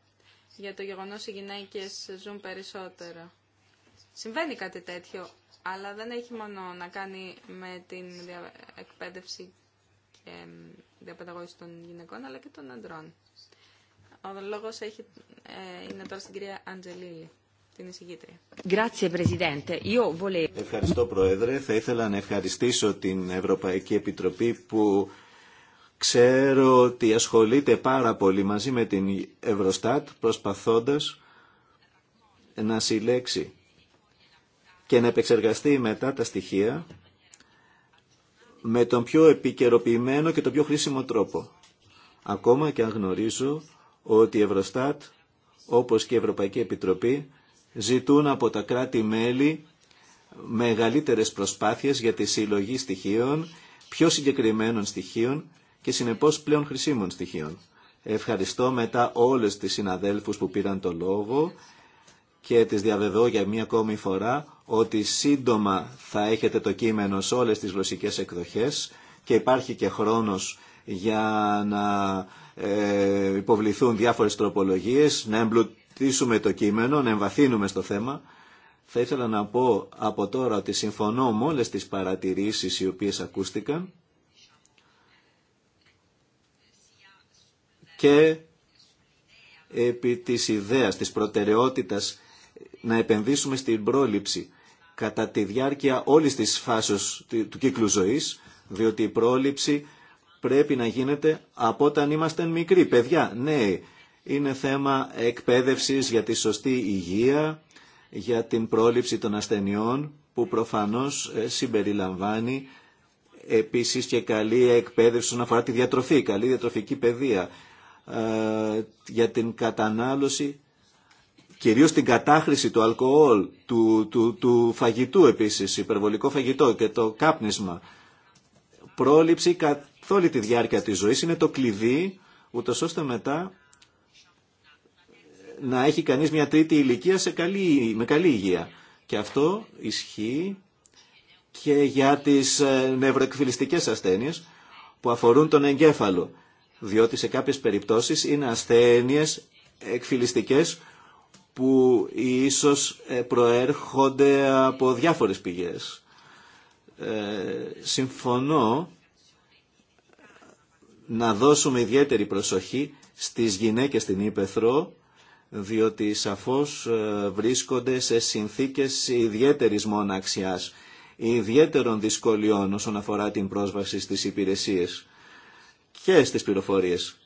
για το γεγονός οι γυναίκες ζουν περισσότερο. Συμβαίνει κάτι τέτοιο, αλλά δεν έχει μόνο να κάνει με την εκπαίδευση και διαπαιδαγώγηση των γυναικών, αλλά και των αντρών. Ο λόγος ε, είναι τώρα στην κυρία Αντζελίλη, την εισηγήτρια. Ευχαριστώ, Πρόεδρε. Θα ήθελα να ευχαριστήσω την Ευρωπαϊκή Επιτροπή που ξέρω ότι ασχολείται πάρα πολύ μαζί με την Ευρωστάτ προσπαθώντας να συλλέξει και να επεξεργαστεί μετά τα στοιχεία με τον πιο επικαιροποιημένο και τον πιο χρήσιμο τρόπο. Ακόμα και αν γνωρίζω ότι η Ευρωστάτ, όπως και η Ευρωπαϊκή Επιτροπή, ζητούν από τα κράτη-μέλη μεγαλύτερες προσπάθειες για τη συλλογή στοιχείων, πιο συγκεκριμένων στοιχείων και συνεπώς πλέον χρησίμων στοιχείων. Ευχαριστώ μετά όλες τις συναδέλφους που πήραν το λόγο και τις διαβεβαιώ για μία ακόμη φορά ότι σύντομα θα έχετε το κείμενο σε όλες τις γλωσσικές εκδοχές και υπάρχει και χρόνος για να ε, υποβληθούν διάφορες τροπολογίες, να εμπλουτίσουμε το κείμενο, να εμβαθύνουμε στο θέμα. Θα ήθελα να πω από τώρα ότι συμφωνώ με όλες τις παρατηρήσεις οι οποίες ακούστηκαν και επί της ιδέας, της προτεραιότητας να επενδύσουμε στην πρόληψη κατά τη διάρκεια όλης της φάσης του κύκλου ζωής, διότι η πρόληψη πρέπει να γίνεται από όταν είμαστε μικροί. Παιδιά, ναι, είναι θέμα εκπαίδευσης για τη σωστή υγεία, για την πρόληψη των ασθενειών, που προφανώς ε, συμπεριλαμβάνει επίσης και καλή εκπαίδευση όσον αφορά τη διατροφή, καλή διατροφική παιδεία, ε, για την κατανάλωση κυρίως την κατάχρηση του αλκοόλ, του, του, του φαγητού επίσης, υπερβολικό φαγητό και το κάπνισμα. Πρόληψη καθ' όλη τη διάρκεια της ζωής είναι το κλειδί, ούτω ώστε μετά να έχει κανείς μια τρίτη ηλικία σε καλή, με καλή υγεία. Και αυτό ισχύει και για τις ε, νευροεκφυλιστικές ασθένειες που αφορούν τον εγκέφαλο, διότι σε κάποιες περιπτώσεις είναι ασθένειες εκφυλιστικές που ίσως ε, προέρχονται από διάφορες πηγές. Ε, συμφωνώ να δώσουμε ιδιαίτερη προσοχή στις γυναίκες στην Ήπεθρο, διότι σαφώς ε, βρίσκονται σε συνθήκες ιδιαίτερης μοναξιάς, ιδιαίτερων δυσκολιών όσον αφορά την πρόσβαση στις υπηρεσίες και στις πληροφορίες.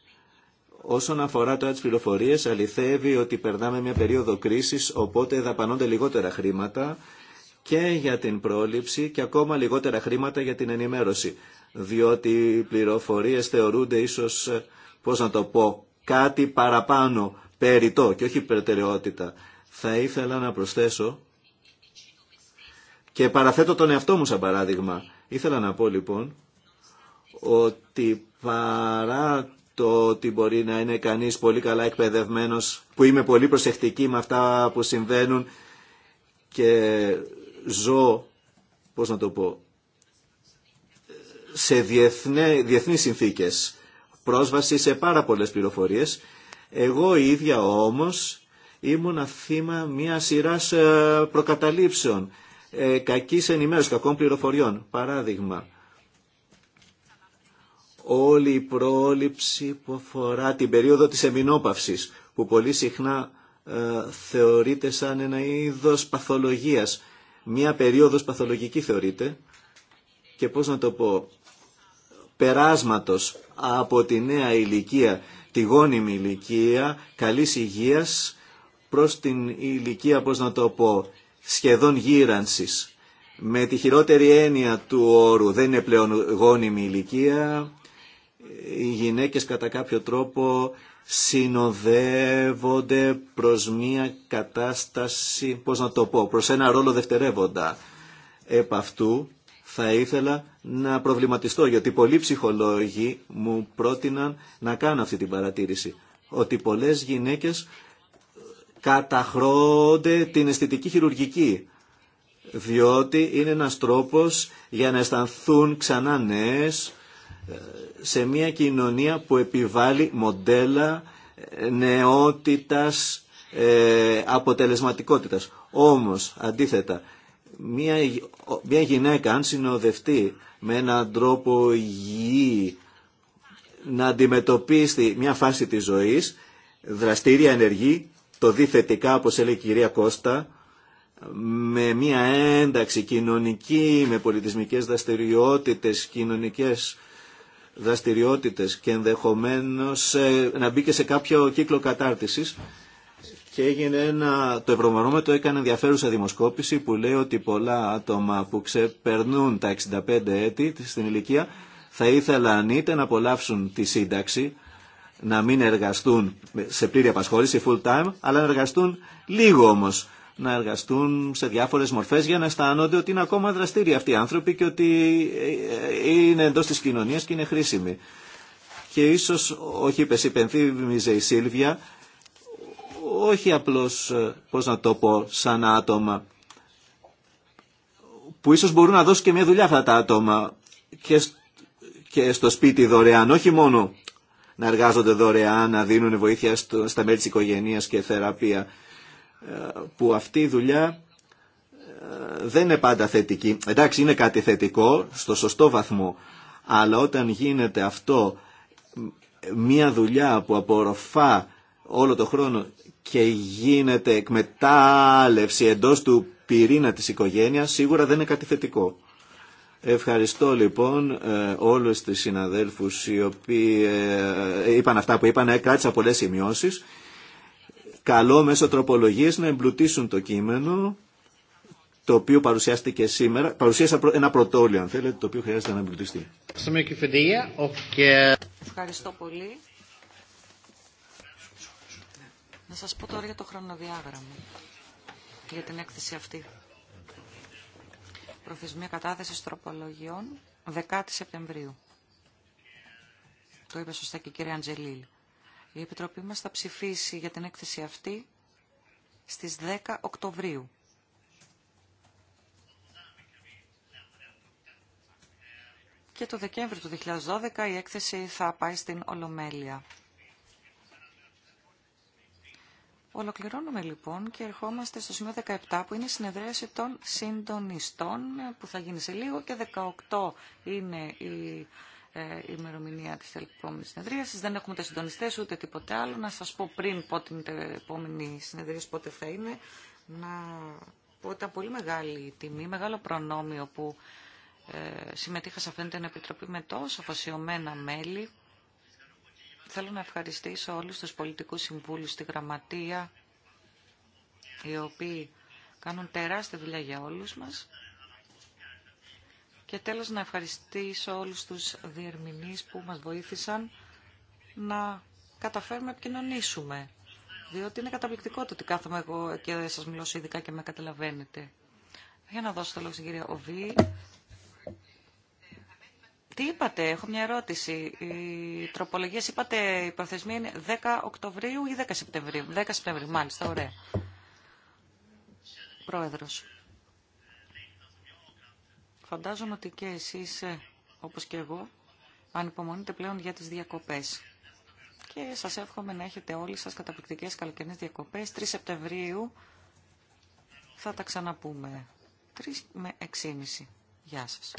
Όσον αφορά τώρα τις πληροφορίες, αληθεύει ότι περνάμε μια περίοδο κρίσης, οπότε δαπανώνται λιγότερα χρήματα και για την πρόληψη και ακόμα λιγότερα χρήματα για την ενημέρωση. Διότι οι πληροφορίες θεωρούνται ίσως, πώς να το πω, κάτι παραπάνω, περιτό και όχι υπερτεραιότητα Θα ήθελα να προσθέσω και παραθέτω τον εαυτό μου σαν παράδειγμα. Ήθελα να πω λοιπόν ότι παρά το ότι μπορεί να είναι κανείς πολύ καλά εκπαιδευμένος, που είμαι πολύ προσεκτική με αυτά που συμβαίνουν και ζω, πώς να το πω, σε διεθνέ, διεθνείς συνθήκες, πρόσβαση σε πάρα πολλές πληροφορίες. Εγώ ίδια όμως ήμουν θύμα μια σειράς ε, προκαταλήψεων, ε, κακής ενημέρωσης, κακών πληροφοριών. Παράδειγμα, όλη η πρόληψη που αφορά την περίοδο της εμεινόπαυσης, που πολύ συχνά ε, θεωρείται σαν ένα είδος παθολογίας. Μία περίοδος παθολογική θεωρείται και πώς να το πω, περάσματος από τη νέα ηλικία, τη γόνιμη ηλικία, καλής υγείας, προς την ηλικία, πώς να το πω, σχεδόν γύρανσης. Με τη χειρότερη έννοια του όρου δεν είναι πλέον γόνιμη ηλικία, οι γυναίκες κατά κάποιο τρόπο συνοδεύονται προς μια κατάσταση, πώς να το πω, προς ένα ρόλο δευτερεύοντα. Επ' αυτού θα ήθελα να προβληματιστώ, γιατί πολλοί ψυχολόγοι μου πρότειναν να κάνω αυτή την παρατήρηση, ότι πολλές γυναίκες καταχρώνται την αισθητική χειρουργική, διότι είναι ένας τρόπος για να αισθανθούν ξανά νέες, σε μια κοινωνία που επιβάλλει μοντέλα ε, νεότητας, ε, αποτελεσματικότητας. Όμως, αντίθετα, μια, μια γυναίκα αν συνοδευτεί με έναν τρόπο υγιή να αντιμετωπίσει μια φάση της ζωής, δραστήρια ενεργή, το δει θετικά, όπως έλεγε η κυρία Κώστα, με μια ένταξη κοινωνική, με πολιτισμικές δραστηριότητες, κοινωνικές δραστηριότητες και ενδεχομένως ε, να μπει και σε κάποιο κύκλο κατάρτισης και έγινε ένα, το το έκανε ενδιαφέρουσα δημοσκόπηση που λέει ότι πολλά άτομα που ξεπερνούν τα 65 έτη στην ηλικία θα ήθελαν είτε να απολαύσουν τη σύνταξη, να μην εργαστούν σε πλήρη απασχόληση, full time, αλλά να εργαστούν λίγο όμως να εργαστούν σε διάφορες μορφές για να αισθάνονται ότι είναι ακόμα δραστήριοι αυτοί οι άνθρωποι και ότι ε, ε, είναι εντός της κοινωνίας και είναι χρήσιμοι. Και ίσως, όχι είπες, υπενθύμιζε η Σίλβια, όχι απλώς, ε, πώς να το πω, σαν άτομα που ίσως μπορούν να δώσουν και μια δουλειά αυτά τα άτομα και στο σπίτι δωρεάν, όχι μόνο να εργάζονται δωρεάν, να δίνουν βοήθεια στα μέλη της οικογένειας και θεραπεία που αυτή η δουλειά ε, δεν είναι πάντα θετική. Εντάξει, είναι κάτι θετικό στο σωστό βαθμό, αλλά όταν γίνεται αυτό μια δουλειά που απορροφά όλο το χρόνο και γίνεται εκμετάλλευση εντός του πυρήνα της οικογένειας, σίγουρα δεν είναι κάτι θετικό. Ευχαριστώ λοιπόν ε, όλους τους συναδέλφους οι οποίοι ε, είπαν αυτά που είπαν, ε, κράτησα πολλές σημειώσεις. Καλό μέσω τροπολογίες να εμπλουτίσουν το κείμενο το οποίο παρουσιάστηκε σήμερα, παρουσίασα ένα πρωτόλιο αν θέλετε, το οποίο χρειάζεται να εμπλουτιστεί. Ευχαριστώ πολύ. Να σας πω τώρα για το χρονοδιάγραμμα, για την έκθεση αυτή. Προθεσμία κατάθεσης τροπολογιών 10 Σεπτεμβρίου. Το είπε σωστά και η κυρία Αντζελίλη. Η Επιτροπή μας θα ψηφίσει για την έκθεση αυτή στις 10 Οκτωβρίου. Και το Δεκέμβριο του 2012 η έκθεση θα πάει στην Ολομέλεια. Ολοκληρώνουμε λοιπόν και ερχόμαστε στο σημείο 17 που είναι η συνεδρίαση των συντονιστών που θα γίνει σε λίγο και 18 είναι η η ε, ημερομηνία της επόμενη συνεδρίασης. Δεν έχουμε τα συντονιστές ούτε τίποτε άλλο. Να σας πω πριν πότε είναι η επόμενη συνεδρίαση, πότε θα είναι. Να πω ήταν πολύ μεγάλη τιμή, μεγάλο προνόμιο που ε, συμμετείχα σε αυτήν την επιτροπή με τόσο αφοσιωμένα μέλη. Θέλω να ευχαριστήσω όλους τους πολιτικούς συμβούλους στη Γραμματεία, οι οποίοι κάνουν τεράστια δουλειά για όλους μας. Και τέλος να ευχαριστήσω όλους τους διερμηνείς που μας βοήθησαν να καταφέρουμε να επικοινωνήσουμε. Διότι είναι καταπληκτικό το ότι κάθομαι εγώ και σας μιλώ ειδικά και με καταλαβαίνετε. Για να δώσω το λόγο στην κυρία Οβή. Τι είπατε, έχω μια ερώτηση. Οι τροπολογίες είπατε, η προθεσμία είναι 10 Οκτωβρίου ή 10 Σεπτεμβρίου. 10 Σεπτεμβρίου, μάλιστα, ωραία. Πρόεδρος. Φαντάζομαι ότι και εσείς, ε, όπως και εγώ, ανυπομονείτε πλέον για τις διακοπές. Και σας εύχομαι να έχετε όλοι σας καταπληκτικές καλοκαιρινές διακοπές. 3 Σεπτεμβρίου θα τα ξαναπούμε. 3 με 6.30. Γεια σας.